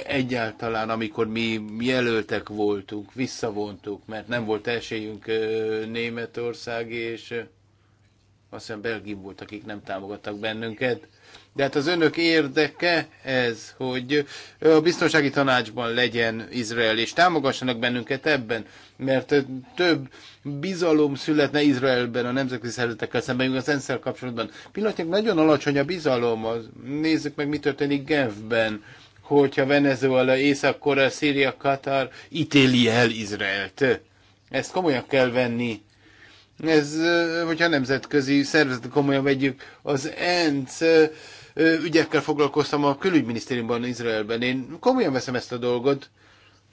egyáltalán, amikor mi jelöltek voltunk, visszavontuk, mert nem volt esélyünk Németország, és azt hiszem Belgium volt, akik nem támogattak bennünket. De hát az önök érdeke ez, hogy a biztonsági tanácsban legyen Izrael, és támogassanak bennünket ebben, mert több bizalom születne Izraelben a nemzetközi szervezetekkel szemben, az ensz kapcsolatban. Pillanatnyilag nagyon alacsony a bizalom, az, nézzük meg, mi történik Genfben hogyha Venezuela, Észak-Korea, Szíria, Katar ítéli el Izraelt. Ezt komolyan kell venni. Ez, hogyha nemzetközi szervezet komolyan vegyük, az ENSZ ügyekkel foglalkoztam a külügyminisztériumban Izraelben. Én komolyan veszem ezt a dolgot,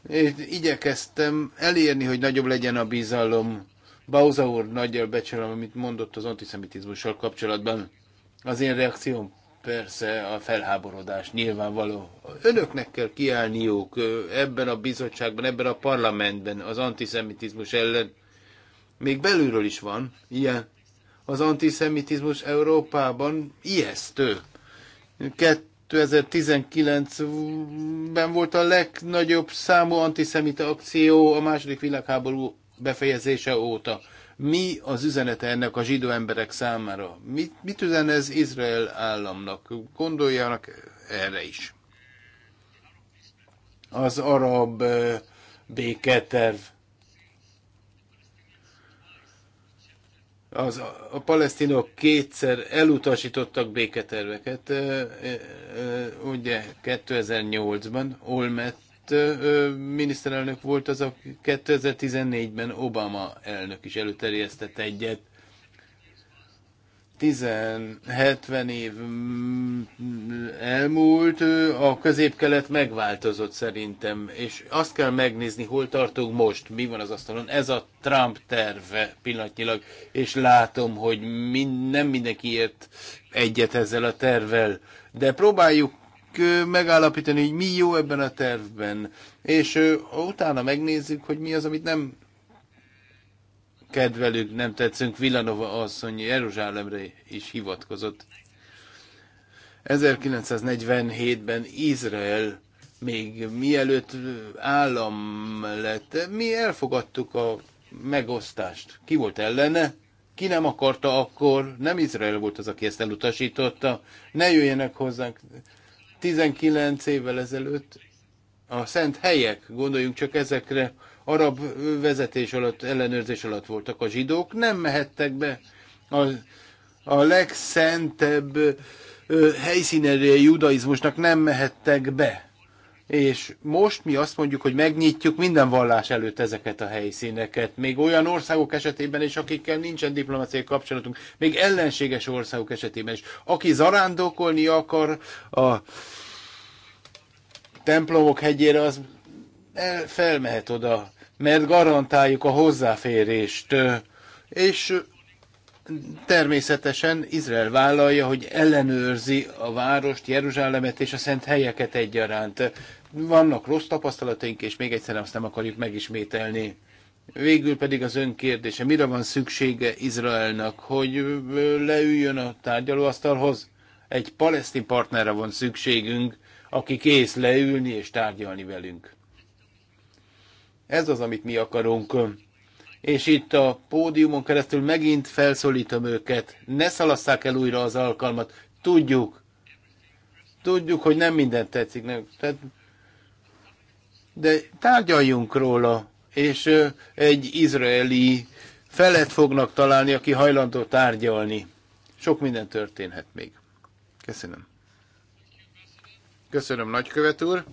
és igyekeztem elérni, hogy nagyobb legyen a bizalom. Bauza úr nagyjal becsülöm, amit mondott az antiszemitizmussal kapcsolatban. Az én reakcióm persze a felháborodás nyilvánvaló. Önöknek kell kiállniuk ebben a bizottságban, ebben a parlamentben az antiszemitizmus ellen. Még belülről is van ilyen. Az antiszemitizmus Európában ijesztő. 2019-ben volt a legnagyobb számú antiszemita akció a második világháború befejezése óta. Mi az üzenete ennek a zsidó emberek számára? Mit, mit üzen ez Izrael államnak? Gondoljanak erre is. Az arab béketerv. az, a palesztinok kétszer elutasítottak béketerveket, ugye 2008-ban Olmet miniszterelnök volt az a 2014-ben Obama elnök is előterjesztett egyet. 10-70 év mm, elmúlt, a középkelet megváltozott szerintem, és azt kell megnézni, hol tartunk most, mi van az asztalon. Ez a Trump terve pillanatnyilag, és látom, hogy min, nem mindenki ért egyet ezzel a tervel, de próbáljuk megállapítani, hogy mi jó ebben a tervben, és utána megnézzük, hogy mi az, amit nem kedvelünk, nem tetszünk. Villanova asszony Jeruzsálemre is hivatkozott. 1947-ben Izrael még mielőtt állam lett, mi elfogadtuk a megosztást. Ki volt ellene? Ki nem akarta akkor? Nem Izrael volt az, aki ezt elutasította. Ne jöjjenek hozzánk. 19 évvel ezelőtt a szent helyek, gondoljunk csak ezekre, arab vezetés alatt, ellenőrzés alatt voltak a zsidók, nem mehettek be a, a legszentebb ö, judaizmusnak nem mehettek be. És most mi azt mondjuk, hogy megnyitjuk minden vallás előtt ezeket a helyszíneket. Még olyan országok esetében is, akikkel nincsen diplomáciai kapcsolatunk, még ellenséges országok esetében is. Aki zarándokolni akar a templomok hegyére, az el, felmehet oda, mert garantáljuk a hozzáférést. És természetesen Izrael vállalja, hogy ellenőrzi a várost, Jeruzsálemet és a szent helyeket egyaránt vannak rossz tapasztalataink, és még egyszer azt nem akarjuk megismételni. Végül pedig az ön kérdése: mire van szüksége Izraelnek, hogy leüljön a tárgyalóasztalhoz? Egy palesztin partnerre van szükségünk, aki kész leülni és tárgyalni velünk. Ez az, amit mi akarunk. És itt a pódiumon keresztül megint felszólítom őket, ne szalasszák el újra az alkalmat. Tudjuk, tudjuk, hogy nem mindent tetszik. Nem. Tehát de tárgyaljunk róla, és egy izraeli felet fognak találni, aki hajlandó tárgyalni. Sok minden történhet még. Köszönöm. Köszönöm, nagykövet úr.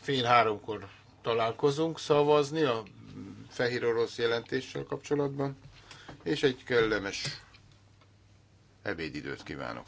Fél háromkor találkozunk szavazni a fehér orosz jelentéssel kapcsolatban, és egy kellemes Ebédidőt kívánok!